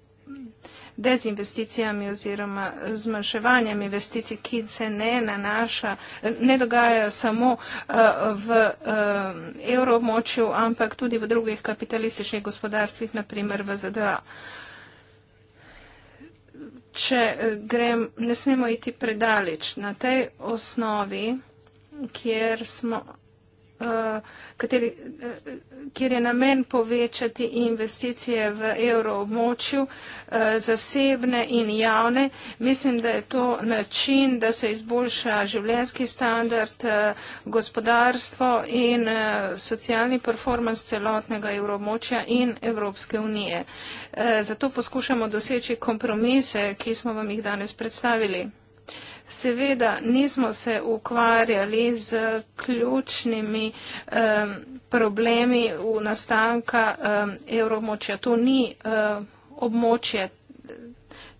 dezinvesticijami oziroma zmanjševanjem investicij, ki se ne nanaša, ne dogaja samo uh, v uh, evroobmočju, ampak tudi v drugih kapitalističnih gospodarstvih, naprimer v ZDA. Uh, če eh, grem, ne smemo iti predaleč. Na tej osnovi, kjer smo, Eh, kateri, eh, kjer je namen povečati investicije v evroobmočju, eh, zasebne in javne. Mislim, da je to način, da se izboljša življenski standard, gospodarstvo in socialni performance celotnega evroobmočja in Evropske unije. Zato poskušamo doseči kompromise, ki smo vam jih danes predstavili. Seveda nismo se ukvarjali z ključnimi um, problemi v nastanka um, evromočja. To ni um, območje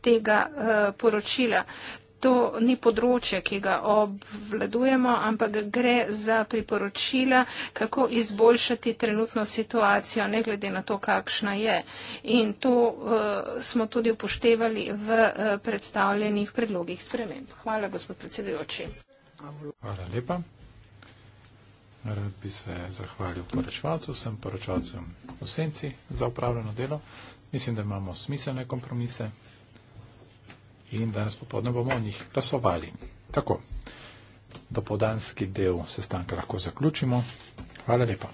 tega uh, poročila to ni področje, ki ga obvladujemo, ampak gre za priporočila, kako izboljšati trenutno situacijo, ne glede na to, kakšna je. In to uh, smo tudi upoštevali v uh, predstavljenih predlogih sprememb. Hvala, gospod predsedujoči. Hvala lepa. Rad bi se zahvalil poročevalcu, vsem poročevalcem v senci za upravljeno delo. Mislim, da imamo smiselne kompromise in danes popodne bomo o njih glasovali. Tako, dopodanski del sestanka lahko zaključimo. Hvala lepa.